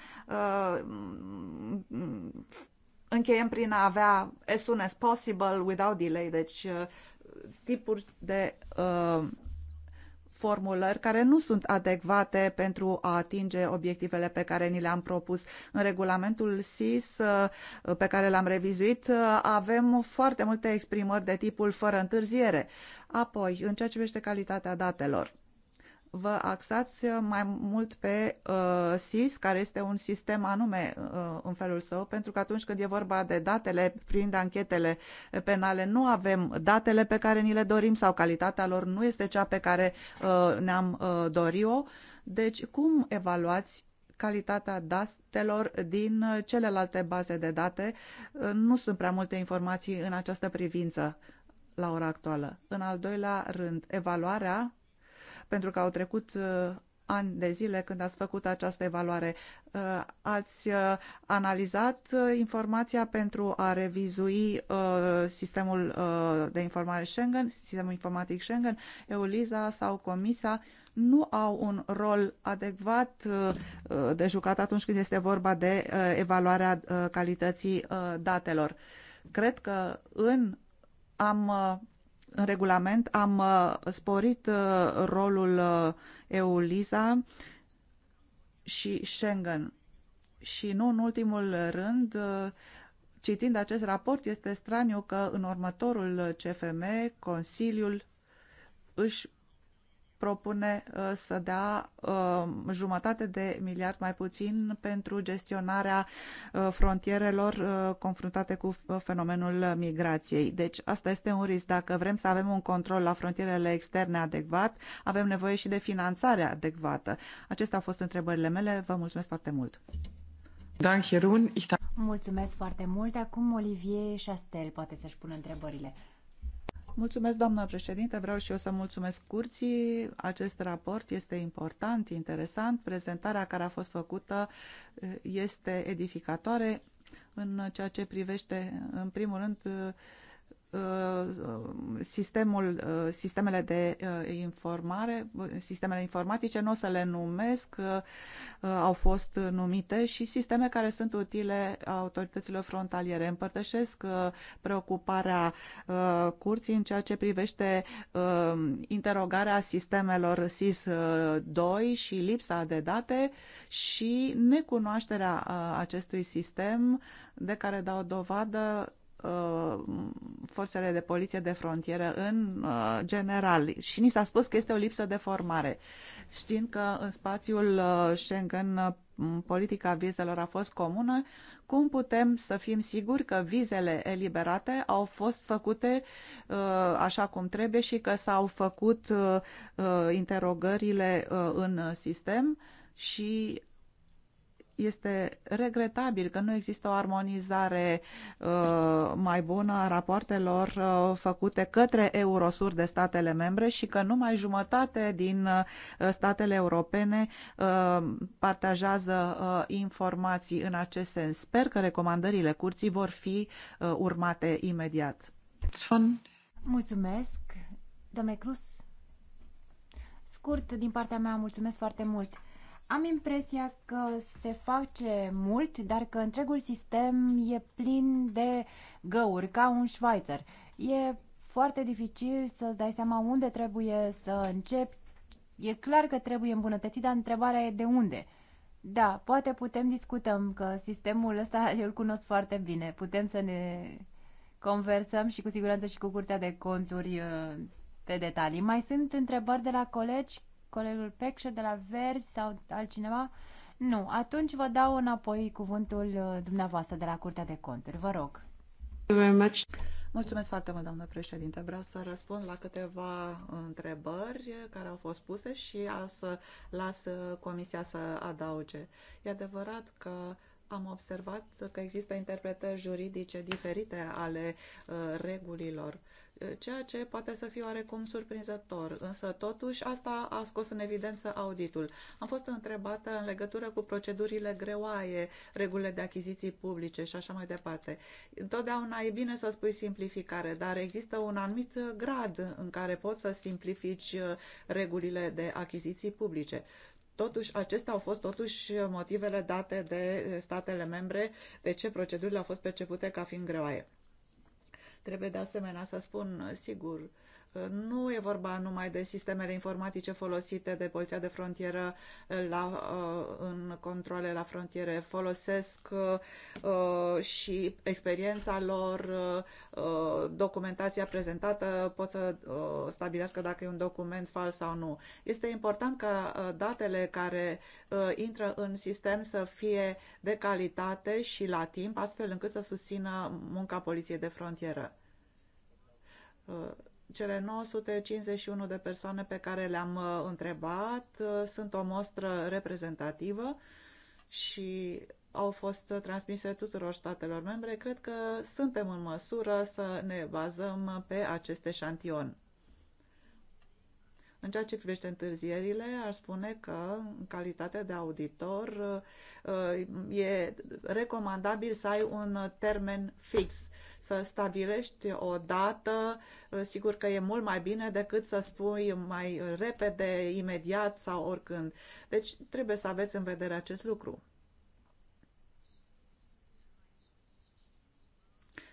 încheiem prin a avea as soon as possible, without delay, deci uh, tipuri de uh, formulări care nu sunt adecvate pentru a atinge obiectivele pe care ni le-am propus. În regulamentul SIS uh, pe care l-am revizuit avem foarte multe exprimări de tipul fără întârziere. Apoi, în ceea ce privește calitatea datelor, vă axați uh, mai mult pe uh, SIS, care este un sistem anume uh, în felul său, pentru că atunci când e vorba de datele prin anchetele penale, nu avem datele pe care ni le dorim sau calitatea lor nu este cea pe care uh, ne-am uh, dorit-o. Deci, cum evaluați calitatea datelor din uh, celelalte baze de date? Uh, nu sunt prea multe informații în această privință la ora actuală. În al doilea rând, evaluarea pentru că au trecut uh, ani de zile când ați făcut această evaluare. Uh, ați uh, analizat informația pentru a revizui sistemul de informare Schengen, sistemul informatic Schengen, EULISA sau Comisa nu au un rol adecvat de jucat atunci când este vorba de evaluarea calității datelor. Cred că în am în regulament am uh, sporit uh, rolul uh, EULISA și Schengen. Și nu în ultimul rând, citind acest raport, este straniu că în următorul CFM Consiliul își propune uh, să dea uh, jumătate de miliard mai puțin pentru gestionarea uh, frontierelor confruntate cu fenomenul migrației. Deci asta este un risc. Dacă vrem să avem un control la frontierele externe adecvat, avem nevoie și de finanțare adecvată. Acestea au fost întrebările mele. Vă mulțumesc foarte mult! Mulțumesc foarte mult. Acum Olivier Chastel poate să-și pună întrebările. Mulțumesc, doamna președinte. Vreau și eu să mulțumesc curții. Acest raport este important, interesant. Prezentarea care a fost făcută eh, este edificatoare în ceea ce privește, în primul rând, eh, Uh, sistemul, uh, sistemele de uh, informare, sistemele informatice, nu o să le numesc, au fost numite și sisteme care sunt utile autorităților frontaliere. Împărtășesc preocuparea curții în ceea ce privește interogarea sistemelor SIS-2 și lipsa de date și necunoașterea acestui sistem de care dau dovadă Uh, forțele de poliție de frontieră în uh, general și ni s-a spus că este o lipsă de formare. Știind că în spațiul uh, Schengen uh, politica vizelor a fost comună, cum putem să fim siguri că vizele eliberate au fost făcute uh, așa cum trebuie și că s-au făcut uh, interogările uh, în sistem și este regretabil că nu există o armonizare uh, mai bună a rapoartelor uh, făcute către Eurosur de statele membre și că numai jumătate din uh, statele europene uh, partajează uh, informații în acest sens. Sper că recomandările curții vor fi uh, urmate imediat. Mulțumesc, domnule Cruz. Scurt, din partea mea, mulțumesc foarte mult. Am impresia că se face mult, dar că întregul sistem e plin de găuri, ca un șvaițăr. E foarte dificil să-ți dai seama unde trebuie să începi. E clar că trebuie îmbunătățit, dar întrebarea e de unde. Da, poate putem discutăm că sistemul ăsta eu îl cunosc foarte bine. Putem să ne conversăm și cu siguranță și cu Curtea de Conturi uh, pe detalii. Mai sunt întrebări de la colegi colegul Pecșe de la Verzi sau altcineva? Nu. Atunci vă dau înapoi cuvântul uh, dumneavoastră de la Curtea de Conturi. Vă rog. Mulțumesc foarte mult, doamnă președinte. Vreau să răspund la câteva întrebări care au fost puse și a să las uh, comisia să adauge. E adevărat că am observat că există interpretări juridice diferite ale uh, regulilor ceea ce poate să fie oarecum surprinzător, însă totuși asta a scos în evidență auditul. Am fost întrebată în legătură cu procedurile greoaie, regulile de achiziții publice și așa mai departe. Întotdeauna e bine să spui simplificare, dar există un anumit grad în care poți să simplifici uh, regulile de achiziții publice. Totuși, acestea au fost totuși motivele date de statele membre de ce procedurile au fost percepute ca fiind greoaie. Trebuie de asemenea să spun, sigur, nu e vorba numai de sistemele informatice folosite de poliția de frontieră la, uh, în controle la frontiere. Folosesc uh, și experiența lor, uh, documentația prezentată, pot să stabilească dacă e un document fals sau nu. Este important ca datele care intră în sistem să fie de calitate și la timp, astfel încât să susțină munca poliției de frontieră cele 951 de persoane pe care le-am uh, întrebat uh, sunt o mostră reprezentativă și au fost uh, transmise tuturor statelor membre. Cred că suntem în măsură să ne bazăm pe acest eșantion. În ceea ce privește întârzierile, aș spune că, în calitate de auditor, e recomandabil să ai un termen fix să stabilești o dată, uh, sigur că e mult mai bine decât să spui mai repede, imediat sau oricând. Deci trebuie să aveți în vedere acest lucru.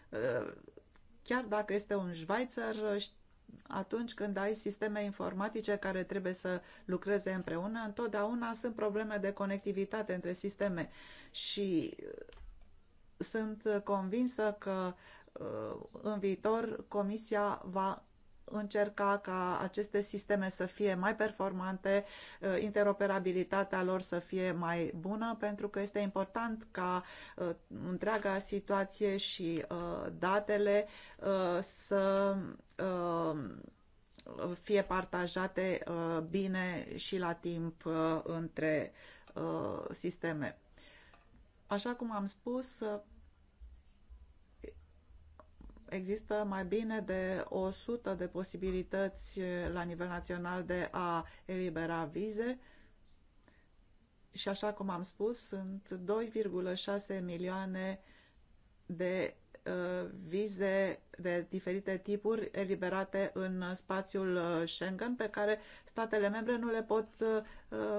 Uh, chiar dacă este un șvaițăr, atunci când ai sisteme informatice care trebuie să lucreze împreună, întotdeauna sunt probleme de conectivitate între sisteme și uh, sunt convinsă că Uh, în viitor Comisia va încerca ca aceste sisteme să fie mai performante, uh, interoperabilitatea lor să fie mai bună, pentru că este important ca uh, întreaga situație și datele să fie partajate bine și la timp între sisteme. Așa cum am spus, Există mai bine de 100 de posibilități la nivel național de a elibera vize și așa cum am spus, sunt 2,6 milioane de uh, vize de diferite tipuri eliberate în spațiul uh, Schengen pe care statele membre nu le pot uh,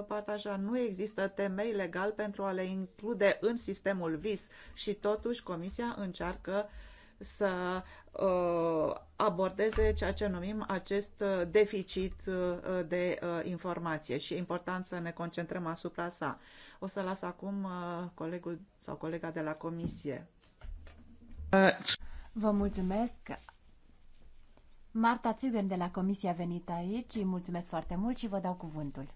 partaja. Nu există temei legal pentru a le include în sistemul VIS și totuși Comisia încearcă uh, să uh, abordeze ceea ce numim acest uh, deficit uh, de informație și e important să ne concentrăm asupra sa. O să las acum colegul sau colega de la comisie. Vă mulțumesc! Marta Țugăn de la comisie a venit aici, îi mulțumesc foarte mult și vă dau cuvântul.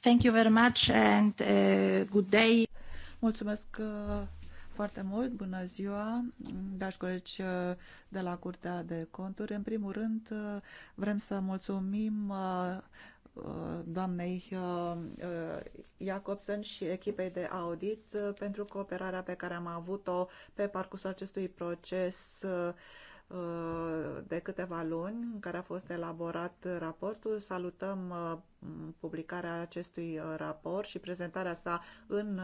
Thank you very much and uh, good day. Mulțumesc uh, foarte mult. Bună ziua, dragi colegi uh, de la Curtea de Conturi. În primul rând, uh, vrem să mulțumim uh, doamnei Jacobsen și echipei de audit pentru cooperarea pe care am avut-o pe parcursul acestui proces de câteva luni în care a fost elaborat raportul. Salutăm publicarea acestui raport și prezentarea sa în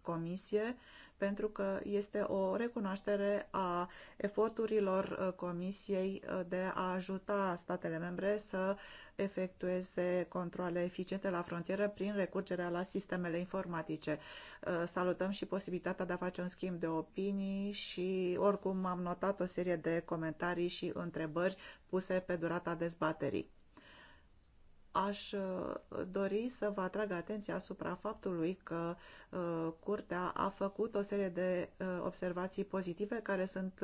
comisie pentru că este o recunoaștere a eforturilor uh, Comisiei uh, de a ajuta statele membre să efectueze controle eficiente la frontieră prin recurgerea la sistemele informatice. Uh, salutăm și posibilitatea de a face un schimb de opinii și oricum am notat o serie de comentarii și întrebări puse pe durata dezbaterii aș uh, dori să vă atrag atenția asupra faptului că uh, Curtea a făcut o serie de uh, observații pozitive care sunt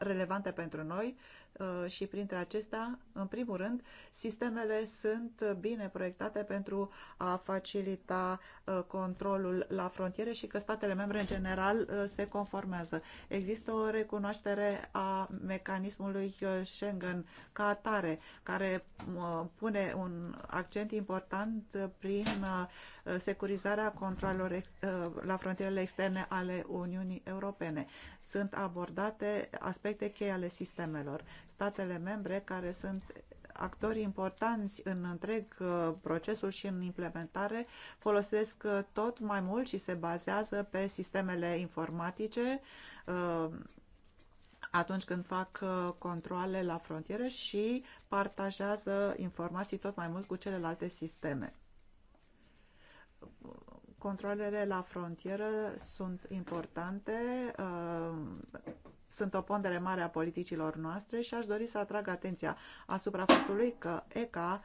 relevante pentru noi, Uh, și printre acestea, în primul rând, sistemele sunt bine proiectate pentru a facilita uh, controlul la frontiere și că statele membre în general uh, se conformează. Există o recunoaștere a mecanismului Schengen ca atare, care pune un accent important prin securizarea controlelor uh, la frontierele externe ale Uniunii Europene. Sunt abordate aspecte cheie ale sistemelor. Statele membre care sunt actori importanți în întreg uh, procesul și în implementare folosesc uh, tot mai mult și se bazează pe sistemele informatice atunci când fac controle la frontieră și partajează informații tot mai mult cu celelalte sisteme controlele la frontieră sunt importante, uh, sunt o pondere mare a politicilor noastre și aș dori să atrag atenția asupra faptului că ECA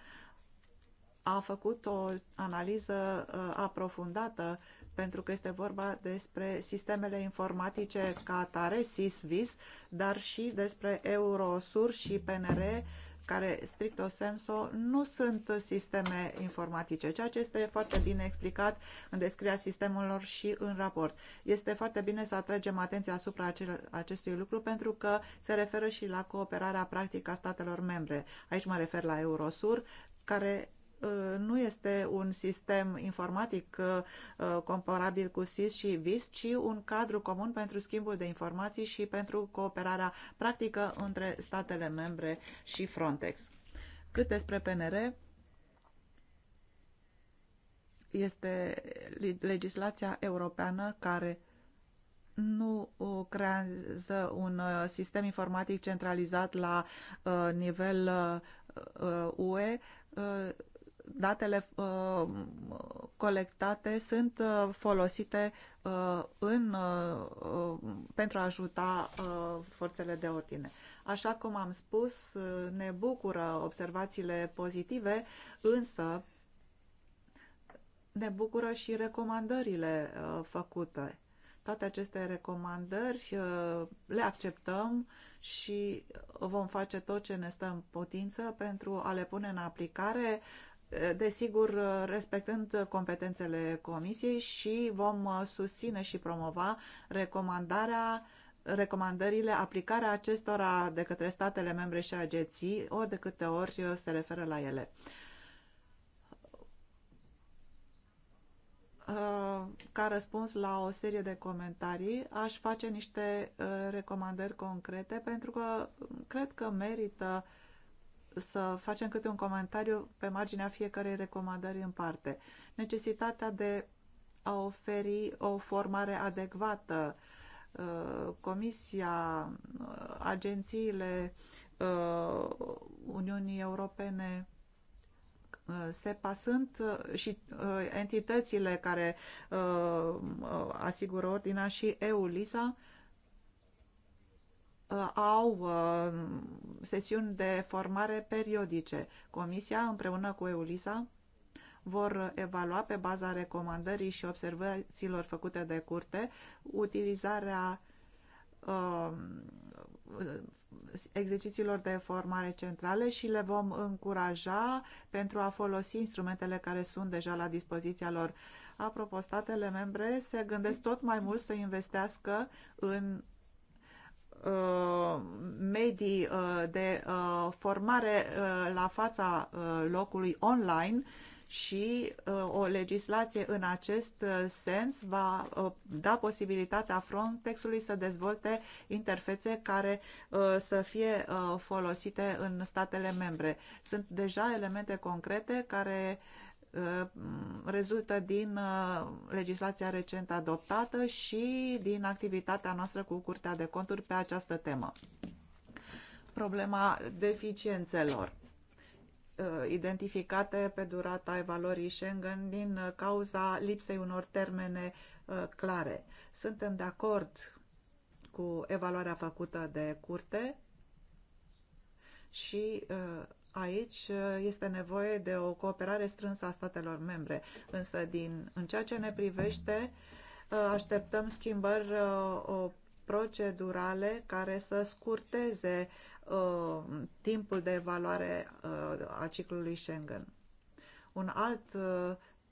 a făcut o analiză uh, aprofundată pentru că este vorba despre sistemele informatice ca atare, SIS-VIS, dar și despre Eurosur și PNR care, strict o senso, nu sunt sisteme informatice, ceea ce este foarte bine explicat în descrierea sistemelor și în raport. Este foarte bine să atragem atenția asupra acestui lucru pentru că se referă și la cooperarea practică a statelor membre. Aici mă refer la Eurosur, care Uh, nu este un sistem informatic uh, comparabil cu SIS și VIS, ci un cadru comun pentru schimbul de informații și pentru cooperarea practică între statele membre și Frontex. Cât despre PNR, este legislația europeană care nu uh, creează un sistem informatic centralizat la nivel UE, datele uh, colectate sunt uh, folosite uh, în, uh, uh, pentru a ajuta uh, forțele de ordine. Așa cum am spus, ne bucură observațiile pozitive, însă ne bucură și recomandările făcute. Toate aceste recomandări le acceptăm și vom face tot ce ne stă în potință pentru a le pune în aplicare desigur respectând competențele comisiei și vom susține și promova recomandarea recomandările, aplicarea acestora de către statele membre și agenții, ori de câte ori se referă la ele. Ca răspuns la o serie de comentarii, aș face niște uh, recomandări concrete pentru că cred că merită uh, să facem câte un comentariu pe marginea fiecarei recomandări în parte. Necesitatea de a oferi o formare adecvată uh, Comisia, uh, agențiile uh, Uniunii Europene SEPA sunt și entitățile care asigură ordinea și EULISA Uh, au uh, sesiuni de formare periodice. Comisia, împreună cu EULISA, vor evalua pe baza recomandării și observațiilor făcute de curte utilizarea uh, exercițiilor de formare centrale și le vom încuraja pentru a folosi instrumentele care sunt deja la dispoziția lor. Apropo, statele membre se gândesc tot mai mult să investească în Uh, medii uh, de uh, formare la fața locului online și o legislație în acest sens va da posibilitatea Frontexului să dezvolte interfețe care să fie folosite în statele membre. Sunt deja elemente concrete care Uh, rezultă din uh, legislația recent adoptată și din activitatea noastră cu Curtea de Conturi pe această temă. Problema deficiențelor uh, identificate pe durata evaluării Schengen din cauza lipsei unor termene clare. Suntem de acord cu evaluarea făcută de curte și uh, aici uh, este nevoie de o cooperare strânsă a statelor membre. Însă, din, în ceea ce ne privește, uh, așteptăm schimbări uh, procedurale care să scurteze timpul de evaluare a ciclului Schengen. Un alt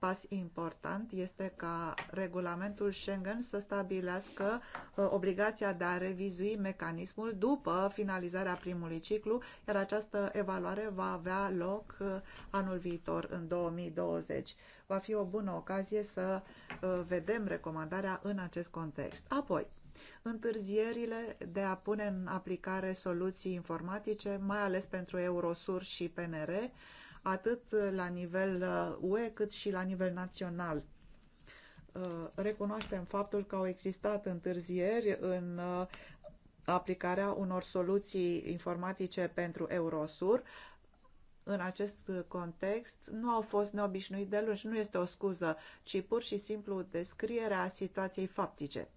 pas important este ca regulamentul Schengen să stabilească uh, obligația de a revizui mecanismul după finalizarea primului ciclu, iar această evaluare va avea loc uh, anul viitor, în 2020. Va fi o bună ocazie să uh, vedem recomandarea în acest context. Apoi, întârzierile de a pune în aplicare soluții informatice, mai ales pentru Eurosur și PNR, atât la nivel UE uh, cât și la nivel național. Uh, recunoaștem faptul că au existat întârzieri în uh, aplicarea unor soluții informatice pentru Eurosur, în acest context nu au fost neobișnuit de lungi, nu este o scuză, ci pur și simplu descrierea situației faptice.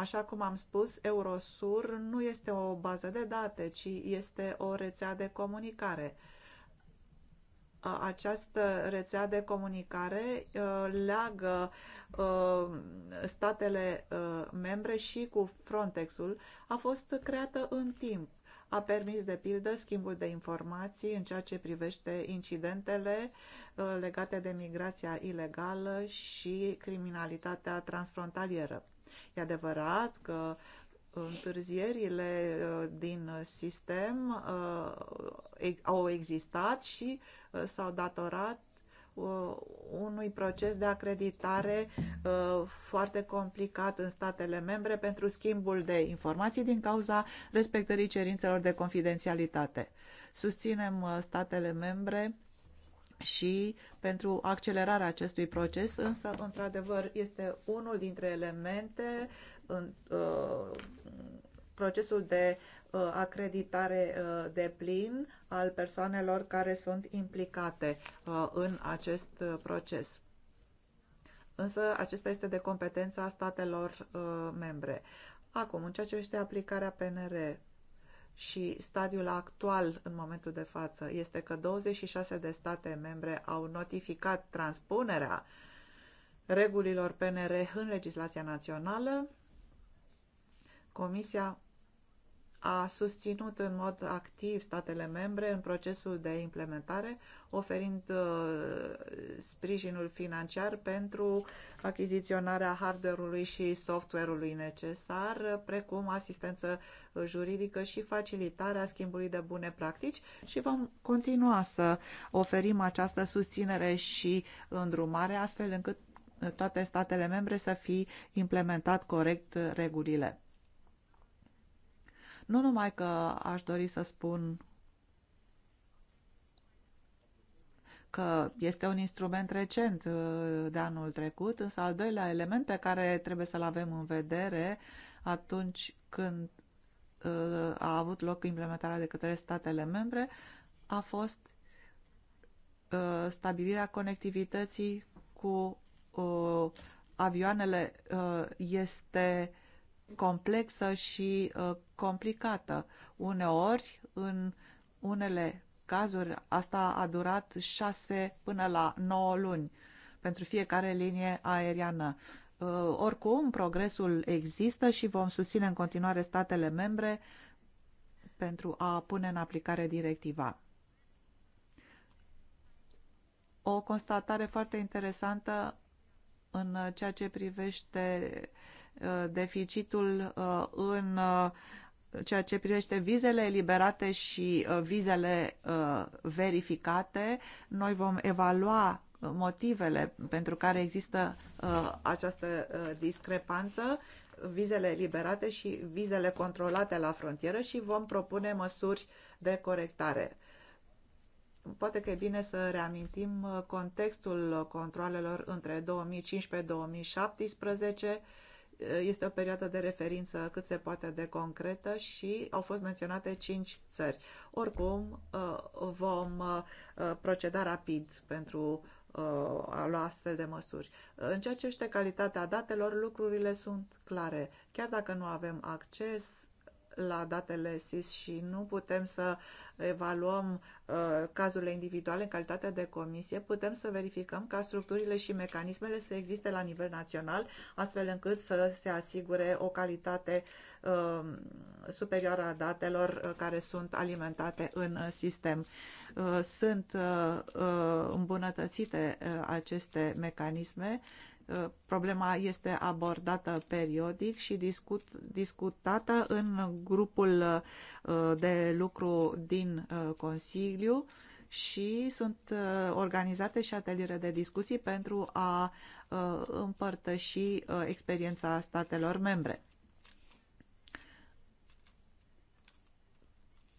Așa cum am spus, Eurosur nu este o bază de date, ci este o rețea de comunicare. Această rețea de comunicare leagă statele membre și cu Frontexul. A fost creată în timp. A permis, de pildă, schimbul de informații în ceea ce privește incidentele legate de migrația ilegală și criminalitatea transfrontalieră E adevărat că întârzierile uh, din sistem uh, au existat și uh, s-au datorat unui proces de acreditare foarte complicat în statele membre pentru schimbul de informații din cauza respectării cerințelor de confidențialitate. Susținem statele membre și pentru accelerarea acestui proces, însă, într-adevăr, este unul dintre elemente în uh, procesul de uh, acreditare uh, de plin al persoanelor care sunt implicate uh, în acest uh, proces. Însă, acesta este de competența statelor uh, membre. Acum, în ceea ce este aplicarea PNR, și stadiul actual în momentul de față este că 26 de state membre au notificat transpunerea regulilor PNR în legislația națională. Comisia a susținut în mod activ statele membre în procesul de implementare, oferind uh, sprijinul financiar pentru achiziționarea hardware-ului și software-ului necesar, precum asistență juridică și facilitarea schimbului de bune practici și vom continua să oferim această susținere și îndrumare, astfel încât toate statele membre să fie implementat corect regulile nu numai că aș dori să spun că este un instrument recent uh, de anul trecut, însă al doilea element pe care trebuie să-l avem în vedere atunci când uh, a avut loc implementarea de către statele membre a fost uh, stabilirea conectivității cu avioanele este complexă și uh, complicată. Uneori, în unele cazuri, asta a durat 6 până la 9 luni pentru fiecare linie aeriană. Uh, oricum, progresul există și vom susține în continuare statele membre pentru a pune în aplicare directiva. O constatare foarte interesantă în ceea ce privește uh, Uh, deficitul uh, în uh, ceea ce privește vizele eliberate și vizele verificate. Noi vom evalua motivele pentru care există această discrepanță vizele eliberate și vizele controlate la frontieră și vom propune măsuri de corectare. Poate că e bine să reamintim contextul controlelor între 2015-2017 este o perioadă de referință cât se poate de concretă și au fost menționate cinci țări. Oricum, uh, vom uh, proceda rapid pentru uh, a lua astfel de măsuri. În ceea ce este calitatea datelor, lucrurile sunt clare. Chiar dacă nu avem acces la datele SIS și nu putem să evaluăm uh, cazurile individuale în calitate de comisie, putem să verificăm ca structurile și mecanismele să existe la nivel național, astfel încât să se asigure o calitate uh, superioară a datelor uh, care sunt alimentate în uh, sistem. Uh, sunt uh, uh îmbunătățite aceste mecanisme Problema este abordată periodic și discut, discutată în grupul uh, de lucru din uh, Consiliu și sunt uh, organizate și ateliere de discuții pentru a împărtăși experiența statelor membre.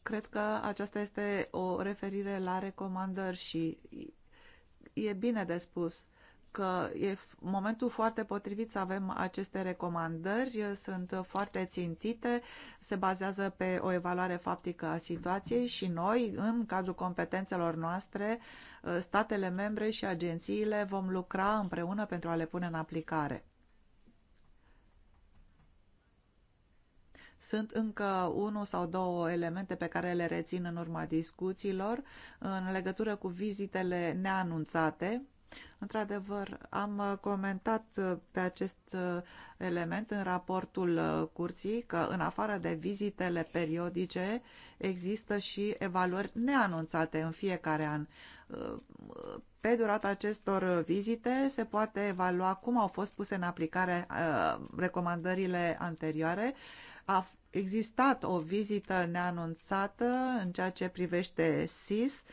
Cred că aceasta este o referire la recomandări și e bine de spus uh, că e momentul foarte potrivit să avem aceste recomandări, sunt foarte țintite, se bazează pe o evaluare faptică a situației și noi, în cadrul competențelor noastre, ă, statele membre și agențiile vom lucra împreună pentru a le pune în aplicare. Sunt încă unul sau două elemente pe care le rețin în urma discuțiilor în legătură cu vizitele neanunțate Într-adevăr, am uh, comentat uh, pe acest uh, element în raportul curții că în afară de vizitele periodice există și evaluări neanunțate în fiecare an. Pe durata acestor vizite se poate evalua cum au fost puse în aplicare recomandările anterioare, a existat o vizită neanunțată în ceea ce privește SIS,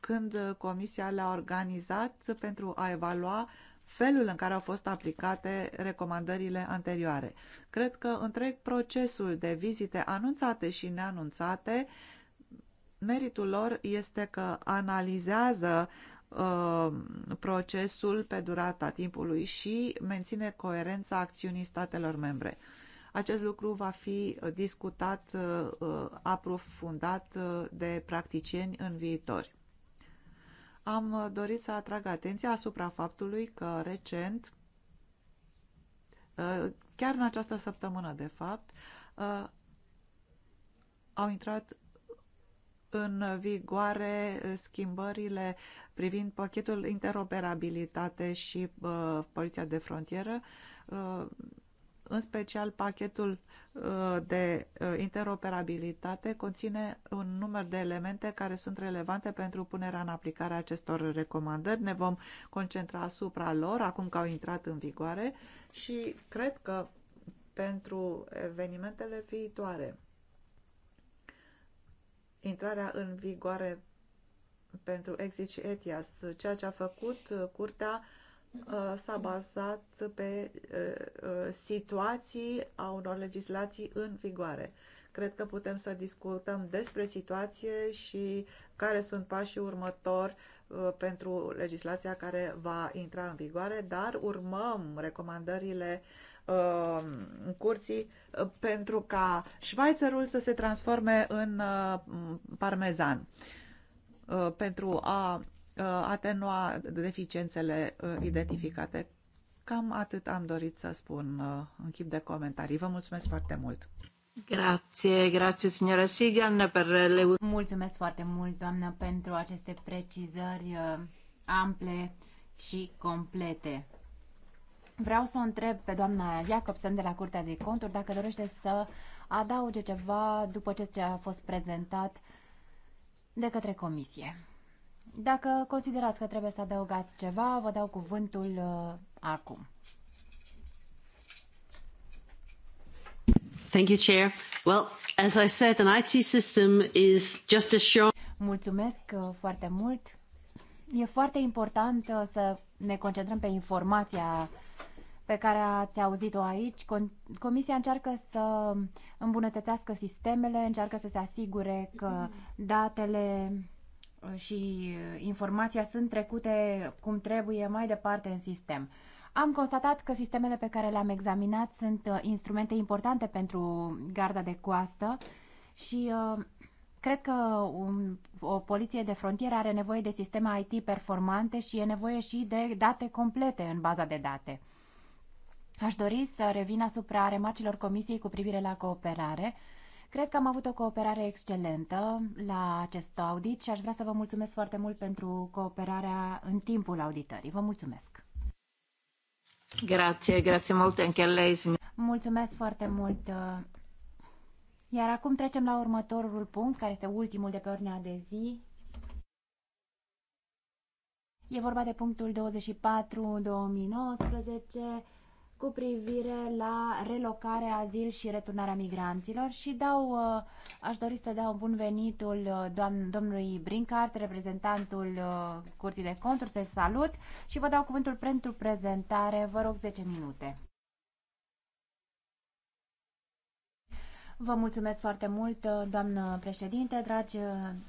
când uh, Comisia le-a organizat pentru a evalua felul în care au fost aplicate recomandările anterioare. Cred că întreg procesul de vizite anunțate și neanunțate, meritul lor este că analizează uh, procesul pe durata timpului și menține coerența acțiunii statelor membre. Acest lucru va fi discutat uh, uh aprofundat uh, de practicieni în viitor am dorit să atrag atenția asupra faptului că recent, uh, chiar în această săptămână de fapt, uh, au intrat în vigoare schimbările privind pachetul interoperabilitate și uh, poliția de frontieră. Uh, în special, pachetul uh, de uh, interoperabilitate conține un număr de elemente care sunt relevante pentru punerea în aplicare a acestor recomandări. Ne vom concentra asupra lor acum că au intrat în vigoare și cred că pentru evenimentele viitoare. Intrarea în vigoare pentru Exit și ETIAS, ceea ce a făcut uh, Curtea Uh, s-a bazat pe uh, uh, situații a unor legislații în vigoare. Cred că putem să discutăm despre situație și care sunt pașii următori pentru legislația care va intra în vigoare, dar urmăm recomandările curții pentru ca șvaițărul să se transforme în parmezan pentru a Uh, atenua deficiențele uh, identificate. Cam atât am dorit să spun uh, în chip de comentarii. Vă mulțumesc foarte mult! Grazie, grazie signora Sigan per le... Mulțumesc foarte mult, doamnă, pentru aceste precizări ample și complete. Vreau să o întreb pe doamna Iacobsen de la Curtea de Conturi dacă dorește să adauge ceva după ce a fost prezentat de către comisie. Dacă considerați că trebuie să adăugați ceva, vă dau cuvântul uh, acum. Thank you, Chair. Well, as I said, an IT system is just as strong. Mulțumesc uh, foarte mult. E foarte important uh, să ne concentrăm pe informația pe care ați auzit-o aici. Comisia încearcă să îmbunătățească sistemele, încearcă să se asigure că datele și uh, informația sunt trecute cum trebuie mai departe în sistem. Am constatat că sistemele pe care le-am examinat sunt uh, instrumente importante pentru garda de coastă și uh, cred că un, o poliție de frontieră are nevoie de sisteme IT performante și e nevoie și de date complete în baza de date. Aș dori să revin asupra remarcilor Comisiei cu privire la cooperare. Cred că am avut o cooperare excelentă la acest audit și aș vrea să vă mulțumesc foarte mult pentru cooperarea în timpul auditării. Vă mulțumesc! Grazie, grazie mult lei. Mulțumesc foarte mult. Iar acum trecem la următorul punct, care este ultimul de pe ordinea de zi. E vorba de punctul 24 2019 cu privire la relocarea, azil și returnarea migranților și dau, uh, aș dori să dau bun venitul uh, doamn, domnului Brincart, reprezentantul uh, Curții de Conturi, să-l salut și vă dau cuvântul pentru prezentare, vă rog 10 minute. Vă mulțumesc foarte mult, doamnă președinte, dragi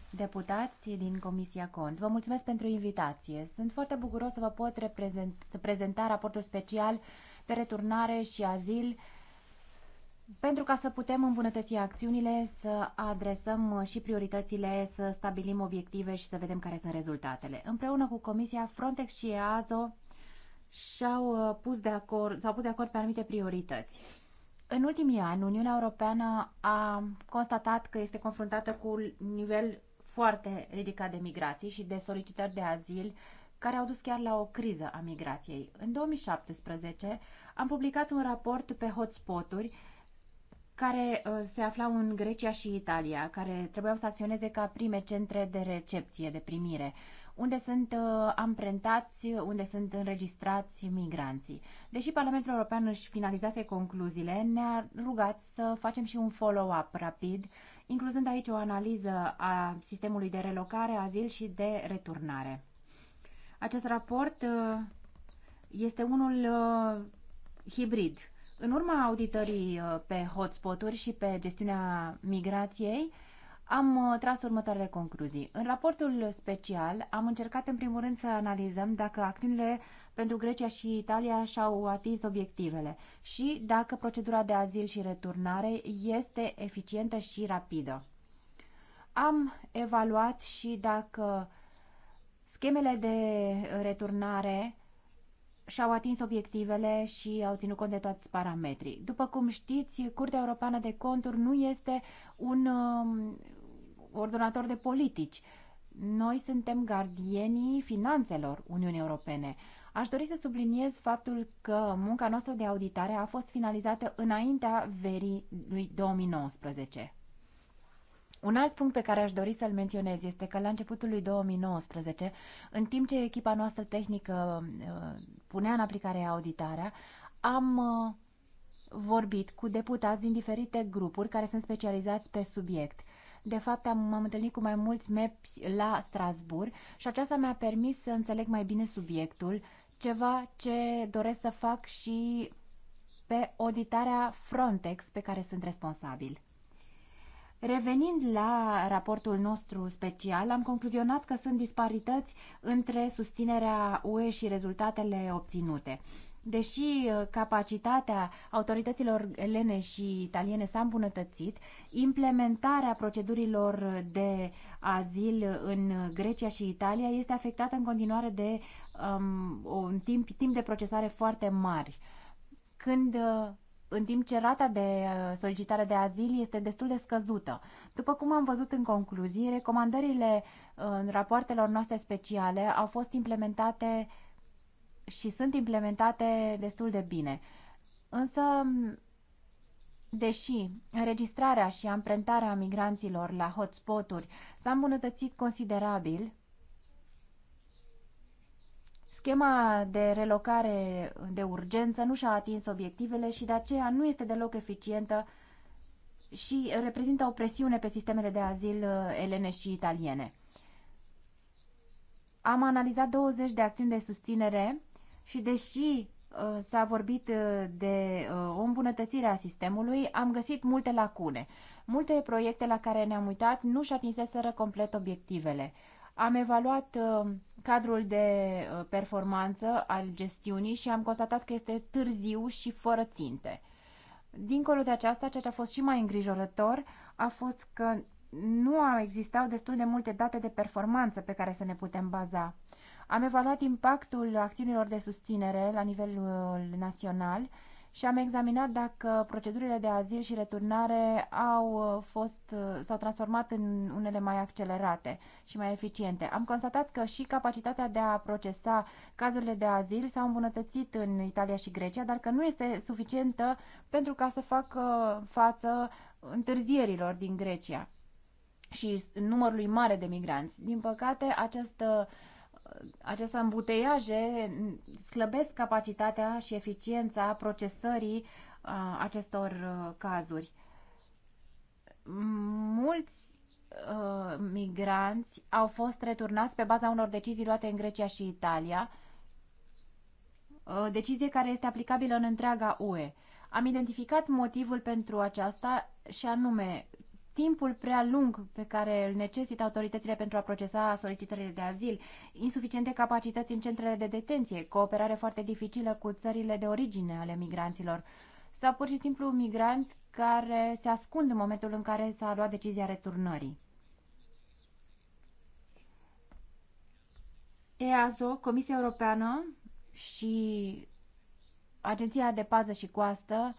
deputați din Comisia Cont. Vă mulțumesc pentru invitație. Sunt foarte bucuros să vă pot reprezent, să prezenta raportul special uh, de returnare și azil, pentru ca să putem îmbunătăți acțiunile, să adresăm și prioritățile, să stabilim obiective și să vedem care sunt rezultatele. Împreună cu Comisia Frontex și EASO și-au uh, pus de acord, s-au pus de acord pe anumite priorități. În ultimii ani, Uniunea Europeană a constatat că este confruntată cu un nivel foarte ridicat de migrații și de solicitări de azil care au dus chiar la o criză a migrației. În 2017 am publicat un raport pe hotspoturi care uh, se aflau în Grecia și Italia, care trebuiau să acționeze ca prime centre de recepție, de primire, unde sunt uh, amprentați, unde sunt înregistrați migranții. Deși Parlamentul European își finalizase concluziile, ne-a rugat să facem și un follow-up rapid, incluzând aici o analiză a sistemului de relocare, azil și de returnare. Acest raport uh, este unul uh, hibrid. În urma auditării uh, pe hotspot-uri și pe gestiunea migrației, am tras următoarele concluzii. În raportul special am încercat în primul rând să analizăm dacă acțiunile pentru Grecia și Italia și-au atins obiectivele și dacă procedura de azil și returnare este eficientă și rapidă. Am evaluat și dacă Schemele de returnare și-au atins obiectivele și au ținut cont de toți parametrii. După cum știți, Curtea Europeană de Conturi nu este un um, ordonator de politici. Noi suntem gardienii finanțelor Uniunii Europene. Aș dori să subliniez faptul că munca noastră de auditare a fost finalizată înaintea verii lui 2019. Un alt punct pe care aș dori să-l menționez este că la începutul lui 2019, în timp ce echipa noastră tehnică uh, punea în aplicare auditarea, am uh, vorbit cu deputați din diferite grupuri care sunt specializați pe subiect. De fapt, am, m-am întâlnit cu mai mulți MEPS la Strasbourg și aceasta mi-a permis să înțeleg mai bine subiectul, ceva ce doresc să fac și pe auditarea Frontex pe care sunt responsabil. Revenind la raportul nostru special, am concluzionat că sunt disparități între susținerea UE și rezultatele obținute. Deși uh, capacitatea autorităților elene și italiene s-a îmbunătățit, implementarea procedurilor de azil în Grecia și Italia este afectată în continuare de um, un timp, timp de procesare foarte mari. Când uh, în timp ce rata de uh, solicitare de azil este destul de scăzută. După cum am văzut în concluzii, recomandările uh, în rapoartelor noastre speciale au fost implementate și sunt implementate destul de bine. Însă, deși înregistrarea și amprentarea migranților la hotspoturi s-a îmbunătățit considerabil, Schema de relocare de urgență nu și-a atins obiectivele și de aceea nu este deloc eficientă și reprezintă o presiune pe sistemele de azil uh, elene și italiene. Am analizat 20 de acțiuni de susținere și deși uh, s-a vorbit uh, de o îmbunătățire a sistemului, am găsit multe lacune. Multe proiecte la care ne-am uitat nu și atinseseră complet obiectivele. Am evaluat uh, cadrul de uh, performanță al gestiunii și am constatat că este târziu și fără ținte. Dincolo de aceasta, ceea ce a fost și mai îngrijorător a fost că nu au existat destul de multe date de performanță pe care să ne putem baza. Am evaluat impactul acțiunilor de susținere la nivelul național și am examinat dacă procedurile de azil și returnare au fost, s-au transformat în unele mai accelerate și mai eficiente. Am constatat că și capacitatea de a procesa cazurile de azil s-a îmbunătățit în Italia și Grecia, dar că nu este suficientă pentru ca să facă față întârzierilor din Grecia și numărului mare de migranți. Din păcate, această uh, aceste îmbuteiaje slăbesc capacitatea și eficiența procesării uh, acestor uh, cazuri. Mulți uh, migranți au fost returnați pe baza unor decizii luate în Grecia și Italia, decizie care este aplicabilă în întreaga UE. Am identificat motivul pentru aceasta și anume timpul prea lung pe care îl necesită autoritățile pentru a procesa solicitările de azil, insuficiente capacități în centrele de detenție, cooperare foarte dificilă cu țările de origine ale migranților sau pur și simplu migranți care se ascund în momentul în care s-a luat decizia returnării. EASO, Comisia Europeană și Agenția de Pază și Coastă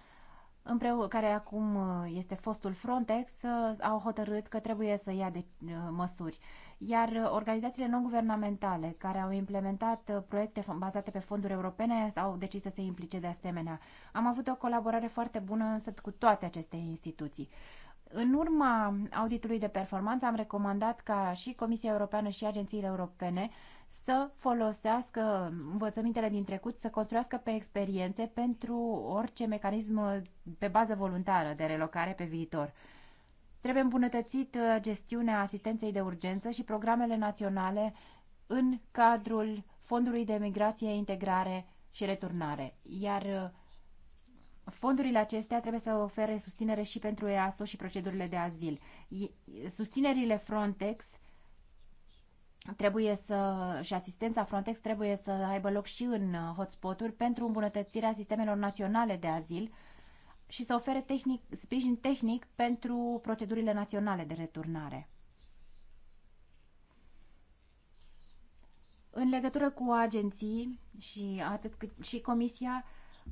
împreună, care acum uh, este fostul Frontex, uh, au hotărât că trebuie să ia de uh, măsuri. Iar organizațiile non-guvernamentale care au implementat proiecte bazate pe fonduri europene au decis să se implice de asemenea. Am avut o colaborare foarte bună însă cu toate aceste instituții. În urma auditului de performanță am recomandat ca și Comisia Europeană și agențiile europene să folosească învățămintele din trecut, să construiască pe experiențe pentru orice mecanism pe bază voluntară de relocare pe viitor. Trebuie îmbunătățit uh, gestiunea asistenței de urgență și programele naționale în cadrul Fondului de Migrație, Integrare și Returnare, iar uh, Fondurile acestea trebuie să ofere susținere și pentru EASO și procedurile de azil. Uh, susținerile Frontex trebuie să, și asistența Frontex trebuie să aibă loc și în uh, hotspoturi pentru îmbunătățirea sistemelor naționale de azil și să ofere tehnic, sprijin tehnic pentru procedurile naționale de returnare. În legătură cu agenții și atât cât și comisia,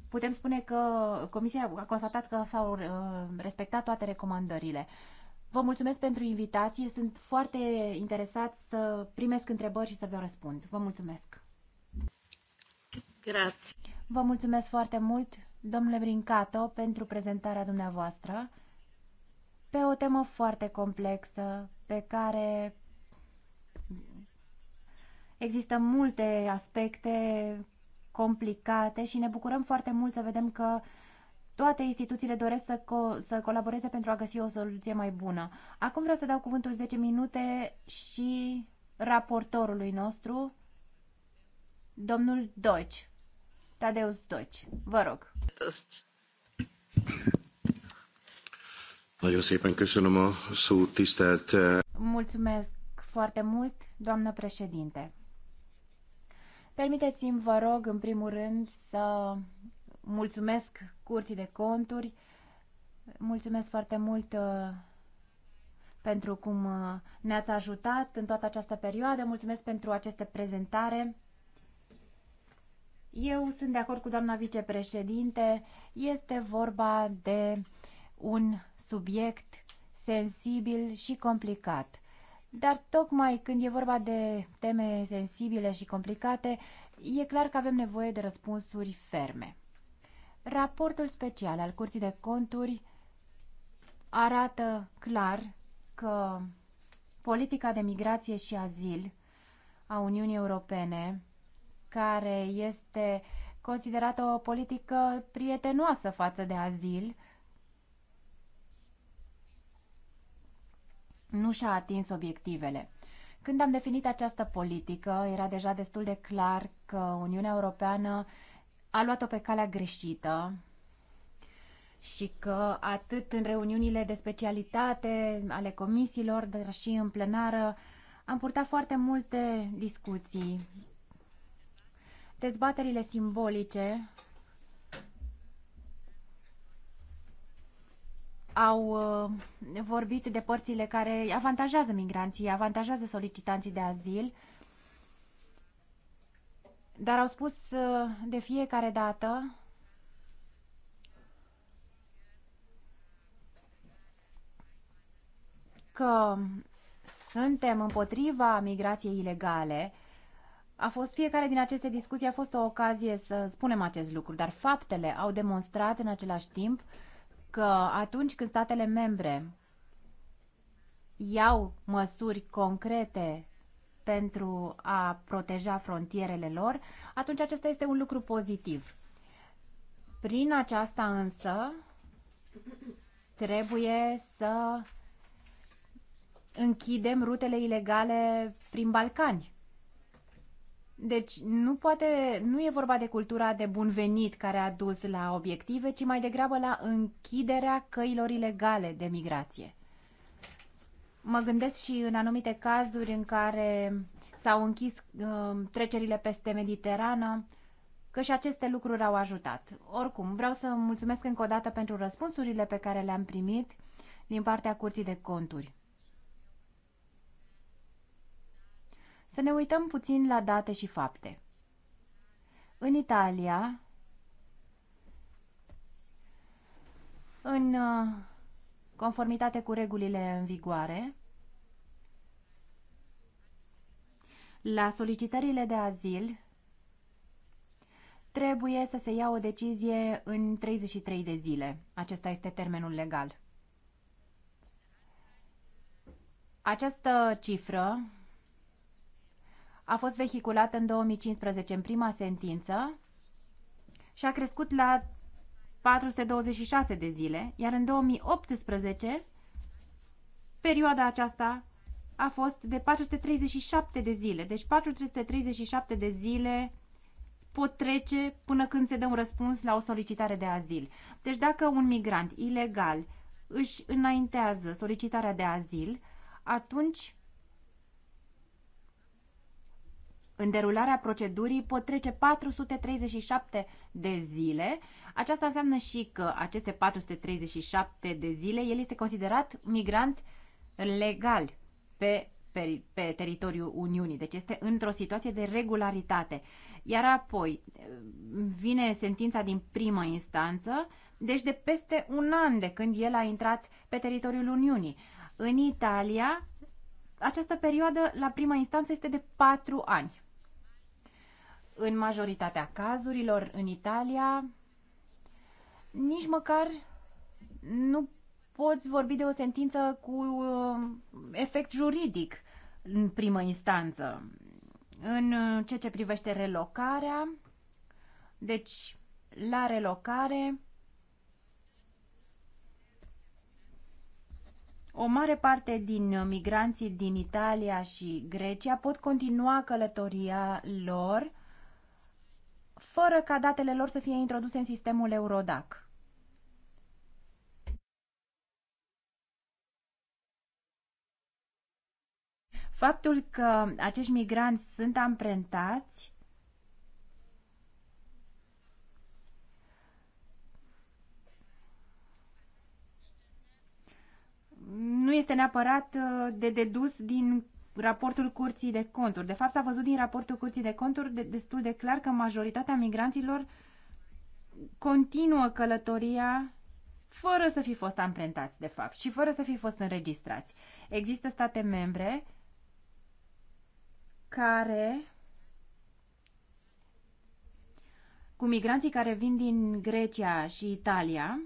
putem spune că comisia a constatat că s-au uh, respectat toate recomandările. Vă mulțumesc pentru invitație. Sunt foarte interesat să primesc întrebări și să vă răspund. Vă mulțumesc. Grație. Vă mulțumesc foarte mult, domnule Brincato, pentru prezentarea dumneavoastră pe o temă foarte complexă pe care există multe aspecte complicate și ne bucurăm foarte mult să vedem că toate instituțiile doresc să, co- să colaboreze pentru a găsi o soluție mai bună. Acum vreau să dau cuvântul 10 minute și raportorului nostru, domnul Doci. Tadeus Doci, vă rog. Eh, Mulțumesc foarte mult, doamnă președinte. Permiteți-mi, vă rog, în primul rând, să Mulțumesc Curții de Conturi, mulțumesc foarte mult uh, pentru cum uh, ne-ați ajutat în toată această perioadă, mulțumesc pentru aceste prezentare. Eu sunt de acord cu doamna vicepreședinte, este vorba de un subiect sensibil și complicat. Dar tocmai când e vorba de teme sensibile și complicate, e clar că avem nevoie de răspunsuri ferme. Raportul special al Curții de Conturi arată clar că politica de migrație și azil a Uniunii Europene, care este considerată o politică prietenoasă față de azil, nu și-a atins obiectivele. Când am definit această politică, era deja destul de clar că Uniunea Europeană uh, a luat-o pe calea greșită și că atât în reuniunile de specialitate ale comisiilor, dar și în plenară, am purtat foarte multe discuții. Dezbaterile simbolice au uh, vorbit de părțile care avantajează migranții, avantajează solicitanții de azil, dar au spus uh, de fiecare dată că suntem împotriva migrației ilegale, a fost fiecare din aceste discuții a fost o ocazie să spunem acest lucru, dar faptele au demonstrat în același timp că atunci când statele membre iau măsuri concrete pentru a proteja frontierele lor, atunci acesta este un lucru pozitiv. Prin aceasta însă trebuie să închidem rutele ilegale prin Balcani. Deci nu, poate, nu e vorba de cultura de bun venit care a dus la obiective, ci mai degrabă la închiderea căilor ilegale de migrație. Mă gândesc și în anumite cazuri în care s-au închis uh, trecerile peste Mediterană, că și aceste lucruri au ajutat. Oricum, vreau să mulțumesc încă o dată pentru răspunsurile pe care le-am primit din partea Curții de Conturi. Să ne uităm puțin la date și fapte. În Italia, în uh, conformitate cu regulile în vigoare, la solicitările de azil trebuie să se ia o decizie în 33 de zile. Acesta este termenul legal. Această cifră a fost vehiculată în 2015 în prima sentință și a crescut la 426 de zile, iar în 2018 perioada aceasta a fost de 437 de zile. Deci 437 de zile pot trece până când se dă un răspuns la o solicitare de azil. Deci dacă un migrant ilegal își înaintează solicitarea de azil, atunci în derularea procedurii pot trece 437 de zile. Aceasta înseamnă și că aceste 437 de zile el este considerat migrant legal pe, pe, pe teritoriul Uniunii. Deci este într-o situație de regularitate. Iar apoi vine sentința din primă instanță, deci de peste un an de când el a intrat pe teritoriul Uniunii. În Italia, această perioadă la prima instanță este de patru ani. În majoritatea cazurilor, în Italia, nici măcar nu poți vorbi de o sentință cu uh, efect juridic în primă instanță. În uh, ceea ce privește relocarea, deci la relocare O mare parte din uh, migranții din Italia și Grecia pot continua călătoria lor fără ca datele lor să fie introduse în sistemul Eurodac. Faptul că acești migranți sunt amprentați nu este neapărat uh, de dedus din raportul Curții de Conturi. De fapt, s-a văzut din raportul Curții de Conturi de, destul de clar că majoritatea migranților continuă călătoria fără să fi fost amprentați, de fapt, și fără să fi fost înregistrați. Există state membre care cu migranții care vin din Grecia și Italia.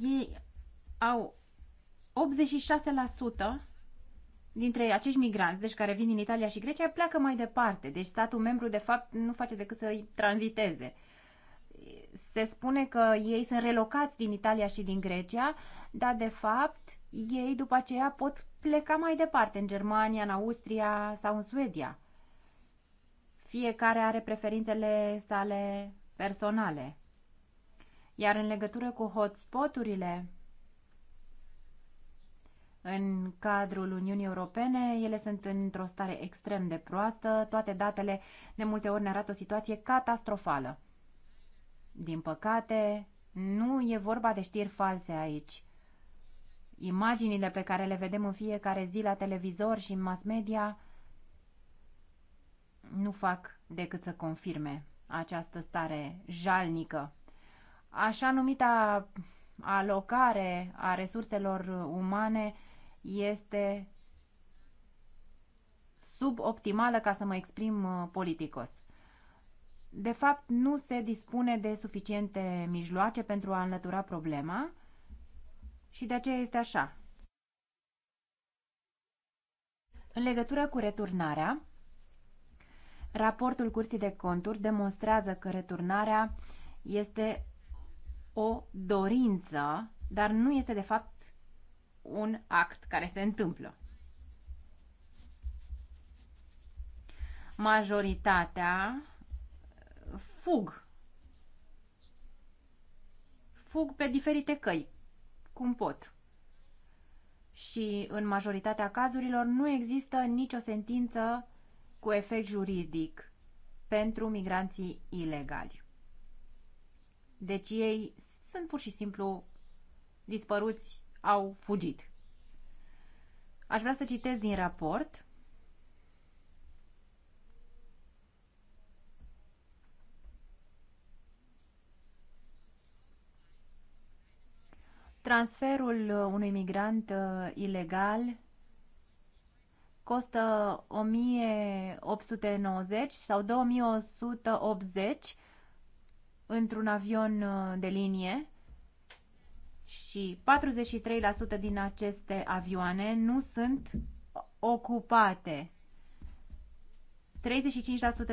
Ei au 86% dintre acești migranți, deci care vin din Italia și Grecia, pleacă mai departe. Deci statul membru, de fapt, nu face decât să îi tranziteze. Se spune că ei sunt relocați din Italia și din Grecia, dar, de fapt, ei după aceea pot pleca mai departe, în Germania, în Austria sau în Suedia. Fiecare are preferințele sale personale. Iar în legătură cu hotspoturile, în cadrul Uniunii Europene, ele sunt într-o stare extrem de proastă, toate datele de multe ori ne arată o situație catastrofală. Din păcate, nu e vorba de știri false aici imaginile pe care le vedem în fiecare zi la televizor și în mass media nu fac decât să confirme această stare jalnică. Așa numita alocare a resurselor umane este suboptimală, ca să mă exprim uh, politicos. De fapt, nu se dispune de suficiente mijloace pentru a înlătura problema, și de aceea este așa. În legătură cu returnarea, raportul Curții de Conturi demonstrează că returnarea este o dorință, dar nu este de fapt un act care se întâmplă. Majoritatea fug. Fug pe diferite căi cum pot. Și în majoritatea cazurilor nu există nicio sentință cu efect juridic pentru migranții ilegali. Deci ei sunt pur și simplu dispăruți, au fugit. Aș vrea să citesc din raport Transferul uh, unui migrant uh, ilegal costă 1890 sau 2180 într-un avion uh, de linie și 43% din aceste avioane nu sunt ocupate. 35%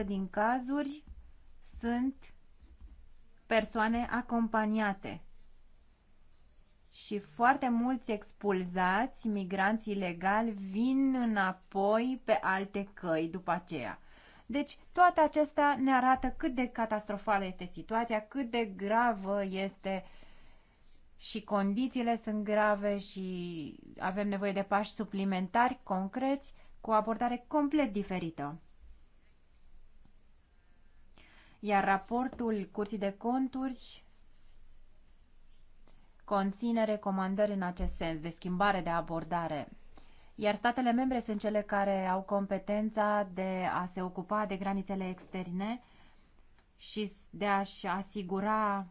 din cazuri sunt persoane acompaniate și foarte mulți expulzați, migranți ilegali, vin înapoi pe alte căi după aceea. Deci, toate acestea ne arată cât de catastrofală este situația, cât de gravă este și condițiile sunt grave și avem nevoie de pași suplimentari, concreți, cu o abordare complet diferită. Iar raportul Curții de Conturi conține recomandări în acest sens de schimbare de abordare iar statele membre sunt cele care au competența de a se ocupa de granițele externe și de a-și asigura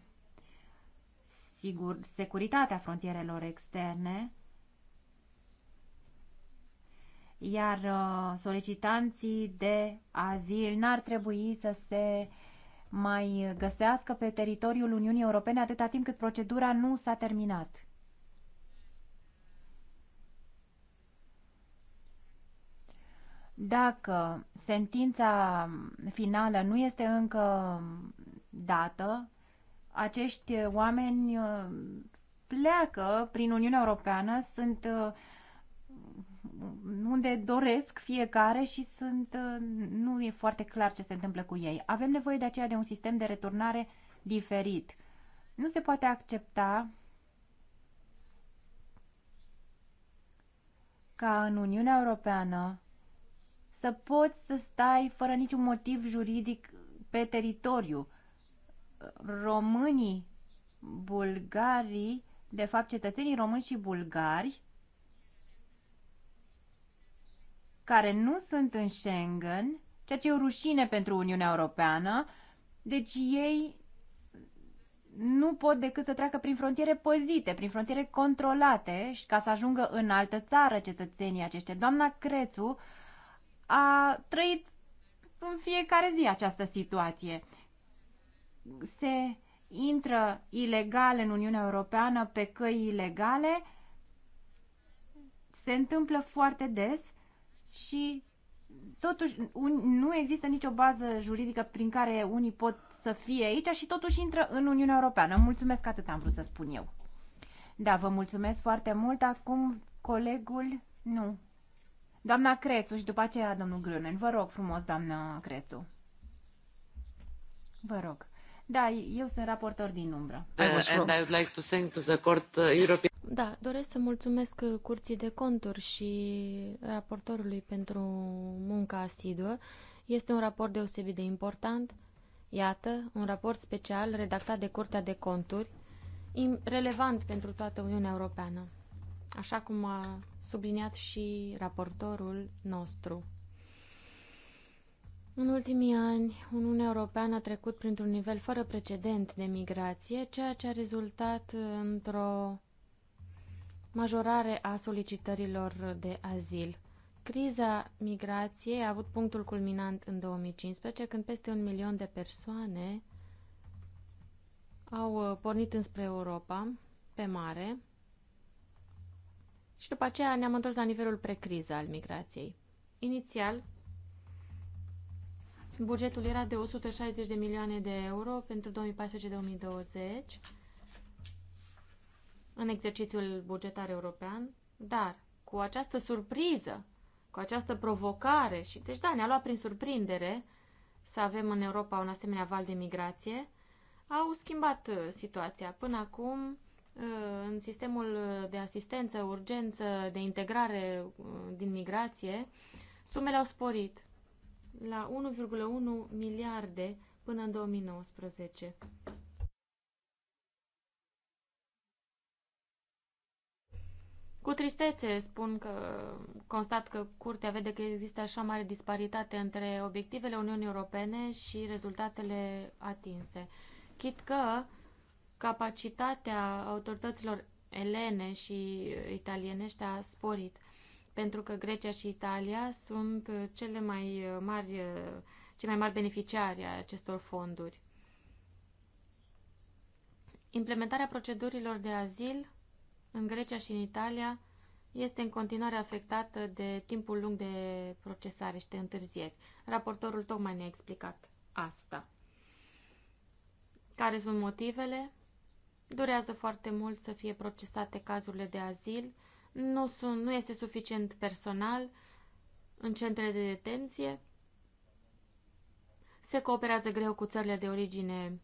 sigur, securitatea frontierelor externe, iar uh, solicitanții de azil n-ar trebui să se mai găsească pe teritoriul Uniunii Europene atâta timp cât procedura nu s-a terminat. Dacă sentința finală nu este încă dată, acești oameni uh, pleacă prin Uniunea Europeană, sunt uh, unde doresc fiecare și sunt, uh, nu e foarte clar ce se întâmplă cu ei. Avem nevoie de aceea de un sistem de returnare diferit. Nu se poate accepta ca în Uniunea Europeană să poți să stai fără niciun motiv juridic pe teritoriu. Românii, bulgarii, de fapt cetățenii români și bulgari, care nu sunt în Schengen, ceea ce e o rușine pentru Uniunea Europeană, deci ei nu pot decât să treacă prin frontiere păzite, prin frontiere controlate și ca să ajungă în altă țară cetățenii aceștia. Doamna Crețu a trăit în fiecare zi această situație. Se intră ilegal în Uniunea Europeană pe căi ilegale, se întâmplă foarte des și totuși un, nu există nicio bază juridică prin care unii pot să fie aici și totuși intră în Uniunea Europeană. Mulțumesc, atât am vrut să spun eu. Da, vă mulțumesc foarte mult. Acum colegul... Nu. Doamna Crețu și după aceea domnul Grânen. Vă rog frumos, doamna Crețu. Vă rog. Da, eu sunt raportor din umbră. Uh, and I would like to thank to the court, uh, European... Da, doresc să mulțumesc uh, Curții de Conturi și raportorului pentru munca asiduă. Este un raport deosebit de important. Iată, un raport special redactat de Curtea de Conturi, relevant pentru toată Uniunea Europeană, așa cum a subliniat și raportorul nostru. În ultimii ani, Uniunea Europeană a trecut printr-un nivel fără precedent de migrație, ceea ce a rezultat într-o majorare a solicitărilor de azil. Criza migrației a avut punctul culminant în 2015, când peste un milion de persoane au uh, pornit înspre Europa, pe mare, și după aceea ne-am întors la nivelul precriză al migrației. Inițial, bugetul era de 160 de milioane de euro pentru 2014-2020, în exercițiul bugetar european, dar cu această surpriză, cu această provocare și, deci da, ne-a luat prin surprindere să avem în Europa un asemenea val de migrație, au schimbat uh, situația. Până acum, uh, în sistemul de asistență, urgență, de integrare uh, din migrație, sumele au sporit la 1,1 miliarde până în 2019. Cu tristețe spun că constat că Curtea vede că există așa mare disparitate între obiectivele Uniunii Europene și rezultatele atinse. Chit că capacitatea autorităților elene și italienești a sporit, pentru că Grecia și Italia sunt cele mai mari, cei mai mari beneficiari ai acestor fonduri. Implementarea procedurilor de azil în Grecia și în Italia este în continuare afectată de timpul lung de procesare și de întârzieri. Raportorul tocmai ne-a explicat asta. Care sunt motivele? Durează foarte mult să fie procesate cazurile de azil, nu, sunt, nu este suficient personal în centrele de detenție, se cooperează greu cu țările de origine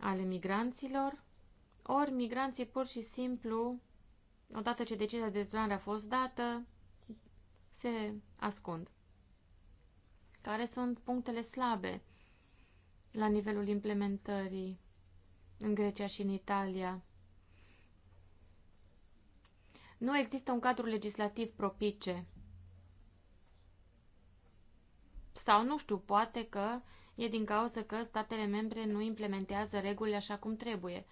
ale migranților, ori migranții pur și simplu, odată ce decizia de deturnare a fost dată, se ascund. Care sunt punctele slabe la nivelul implementării în Grecia și în Italia? Nu există un cadru legislativ propice. Sau, nu știu, poate că e din cauza că statele membre nu implementează regulile așa cum trebuie.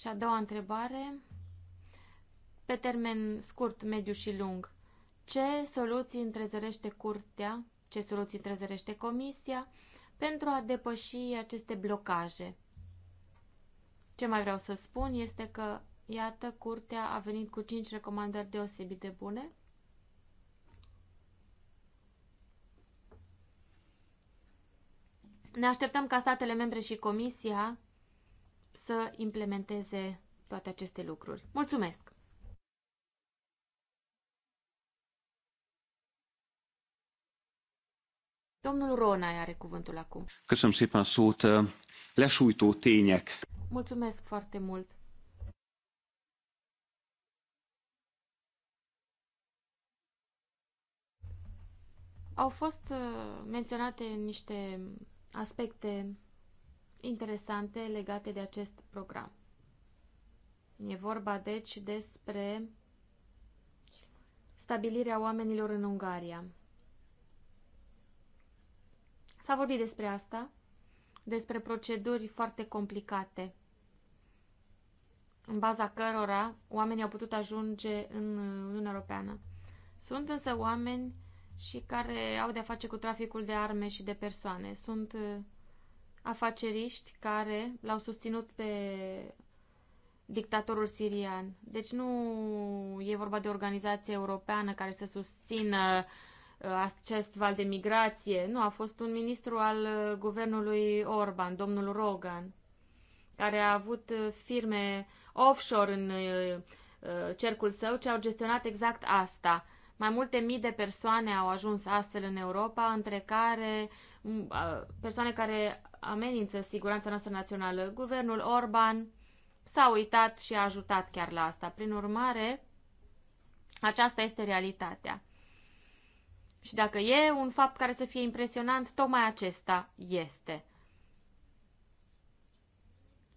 Și a doua întrebare, pe termen scurt, mediu și lung, ce soluții întrezărește curtea, ce soluții întrezărește comisia pentru a depăși aceste blocaje? Ce mai vreau să spun este că, iată, curtea a venit cu 5 recomandări deosebit de bune. Ne așteptăm ca statele membre și comisia să implementeze toate aceste lucruri. Mulțumesc! Domnul Rona are cuvântul acum. Köszönöm szépen szót. Lesújtó tények. Mulțumesc foarte mult. Au fost menționate niște aspecte interesante legate de acest program. E vorba, deci, despre stabilirea oamenilor în Ungaria. S-a vorbit despre asta, despre proceduri foarte complicate, în baza cărora oamenii au putut ajunge în Uniunea Europeană. Sunt însă oameni și care au de-a face cu traficul de arme și de persoane. Sunt afaceriști care l-au susținut pe dictatorul sirian. Deci nu e vorba de organizație europeană care să susțină uh, acest val de migrație. Nu, a fost un ministru al uh, guvernului Orban, domnul Rogan, care a avut uh, firme offshore în cercul său ce au gestionat exact asta. Mai multe mii de persoane au ajuns astfel în Europa, între care persoane care amenință siguranța noastră națională. Guvernul Orban s-a uitat și a ajutat chiar la asta. Prin urmare, aceasta este realitatea. Și dacă e un fapt care să fie impresionant, tocmai acesta este.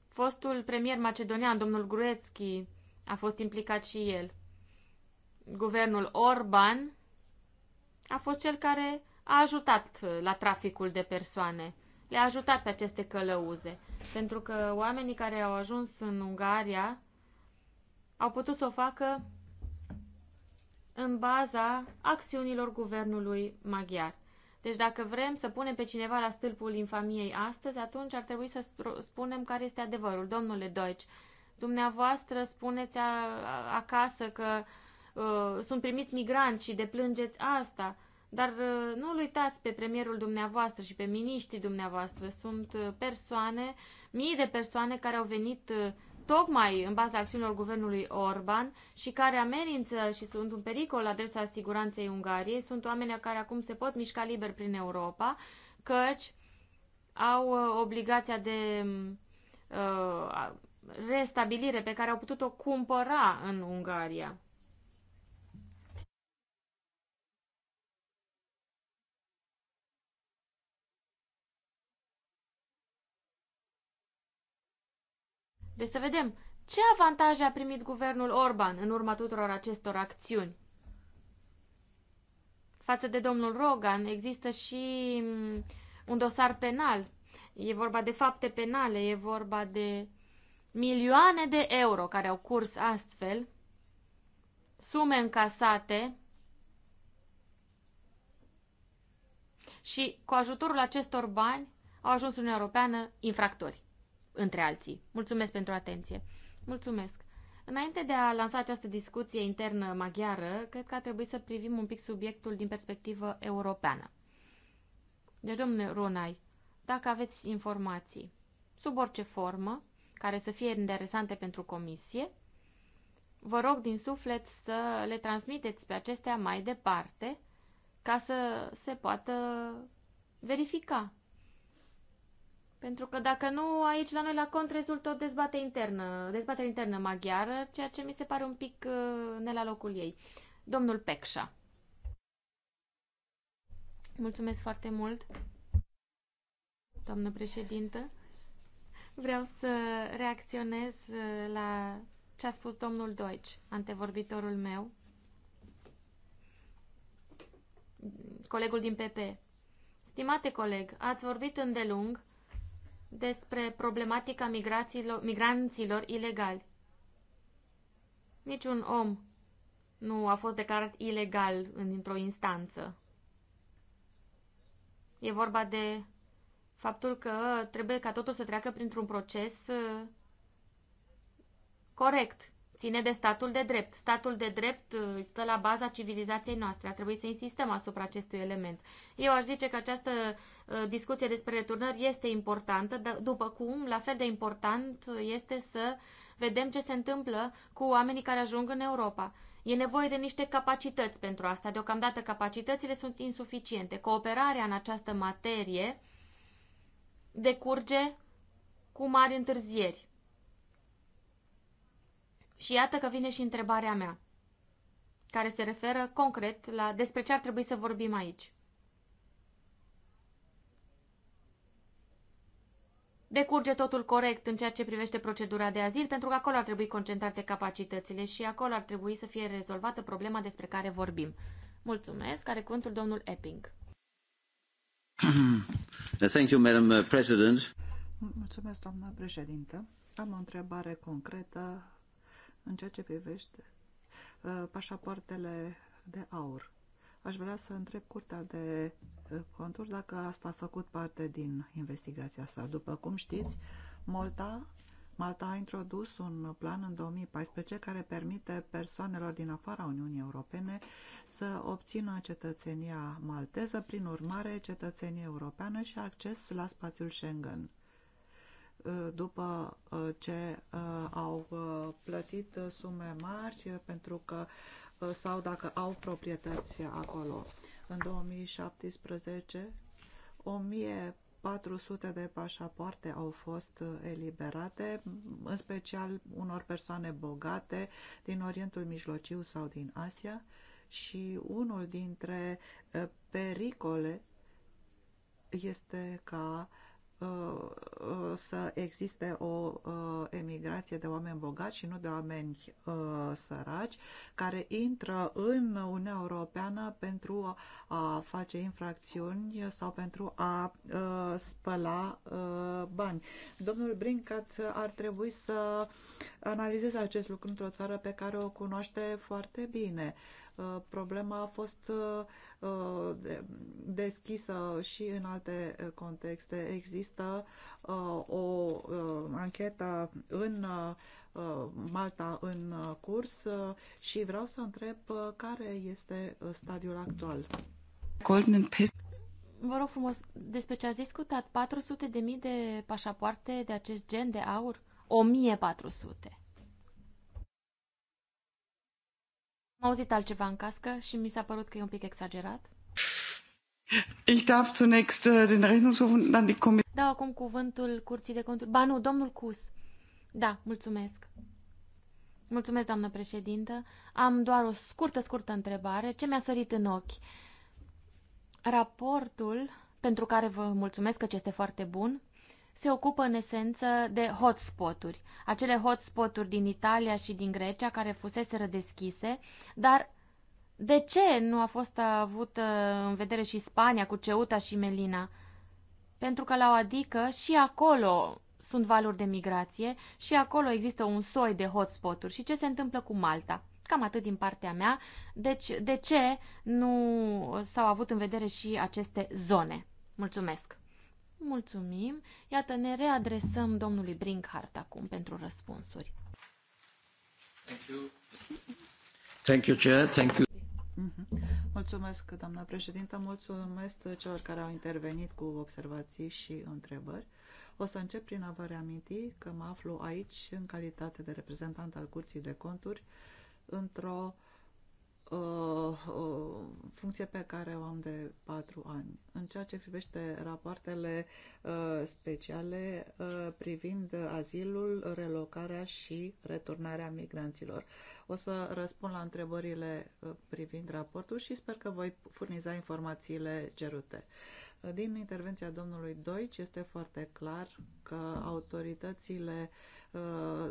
Fostul premier macedonian, domnul Gruetski, a fost implicat și el. Guvernul Orban a fost cel care a ajutat la traficul de persoane le-a ajutat pe aceste călăuze. Pentru că oamenii care au ajuns în Ungaria au putut să o facă în baza acțiunilor guvernului maghiar. Deci dacă vrem să punem pe cineva la stâlpul infamiei astăzi, atunci ar trebui să spunem care este adevărul. Domnule Deutsch, dumneavoastră spuneți acasă că uh, sunt primiți migranți și deplângeți asta. Dar uh, nu-l uitați pe premierul dumneavoastră și pe miniștrii dumneavoastră. Sunt uh, persoane, mii de persoane care au venit uh, tocmai în baza acțiunilor guvernului Orban și care amenință și sunt un pericol la adresa siguranței Ungariei. Sunt oameni care acum se pot mișca liber prin Europa, căci au obligația de mm, uh, restabilire pe care au putut-o cumpăra în Ungaria. Deci să vedem ce avantaje a primit guvernul Orban în urma tuturor acestor acțiuni. Față de domnul Rogan există și mm, un dosar penal. E vorba de fapte penale, e vorba de milioane de euro care au curs astfel, sume încasate și cu ajutorul acestor bani au ajuns în Europeană infractori între alții. Mulțumesc pentru atenție. Mulțumesc. Înainte de a lansa această discuție internă maghiară, cred că ar trebui să privim un pic subiectul din perspectivă europeană. Deci, domnule Ronai, dacă aveți informații, sub orice formă, care să fie interesante pentru comisie, vă rog din suflet să le transmiteți pe acestea mai departe, ca să se poată verifica pentru că dacă nu, aici la noi la cont rezultă o dezbatere internă, dezbatere internă maghiară, ceea ce mi se pare un pic uh, ne la locul ei. Domnul Pecșa. Mulțumesc foarte mult, doamnă președintă. Vreau să reacționez uh, la ce a spus domnul Deutsch, antevorbitorul meu, colegul din PP. Stimate coleg, ați vorbit îndelung despre problematica migrațiilor, migranților ilegali. Niciun om nu a fost declarat ilegal într-o instanță. E vorba de faptul că trebuie ca totul să treacă printr-un proces uh, corect ține de statul de drept. Statul de drept uh, stă la baza civilizației noastre. A trebuit să insistăm asupra acestui element. Eu aș zice că această uh, discuție despre returnări este importantă, după cum, la fel de important este să vedem ce se întâmplă cu oamenii care ajung în Europa. E nevoie de niște capacități pentru asta. Deocamdată capacitățile sunt insuficiente. Cooperarea în această materie decurge cu mari întârzieri. Și iată că vine și întrebarea mea, care se referă concret la despre ce ar trebui să vorbim aici. Decurge totul corect în ceea ce privește procedura de azil, pentru că acolo ar trebui concentrate capacitățile și acolo ar trebui să fie rezolvată problema despre care vorbim. Mulțumesc. Are cuvântul domnul Epping. Thank you, Madam President. Mulțumesc, doamnă președintă. Am o întrebare concretă în ceea ce privește uh, pașapoartele de aur. Aș vrea să întreb Curtea de uh, Conturi dacă asta a făcut parte din investigația sa. După cum știți, Malta, Malta a introdus un plan în 2014 care permite persoanelor din afara Uniunii Europene să obțină cetățenia malteză, prin urmare cetățenie europeană și acces la spațiul Schengen. Eh, după eh, ce eh, au plătit sume mari pentru că sau dacă au proprietăți acolo. În 2017, 1400 de pașapoarte au fost eliberate, mm, în special unor persoane bogate din Orientul Mijlociu sau din Asia și unul dintre pericole este ca uh, Uh, să existe o uh, emigrație de oameni bogați și nu de oameni uh, săraci care intră în Uniunea Europeană pentru a face infracțiuni sau pentru a spăla bani. Domnul Brincat ar trebui să analizeze acest lucru într-o țară pe care o cunoaște foarte bine. Uh, Uh, problema a fost uh, deschisă și în alte uh, contexte. Există o anchetă în Malta în curs și vreau să întreb care este stadiul actual. Golden Pest. Vă rog frumos, despre ce ați discutat? 400 de mii de pașapoarte de acest gen de aur? 1400. Am auzit altceva în cască și mi s-a părut că e un pic exagerat. Ich darf zunächst äh, den Rechnungshof und dann die Kommission. Da, acum cuvântul Curții de Conturi. Ba nu, domnul Cus. Da, mulțumesc. Mulțumesc, doamnă președintă. Am doar o scurtă, scurtă întrebare. Ce mi-a sărit în ochi? Raportul, pentru care vă mulțumesc că este foarte bun, se ocupă în esență de hotspoturi, acele hotspoturi din Italia și din Grecia care fusese redeschise, dar de ce nu a fost avută uh, în vedere și Spania cu Ceuta și Melina? Pentru că la o adică și acolo sunt valuri de migrație și acolo există un soi de hotspoturi. Și ce se întâmplă cu Malta? Cam atât din partea mea. Deci, de ce nu s-au avut în vedere și aceste zone? Mulțumesc! Mulțumim. Iată, ne readresăm domnului Brinkhart acum pentru răspunsuri. Thank you. Thank you, Chair. Thank you. Mhm. Mulțumesc, doamna președintă, mulțumesc celor care au intervenit cu observații și întrebări. O să încep prin a vă reaminti că mă aflu aici în calitate de reprezentant al Curții de Conturi într-o uh, Uh, uh, funcție pe care o am de patru ani. În ceea ce privește rapoartele uh, speciale uh, privind azilul, relocarea și returnarea migranților. O să răspund la întrebările uh, privind raportul și sper că voi furniza informațiile cerute. Din intervenția domnului Doici este foarte clar că autoritățile uh,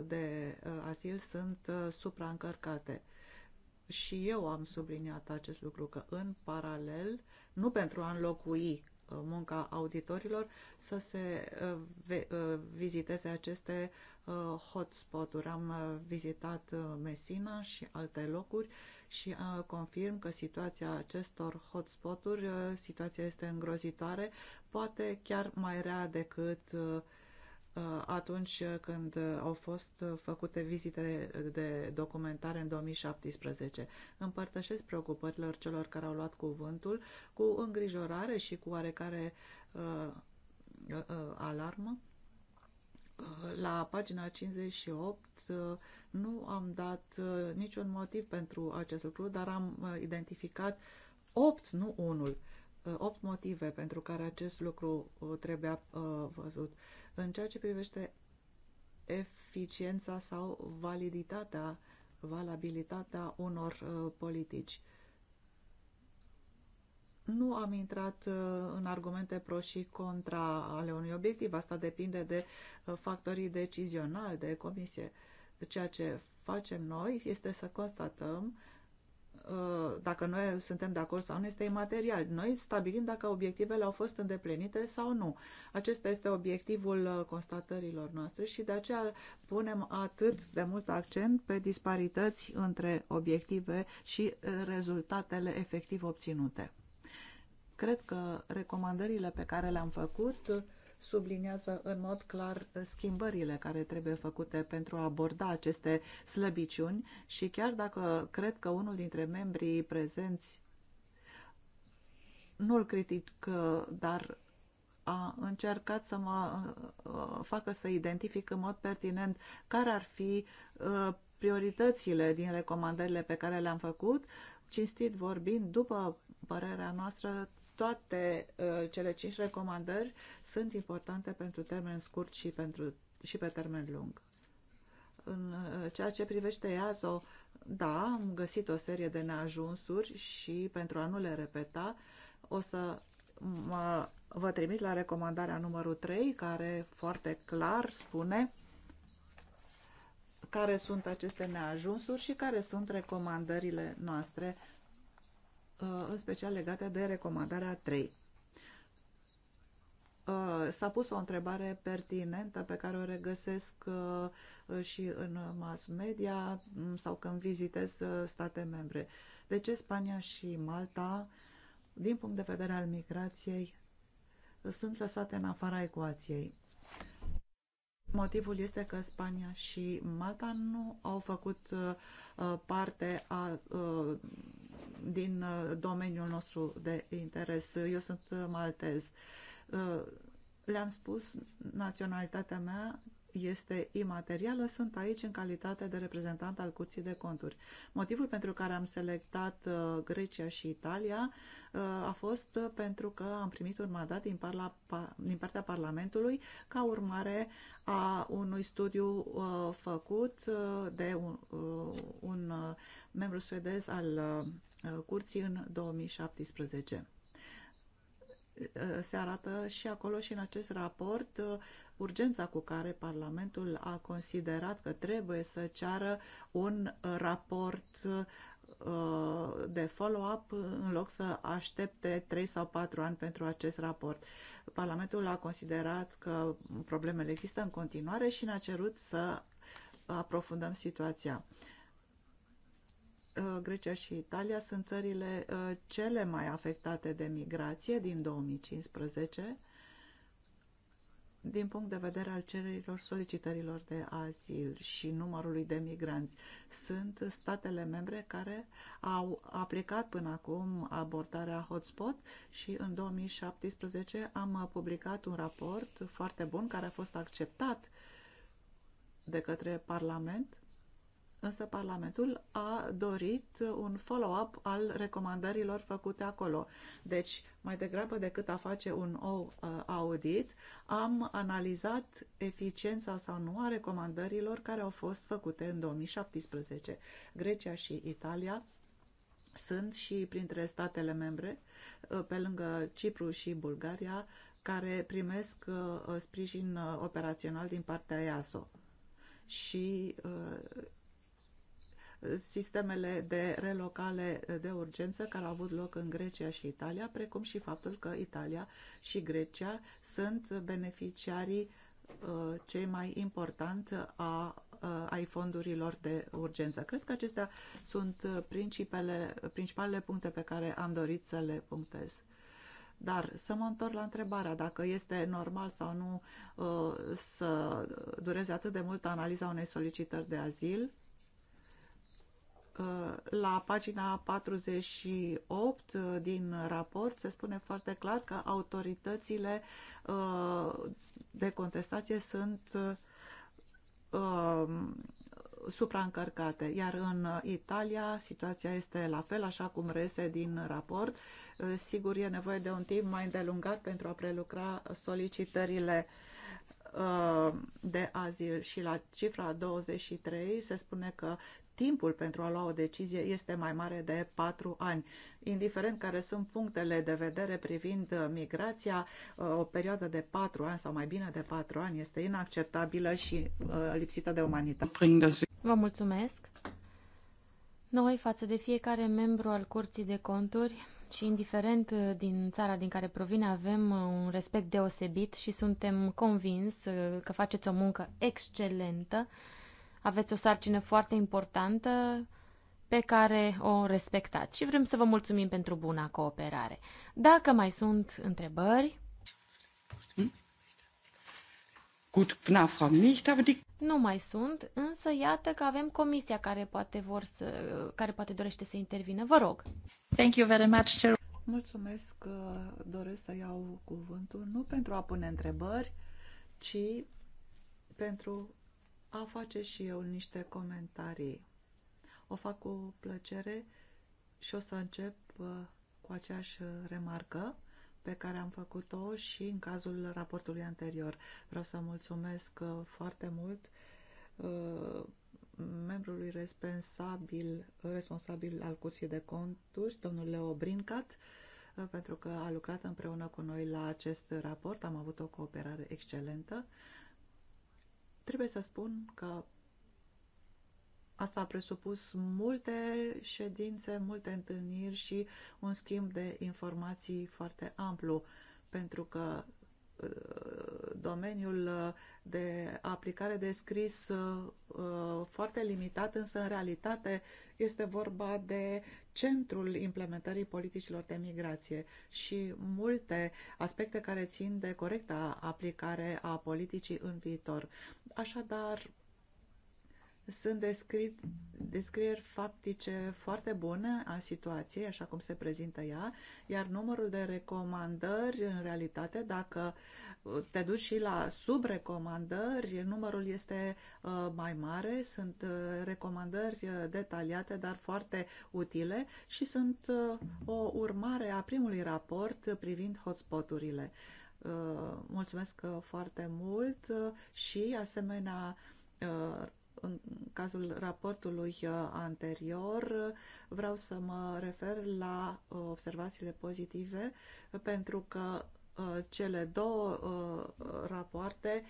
de azil sunt supraîncărcate și eu am subliniat acest lucru, că în paralel, nu pentru a înlocui uh, munca auditorilor, să se uh, uh, viziteze aceste hotspot-uri. Am vizitat Messina și alte locuri și confirm că situația acestor hotspot-uri, situația este îngrozitoare, poate chiar mai rea decât Uh, atunci când au fost făcute vizite de documentare în 2017. Împărtășesc preocupărilor celor care au luat cuvântul cu îngrijorare și cu oarecare uh, uh, uh alarmă. La pagina 58 uh, nu am dat niciun motiv pentru acest lucru, dar am identificat 8, nu unul, 8 motive pentru care acest lucru trebuia văzut în ceea ce privește eficiența sau validitatea, valabilitatea unor uh, politici. Nu am intrat uh, în argumente pro și contra ale unui obiectiv. Asta depinde de uh, factorii decizionali, de comisie. Ceea ce facem noi este să constatăm Uh, dacă noi suntem de acord sau nu, este imaterial. Noi stabilim dacă obiectivele au fost îndeplinite sau nu. Acesta este obiectivul uh, constatărilor noastre și de aceea punem atât de mult accent pe disparități între obiective și uh, rezultatele efectiv obținute. Cred că recomandările pe care le-am făcut subliniază în mod clar schimbările care trebuie făcute pentru a aborda aceste slăbiciuni și chiar dacă cred că unul dintre membrii prezenți nu-l critic, dar a încercat să mă uh, facă să identific în mod pertinent care ar fi uh, prioritățile din recomandările pe care le-am făcut, cinstit vorbind, după părerea noastră, toate uh, cele cinci recomandări sunt importante pentru termen scurt și, pentru, și pe termen lung. În uh, ceea ce privește EASO, da, am găsit o serie de neajunsuri și pentru a nu le repeta, o să mă, vă trimit la recomandarea numărul 3, care foarte clar spune care sunt aceste neajunsuri și care sunt recomandările noastre Uh, în special legate de recomandarea 3. Uh, s-a pus o întrebare pertinentă pe care o regăsesc uh, și în mass media mm, sau când vizitez state membre. De ce Spania și Malta, din punct de vedere al migrației, sunt lăsate în afara ecuației? Motivul este că Spania și Malta nu au făcut parte a din uh, domeniul nostru de interes. Eu sunt maltez. Uh, le-am spus, naționalitatea mea este imaterială, sunt aici în calitate de reprezentant al Curții de Conturi. Motivul pentru care am selectat uh, Grecia și Italia a fost pentru că am primit un mandat din, parla, din partea Parlamentului ca urmare a unui studiu făcut de un, un membru suedez al Uh, curții în 2017 uh, se arată și acolo și în acest raport uh, urgența cu care Parlamentul a considerat că trebuie să ceară un raport de follow-up în loc să aștepte 3 sau 4 ani pentru acest raport. Parlamentul a considerat că problemele există în continuare și ne-a cerut să aprofundăm situația. Uh, Uh, Grecia și Italia sunt țările uh, cele mai afectate de migrație din 2015 din punct de vedere al cererilor solicitărilor de azil și numărului de migranți. Sunt statele membre care au aplicat până acum abordarea hotspot și în 2017 am publicat un raport foarte bun care a fost acceptat de către Parlament însă Parlamentul a dorit un follow-up al recomandărilor făcute acolo. Deci, mai degrabă decât a face un uh, audit, am analizat eficiența sau nu a recomandărilor care au fost făcute în 2017. Grecia și Italia sunt și printre statele membre, uh, pe lângă Cipru și Bulgaria, care primesc uh, sprijin operațional din partea EASO. Și sistemele de relocale de urgență care au avut loc în Grecia și Italia, precum și faptul că Italia și Grecia sunt beneficiarii uh, cei mai important uh, a, uh, ai fondurilor de urgență. Cred că acestea sunt principele, principalele puncte pe care am dorit să le punctez. Dar să mă întorc la întrebarea dacă este normal sau nu să dureze atât de mult analiza unei solicitări de azil Uh, la pagina 48 uh, din raport se spune foarte clar că autoritățile uh, de contestație sunt supraîncărcate, iar în Italia situația este la fel, așa cum rese din raport. Sigur, e nevoie de un timp mai îndelungat pentru a prelucra solicitările de azil și la cifra 23 se spune că timpul pentru a lua o decizie este mai mare de patru ani. Indiferent care sunt punctele de vedere privind migrația, uh, o perioadă de patru ani sau mai bine de patru ani este inacceptabilă și uh, lipsită de umanitate. Vă mulțumesc! Noi, față de fiecare membru al Curții de Conturi, și indiferent uh, din țara din care provine, avem un respect deosebit și suntem convins că faceți o muncă excelentă aveți o sarcină foarte importantă pe care o respectați și vrem să vă mulțumim pentru buna cooperare. Dacă mai sunt întrebări... Nu mai sunt, însă iată că avem comisia care poate, vor să, care poate dorește să intervină. Vă rog. Thank you very much, Chair. Mulțumesc că uh, doresc să iau cuvântul nu pentru a pune întrebări, ci pentru a face și eu niște comentarii. O fac cu plăcere și o să încep uh, cu aceeași remarcă pe care am făcut-o și în cazul raportului anterior. Vreau să mulțumesc uh, foarte mult uh, membrului responsabil, responsabil al Curții de Conturi, domnul Leo Brincat, pentru că a lucrat împreună cu noi la acest raport. Am avut o cooperare excelentă. Trebuie să spun că asta a presupus multe ședințe, multe întâlniri și un schimb de informații foarte amplu, pentru că uh, domeniul de aplicare de scris uh, foarte limitat, însă în realitate este vorba de centrul implementării politicilor de migrație și multe aspecte care țin de corecta aplicare a politicii în viitor. Așadar, sunt descri, descrieri faptice foarte bune a situației, așa cum se prezintă ea, iar numărul de recomandări, în realitate, dacă uh, te duci și la subrecomandări, numărul este uh, mai mare, sunt uh, recomandări detaliate, dar foarte utile și sunt o urmare a primului raport privind hotspoturile. Mulțumesc foarte mult și, asemenea, în cazul raportului uh, anterior, vreau să mă refer la uh, observațiile pozitive, pentru că uh, cele două rapoarte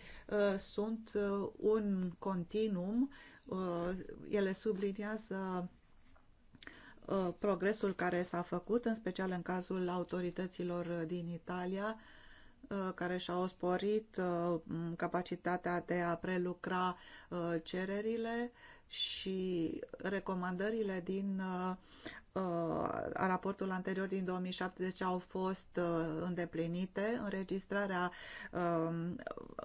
sunt un continuum, ele subliniază progresul care s-a făcut, în special în cazul autorităților din Italia, Uh, care și-au sporit uh, capacitatea de a prelucra uh, cererile și recomandările din raportul anterior din 2017 au fost îndeplinite. Înregistrarea um,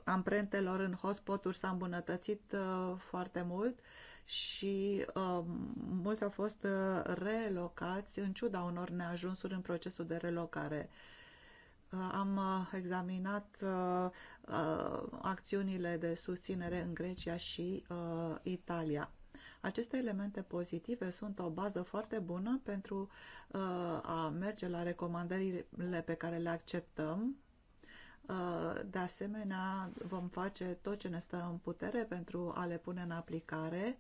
amprentelor în hotspot-uri s-a îmbunătățit foarte mult și uh, mulți au fost relocați în ciuda unor neajunsuri în procesul de relocare. Uh, Uh, am uh, examinat uh, acțiunile de susținere în Grecia și Italia. Aceste elemente pozitive sunt o bază foarte bună pentru a merge la recomandările pe care le acceptăm. De asemenea, vom face tot ce ne stă în putere pentru a le pune în aplicare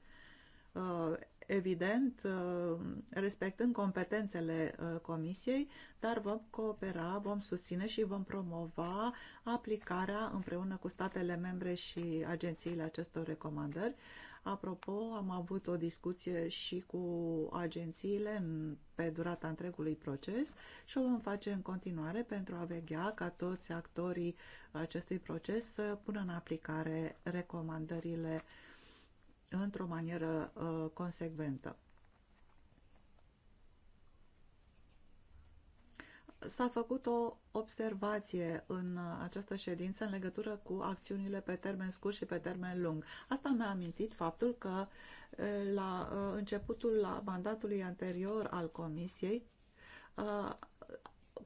evident, uh, respectând competențele uh, Comisiei, dar vom coopera, vom susține și vom promova aplicarea împreună cu statele membre și agențiile acestor recomandări. Apropo, am avut o discuție și cu agențiile în, pe durata întregului proces și o vom face în continuare pentru a veghea ca toți actorii acestui proces să pună în aplicare recomandările uh, într-o manieră uh, consecventă. S-a făcut o observație în uh, această ședință în legătură cu acțiunile pe termen scurt și pe termen lung. Asta mi-a amintit faptul că uh, la începutul mandatului anterior al Comisiei,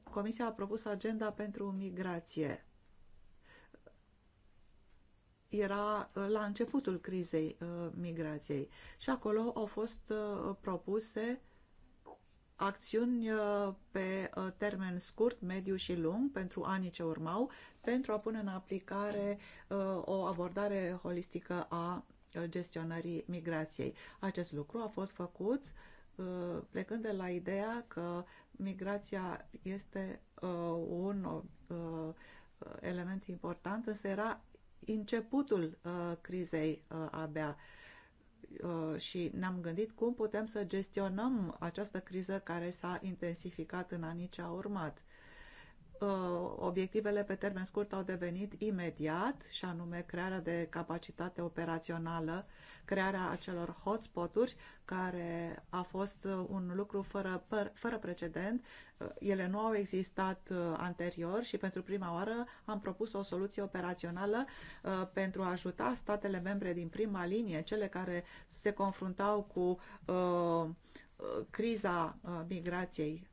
Comisia a propus agenda pentru migrație era uh, la începutul crizei uh, migrației și acolo au fost uh, propuse acțiuni pe termen scurt, mediu și lung pentru anii ce urmau, pentru a pune în aplicare o abordare holistică a gestionării migrației. Acest lucru a fost făcut plecând de la ideea că migrația este un element important, însă era începutul uh, crizei uh, abia uh, și ne-am gândit cum putem să gestionăm această criză care s-a intensificat în anii ce au urmat. Uh, obiectivele pe termen scurt au devenit imediat și anume crearea de capacitate operațională, crearea acelor hotspot-uri care a fost uh, un lucru fără, fără precedent. Uh, ele nu au existat anterior și pentru prima oară am propus o soluție operațională pentru a ajuta statele membre din prima linie, cele care se confruntau cu criza migrației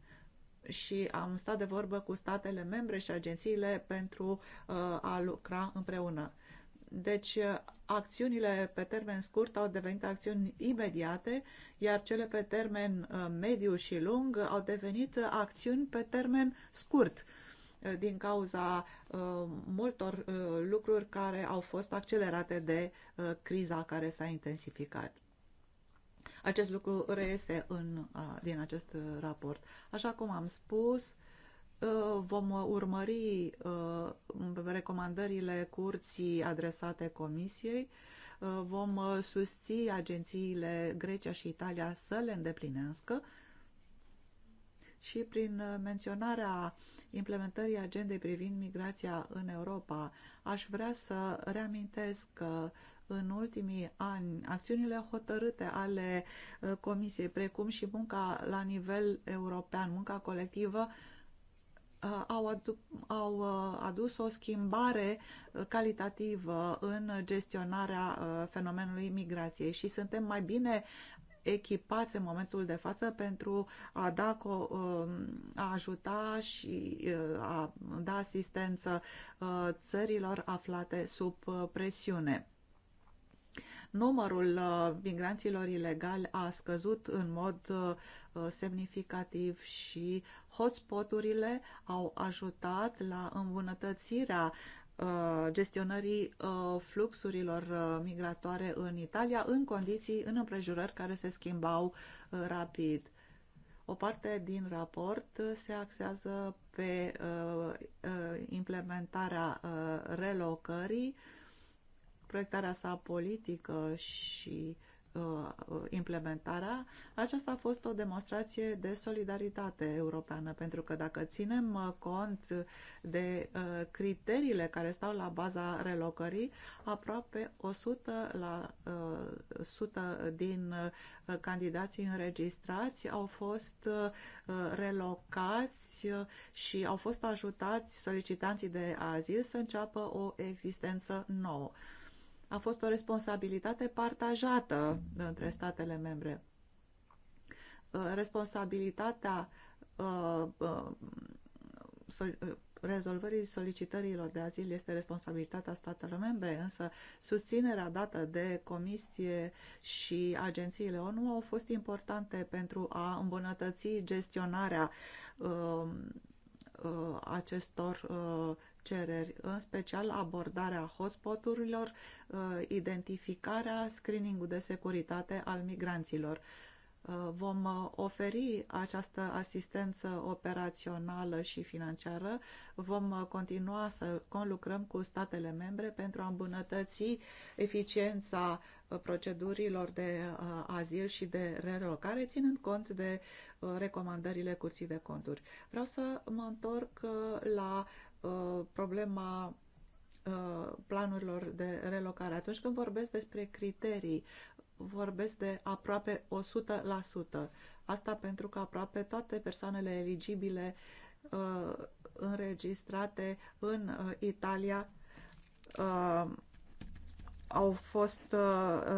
și am stat de vorbă cu statele membre și agențiile pentru uh, a lucra împreună. Deci, uh, acțiunile pe termen scurt au devenit acțiuni imediate, iar cele pe termen uh, mediu și lung au devenit acțiuni pe termen scurt din cauza uh, multor uh, lucruri care au fost accelerate de uh, criza care s-a intensificat. Acest lucru reiese în, din acest raport. Așa cum am spus, ă, vom urmări ă, recomandările curții adresate Comisiei, ă, vom susți agențiile Grecia și Italia să le îndeplinească și prin menționarea implementării agendei privind migrația în Europa, aș vrea să reamintesc că uh, în ultimii ani, acțiunile hotărâte ale uh, Comisiei, precum și munca la nivel european, munca colectivă, uh, au, adu au uh, adus o schimbare calitativă în gestionarea fenomenului migrației și suntem mai bine echipați în momentul de față pentru a da um, a ajuta și a da asistență țărilor aflate sub presiune. Numărul uh, migranților ilegali a scăzut în mod uh, semnificativ și hotspoturile au ajutat la îmbunătățirea uh, gestionării fluxurilor migratoare în Italia în condiții, în împrejurări care se schimbau rapid. O parte din raport se axează pe implementarea relocării, proiectarea sa politică și uh, implementarea, aceasta a fost o demonstrație de solidaritate europeană, pentru că dacă ținem uh, cont de uh, criteriile care stau la baza relocării, aproape 100%, la, 100 din candidații înregistrați au fost relocați și au fost ajutați solicitanții de azil să înceapă o existență nouă a fost o responsabilitate partajată între statele membre. Uh, responsabilitatea uh, uh, rezolvării solicitărilor de azil este responsabilitatea statelor membre, însă susținerea dată de Comisie și agențiile ONU au fost importante pentru a îmbunătăți gestionarea uh, uh, acestor uh, cereri, în special abordarea hotspoturilor, uh, identificarea, screeningul de securitate al migranților. Uh, vom uh, oferi această asistență operațională și financiară, vom continua să conlucrăm cu statele membre pentru a îmbunătăți eficiența procedurilor de azil și de relocare, ținând cont de recomandările Curții de Conturi. Vreau să mă întorc la Uh, problema uh, planurilor de relocare. Atunci când vorbesc despre criterii, vorbesc de aproape 100%. Asta pentru că aproape toate persoanele eligibile uh, înregistrate în Italia au fost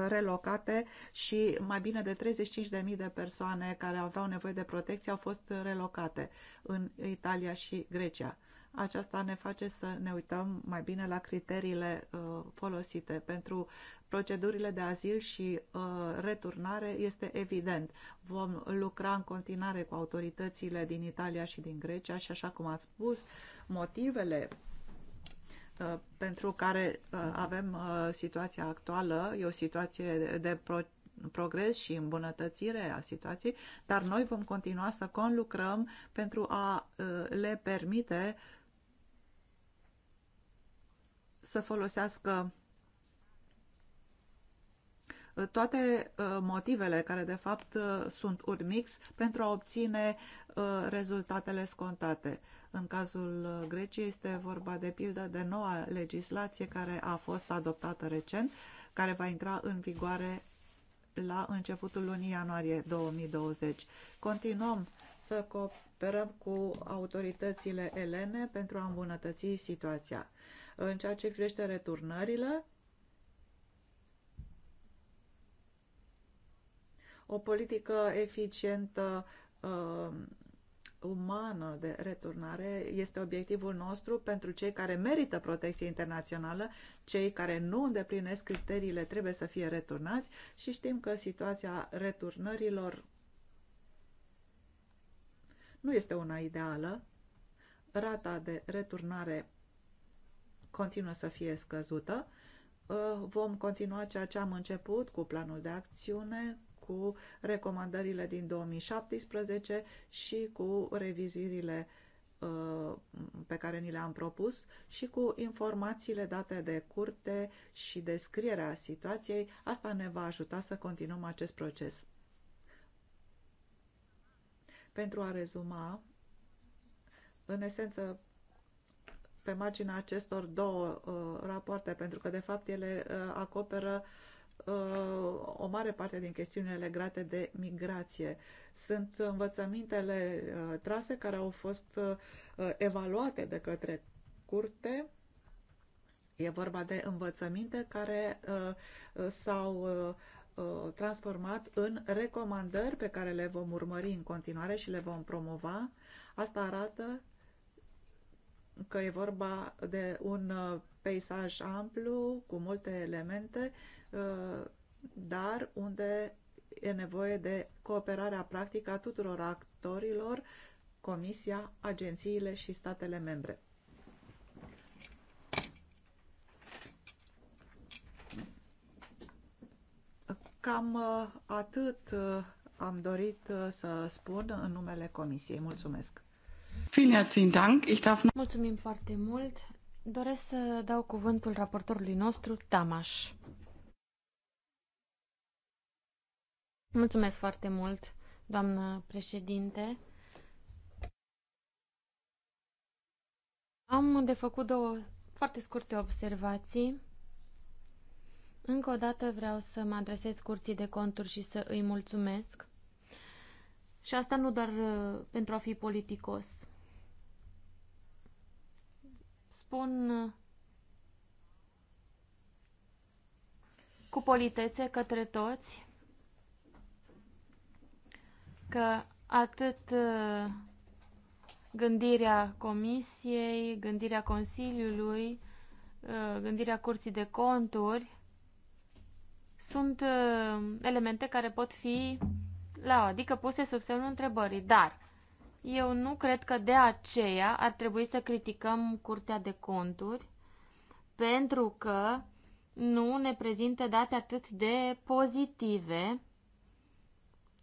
relocate și mai bine de 35.000 de persoane care aveau nevoie de protecție au fost relocate în Italia și Grecia. Aceasta ne face să ne uităm mai bine la criteriile uh, folosite. Pentru procedurile de azil și uh, returnare este evident. Vom lucra în continuare cu autoritățile din Italia și din Grecia și, așa cum ați spus, motivele uh, pentru care avem situația actuală, e o situație de pro progres și îmbunătățire a situației, dar noi vom continua să conlucrăm pentru a le permite să folosească uh, toate uh, motivele care de fapt uh, sunt un mix pentru a obține rezultatele scontate. În cazul Greciei este vorba de pildă de noua legislație care a fost adoptată recent, care va intra în vigoare la începutul lunii ianuarie 2020. Continuăm să cooperăm cu autoritățile elene pentru a îmbunătăți situația. În ceea ce privește returnările, o politică eficientă uh, umană de returnare este obiectivul nostru pentru cei care merită protecție internațională, cei care nu îndeplinesc criteriile trebuie să fie returnați și știm că situația returnărilor nu este una ideală. Rata de returnare continuă să fie scăzută. Uh, vom continua ceea ce am început cu planul de acțiune, cu recomandările din 2017 și cu revizuirile uh, pe care ni le-am propus și cu informațiile date de curte și descrierea situației. Asta ne va ajuta să continuăm acest proces. Pentru a rezuma, în esență, pe marginea acestor două uh, rapoarte, pentru că, de fapt, ele uh, acoperă uh, o mare parte din chestiunile legate de migrație. Sunt învățămintele trase care au fost evaluate de către curte. E vorba de învățăminte care s-au transformat în recomandări pe care le vom urmări în continuare și le vom promova. Asta arată că e vorba de un uh, peisaj amplu, cu multe elemente, uh, dar unde e nevoie de cooperarea practică a tuturor actorilor, Comisia, agențiile și statele membre. Cam uh, atât am dorit să spun în numele Comisiei. Mulțumesc! Mulțumim foarte mult. Doresc să dau cuvântul raportorului nostru, Tamaș. Mulțumesc foarte mult, doamnă președinte. Am de făcut două foarte scurte observații. Încă o dată vreau să mă adresez curții de conturi și să îi mulțumesc. Și asta nu doar uh, pentru a fi politicos spun cu politețe către toți că atât uh, gândirea Comisiei, gândirea Consiliului, uh, gândirea Curții de Conturi sunt uh, elemente care pot fi la, adică puse sub semnul întrebării, dar eu nu cred că de aceea ar trebui să criticăm Curtea de Conturi pentru că nu ne prezintă date atât de pozitive,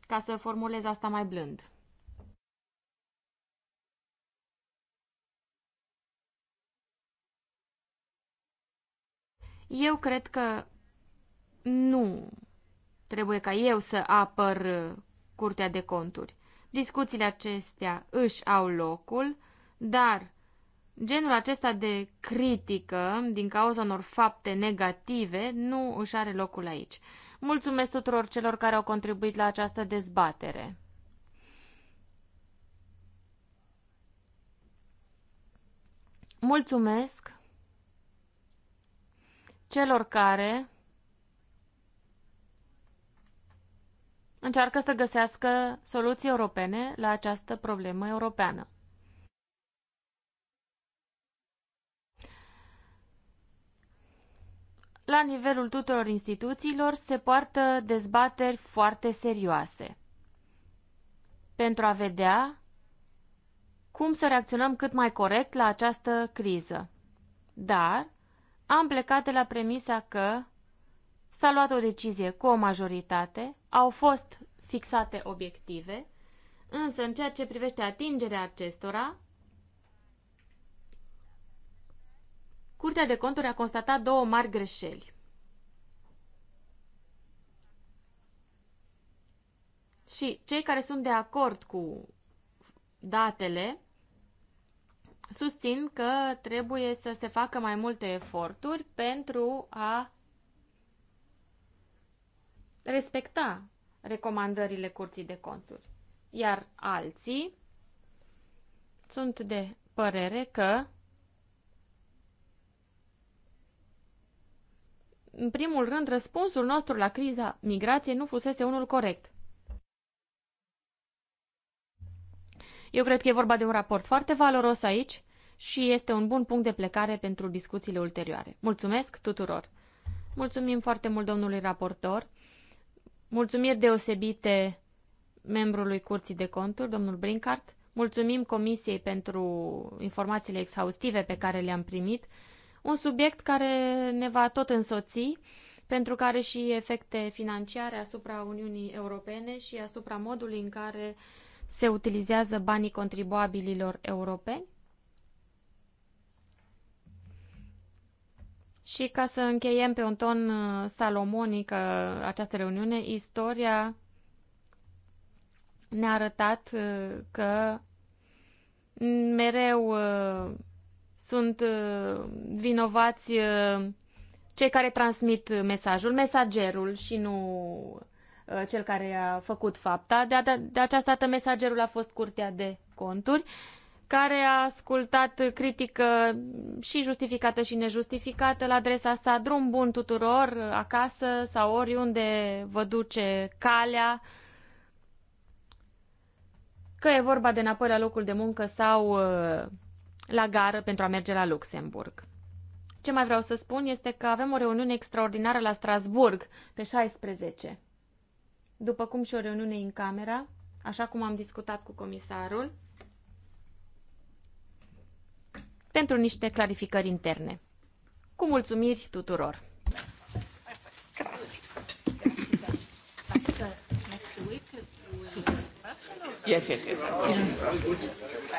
ca să formulez asta mai blând. Eu cred că nu trebuie ca eu să apăr curtea de conturi. Discuțiile acestea își au locul, dar genul acesta de critică din cauza unor fapte negative nu își are locul aici. Mulțumesc tuturor celor care au contribuit la această dezbatere. Mulțumesc celor care încearcă să găsească soluții europene la această problemă europeană. La nivelul tuturor instituțiilor se poartă dezbateri foarte serioase pentru a vedea cum să reacționăm cât mai corect la această criză. Dar am plecat de la premisa că S-a luat o decizie cu o majoritate, au fost fixate obiective, însă în ceea ce privește atingerea acestora, Curtea de Conturi a constatat două mari greșeli. Și cei care sunt de acord cu datele susțin că trebuie să se facă mai multe eforturi pentru a respecta recomandările curții de conturi. Iar alții sunt de părere că în primul rând, răspunsul nostru la criza migrației nu fusese unul corect. Eu cred că e vorba de un raport foarte valoros aici și este un bun punct de plecare pentru discuțiile ulterioare. Mulțumesc tuturor! Mulțumim foarte mult domnului raportor Mulțumiri deosebite membrului Curții de Conturi, domnul Brincart. Mulțumim Comisiei pentru informațiile exhaustive pe care le-am primit. Un subiect care ne va tot însoți, pentru că are și efecte financiare asupra Uniunii Europene și asupra modului în care se utilizează banii contribuabililor europeni. Și ca să încheiem pe un ton uh, salomonic uh, această reuniune, istoria ne-a arătat uh, că mereu sunt vinovați cei care transmit mesajul, mesagerul și nu cel care a făcut fapta. De, de, de această dată mesagerul a fost curtea de conturi care a ascultat critică și justificată și nejustificată la adresa sa. Drum bun tuturor, acasă sau oriunde vă duce calea, că e vorba de înapoi la locul de muncă sau uh, la gară pentru a merge la Luxemburg. Ce mai vreau să spun este că avem o reuniune extraordinară la Strasburg pe 16. După cum și o reuniune în camera, așa cum am discutat cu comisarul, pentru niște clarificări interne. Cu mulțumiri tuturor! Yes, yes, yes.